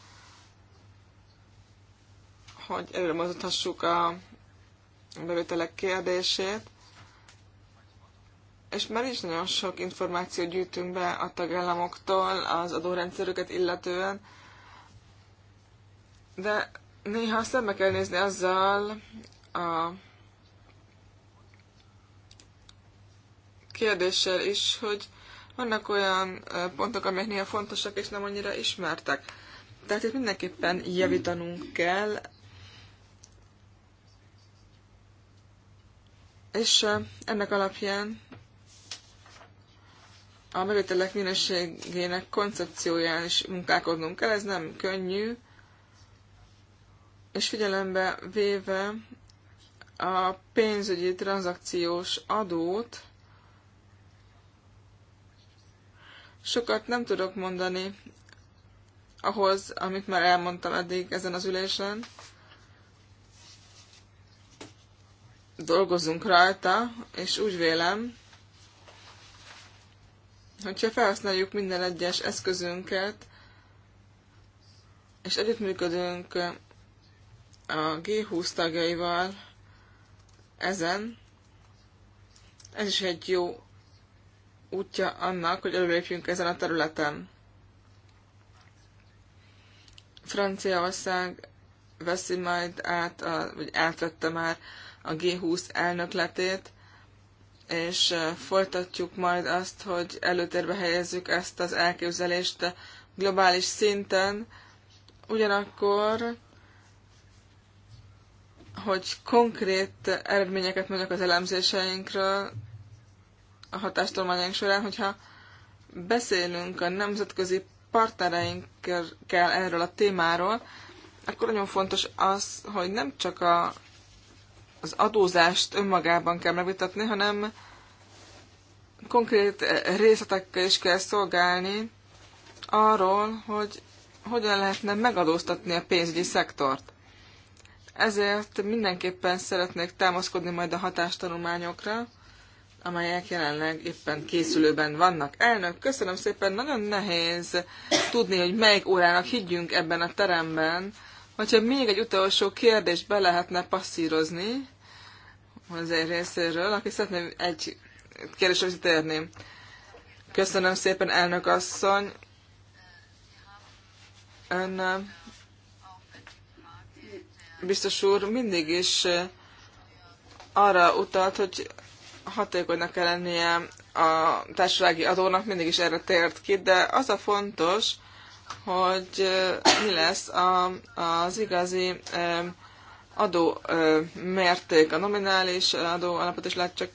[SPEAKER 4] hogy előre mozdíthassuk a bevételek kérdését, és már is nagyon sok információt gyűjtünk be a tagállamoktól az adórendszerüket illetően, de néha szembe kell nézni azzal a kérdéssel is, hogy vannak olyan pontok, amelyek néha fontosak és nem annyira ismertek. Tehát itt mindenképpen javítanunk kell és ennek alapján a bevételek minőségének koncepcióján is munkálkodnunk kell, ez nem könnyű, és figyelembe véve a pénzügyi tranzakciós adót, sokat nem tudok mondani ahhoz, amit már elmondtam eddig ezen az ülésen. dolgozunk rajta, és úgy vélem, hogyha felhasználjuk minden egyes eszközünket, és együttműködünk a G20 tagjaival ezen, ez is egy jó útja annak, hogy előlépjünk ezen a területen. Franciaország veszi majd át, a, vagy átvette már a G20 elnökletét, és folytatjuk majd azt, hogy előtérbe helyezzük ezt az elképzelést globális szinten, ugyanakkor, hogy konkrét eredményeket mondjak az elemzéseinkről a hatástalmányaink során, hogyha beszélünk a nemzetközi partnereinkkel erről a témáról, akkor nagyon fontos az, hogy nem csak a az adózást önmagában kell megvitatni, hanem konkrét eh, részletekkel is kell szolgálni arról, hogy hogyan lehetne megadóztatni a pénzügyi szektort. Ezért mindenképpen szeretnék támaszkodni majd a hatástanulmányokra, amelyek jelenleg éppen készülőben vannak. Elnök, köszönöm szépen, nagyon nehéz tudni, hogy melyik órának higgyünk ebben a teremben, Hogyha még egy utolsó kérdést be lehetne passzírozni hozzá részéről, aki szeretném egy kérdésre térni. Köszönöm szépen, elnök asszony. Ön, biztos úr, mindig is arra utalt, hogy hatékonynak kell lennie a társasági adónak, mindig is erre tért ki, de az a fontos, hogy mi lesz a, az igazi adó mérték, a nominális adó alapot is lehet csak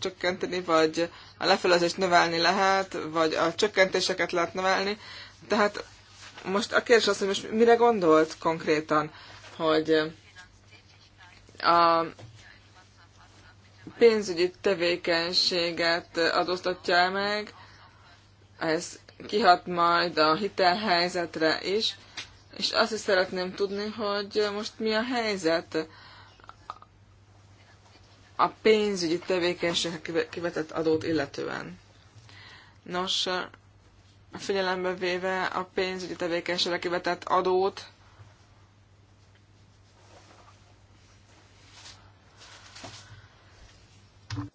[SPEAKER 4] csökkenteni, vagy a lefelezést növelni lehet, vagy a csökkentéseket lehet növelni. Tehát most a kérdés az, hogy most mire gondolt konkrétan, hogy a pénzügyi tevékenységet adóztatja meg, ez kihat majd a hitelhelyzetre is, és azt is szeretném tudni, hogy most mi a helyzet a pénzügyi tevékenységre kivetett adót illetően. Nos, figyelembe véve a pénzügyi tevékenységre kivetett adót,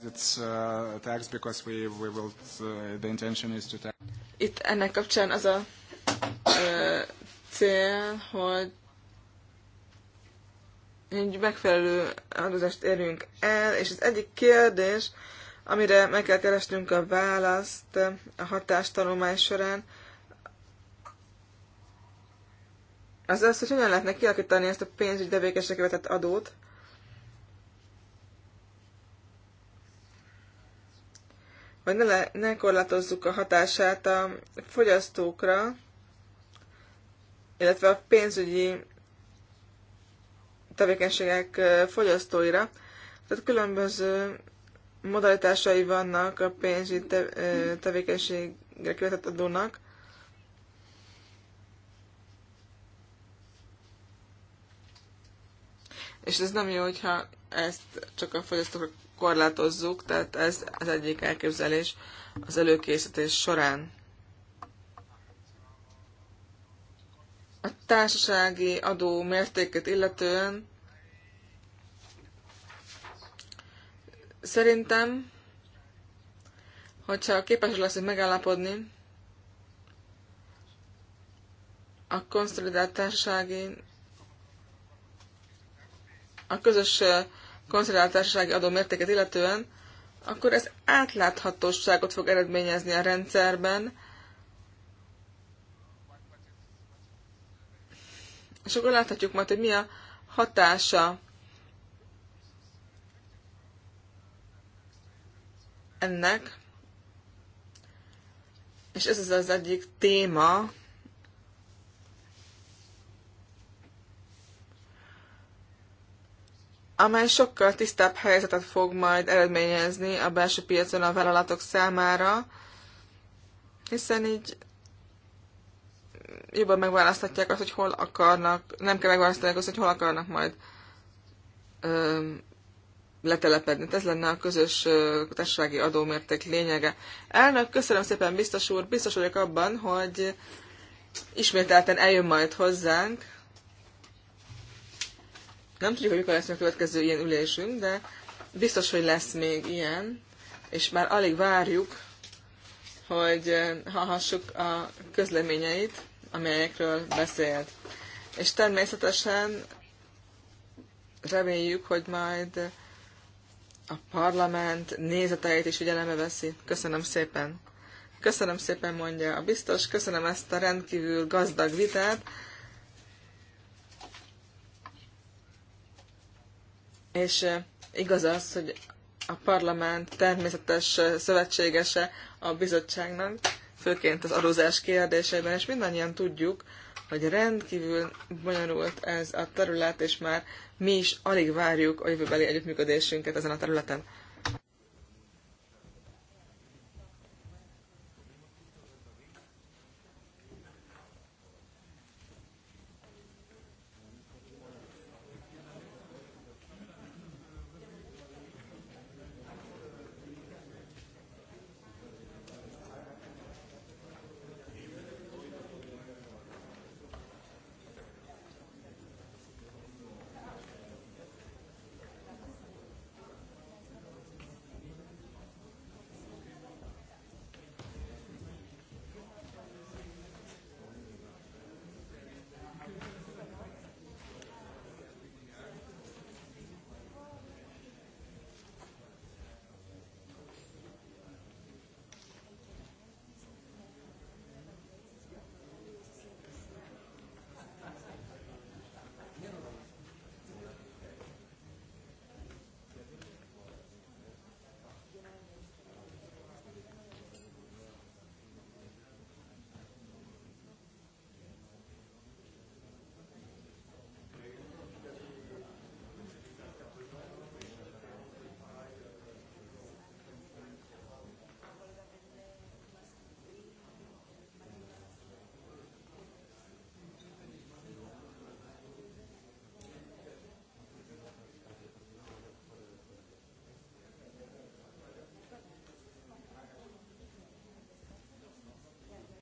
[SPEAKER 2] It's uh, tax because we, we will, uh, the intention is to tax.
[SPEAKER 4] Itt ennek kapcsán az a ö, cél, hogy így megfelelő áldozást érjünk el, és az egyik kérdés, amire meg kell keresnünk a választ a hatástanulmány során, az az, hogy hogyan lehetne kialakítani ezt a pénzügyi tevékenységre vetett adót, vagy ne, le, ne korlátozzuk a hatását a fogyasztókra, illetve a pénzügyi tevékenységek fogyasztóira. Tehát különböző modalitásai vannak a pénzügyi te, tevékenységre követett adónak. És ez nem jó, hogyha ezt csak a fogyasztókra korlátozzuk, tehát ez az egyik elképzelés az előkészítés során. A társasági adó mértéket illetően szerintem, hogyha képes lesz megállapodni, a konszolidált társasági a közös konszolidált társasági adó mértéket illetően, akkor ez átláthatóságot fog eredményezni a rendszerben. És akkor láthatjuk majd, hogy mi a hatása ennek. És ez az az egyik téma, amely sokkal tisztább helyzetet fog majd eredményezni a belső piacon a vállalatok számára, hiszen így jobban megválaszthatják azt, hogy hol akarnak, nem kell megválasztani azt, hogy hol akarnak majd ö, letelepedni. Ez lenne a közös társasági adómérték lényege. Elnök, köszönöm szépen, biztos úr, biztos vagyok abban, hogy ismételten eljön majd hozzánk, nem tudjuk, hogy mikor lesz a következő ilyen ülésünk, de biztos, hogy lesz még ilyen, és már alig várjuk, hogy eh, hallhassuk a közleményeit, amelyekről beszélt. És természetesen reméljük, hogy majd a parlament nézeteit is figyelembe veszi. Köszönöm szépen! Köszönöm szépen, mondja a biztos, köszönöm ezt a rendkívül gazdag vitát, és eh, igaz az, hogy a parlament természetes eh, szövetségese a bizottságnak, főként az adózás kérdéseiben, és mindannyian tudjuk, hogy rendkívül bonyolult ez a terület, és már mi is alig várjuk a jövőbeli együttműködésünket ezen a területen.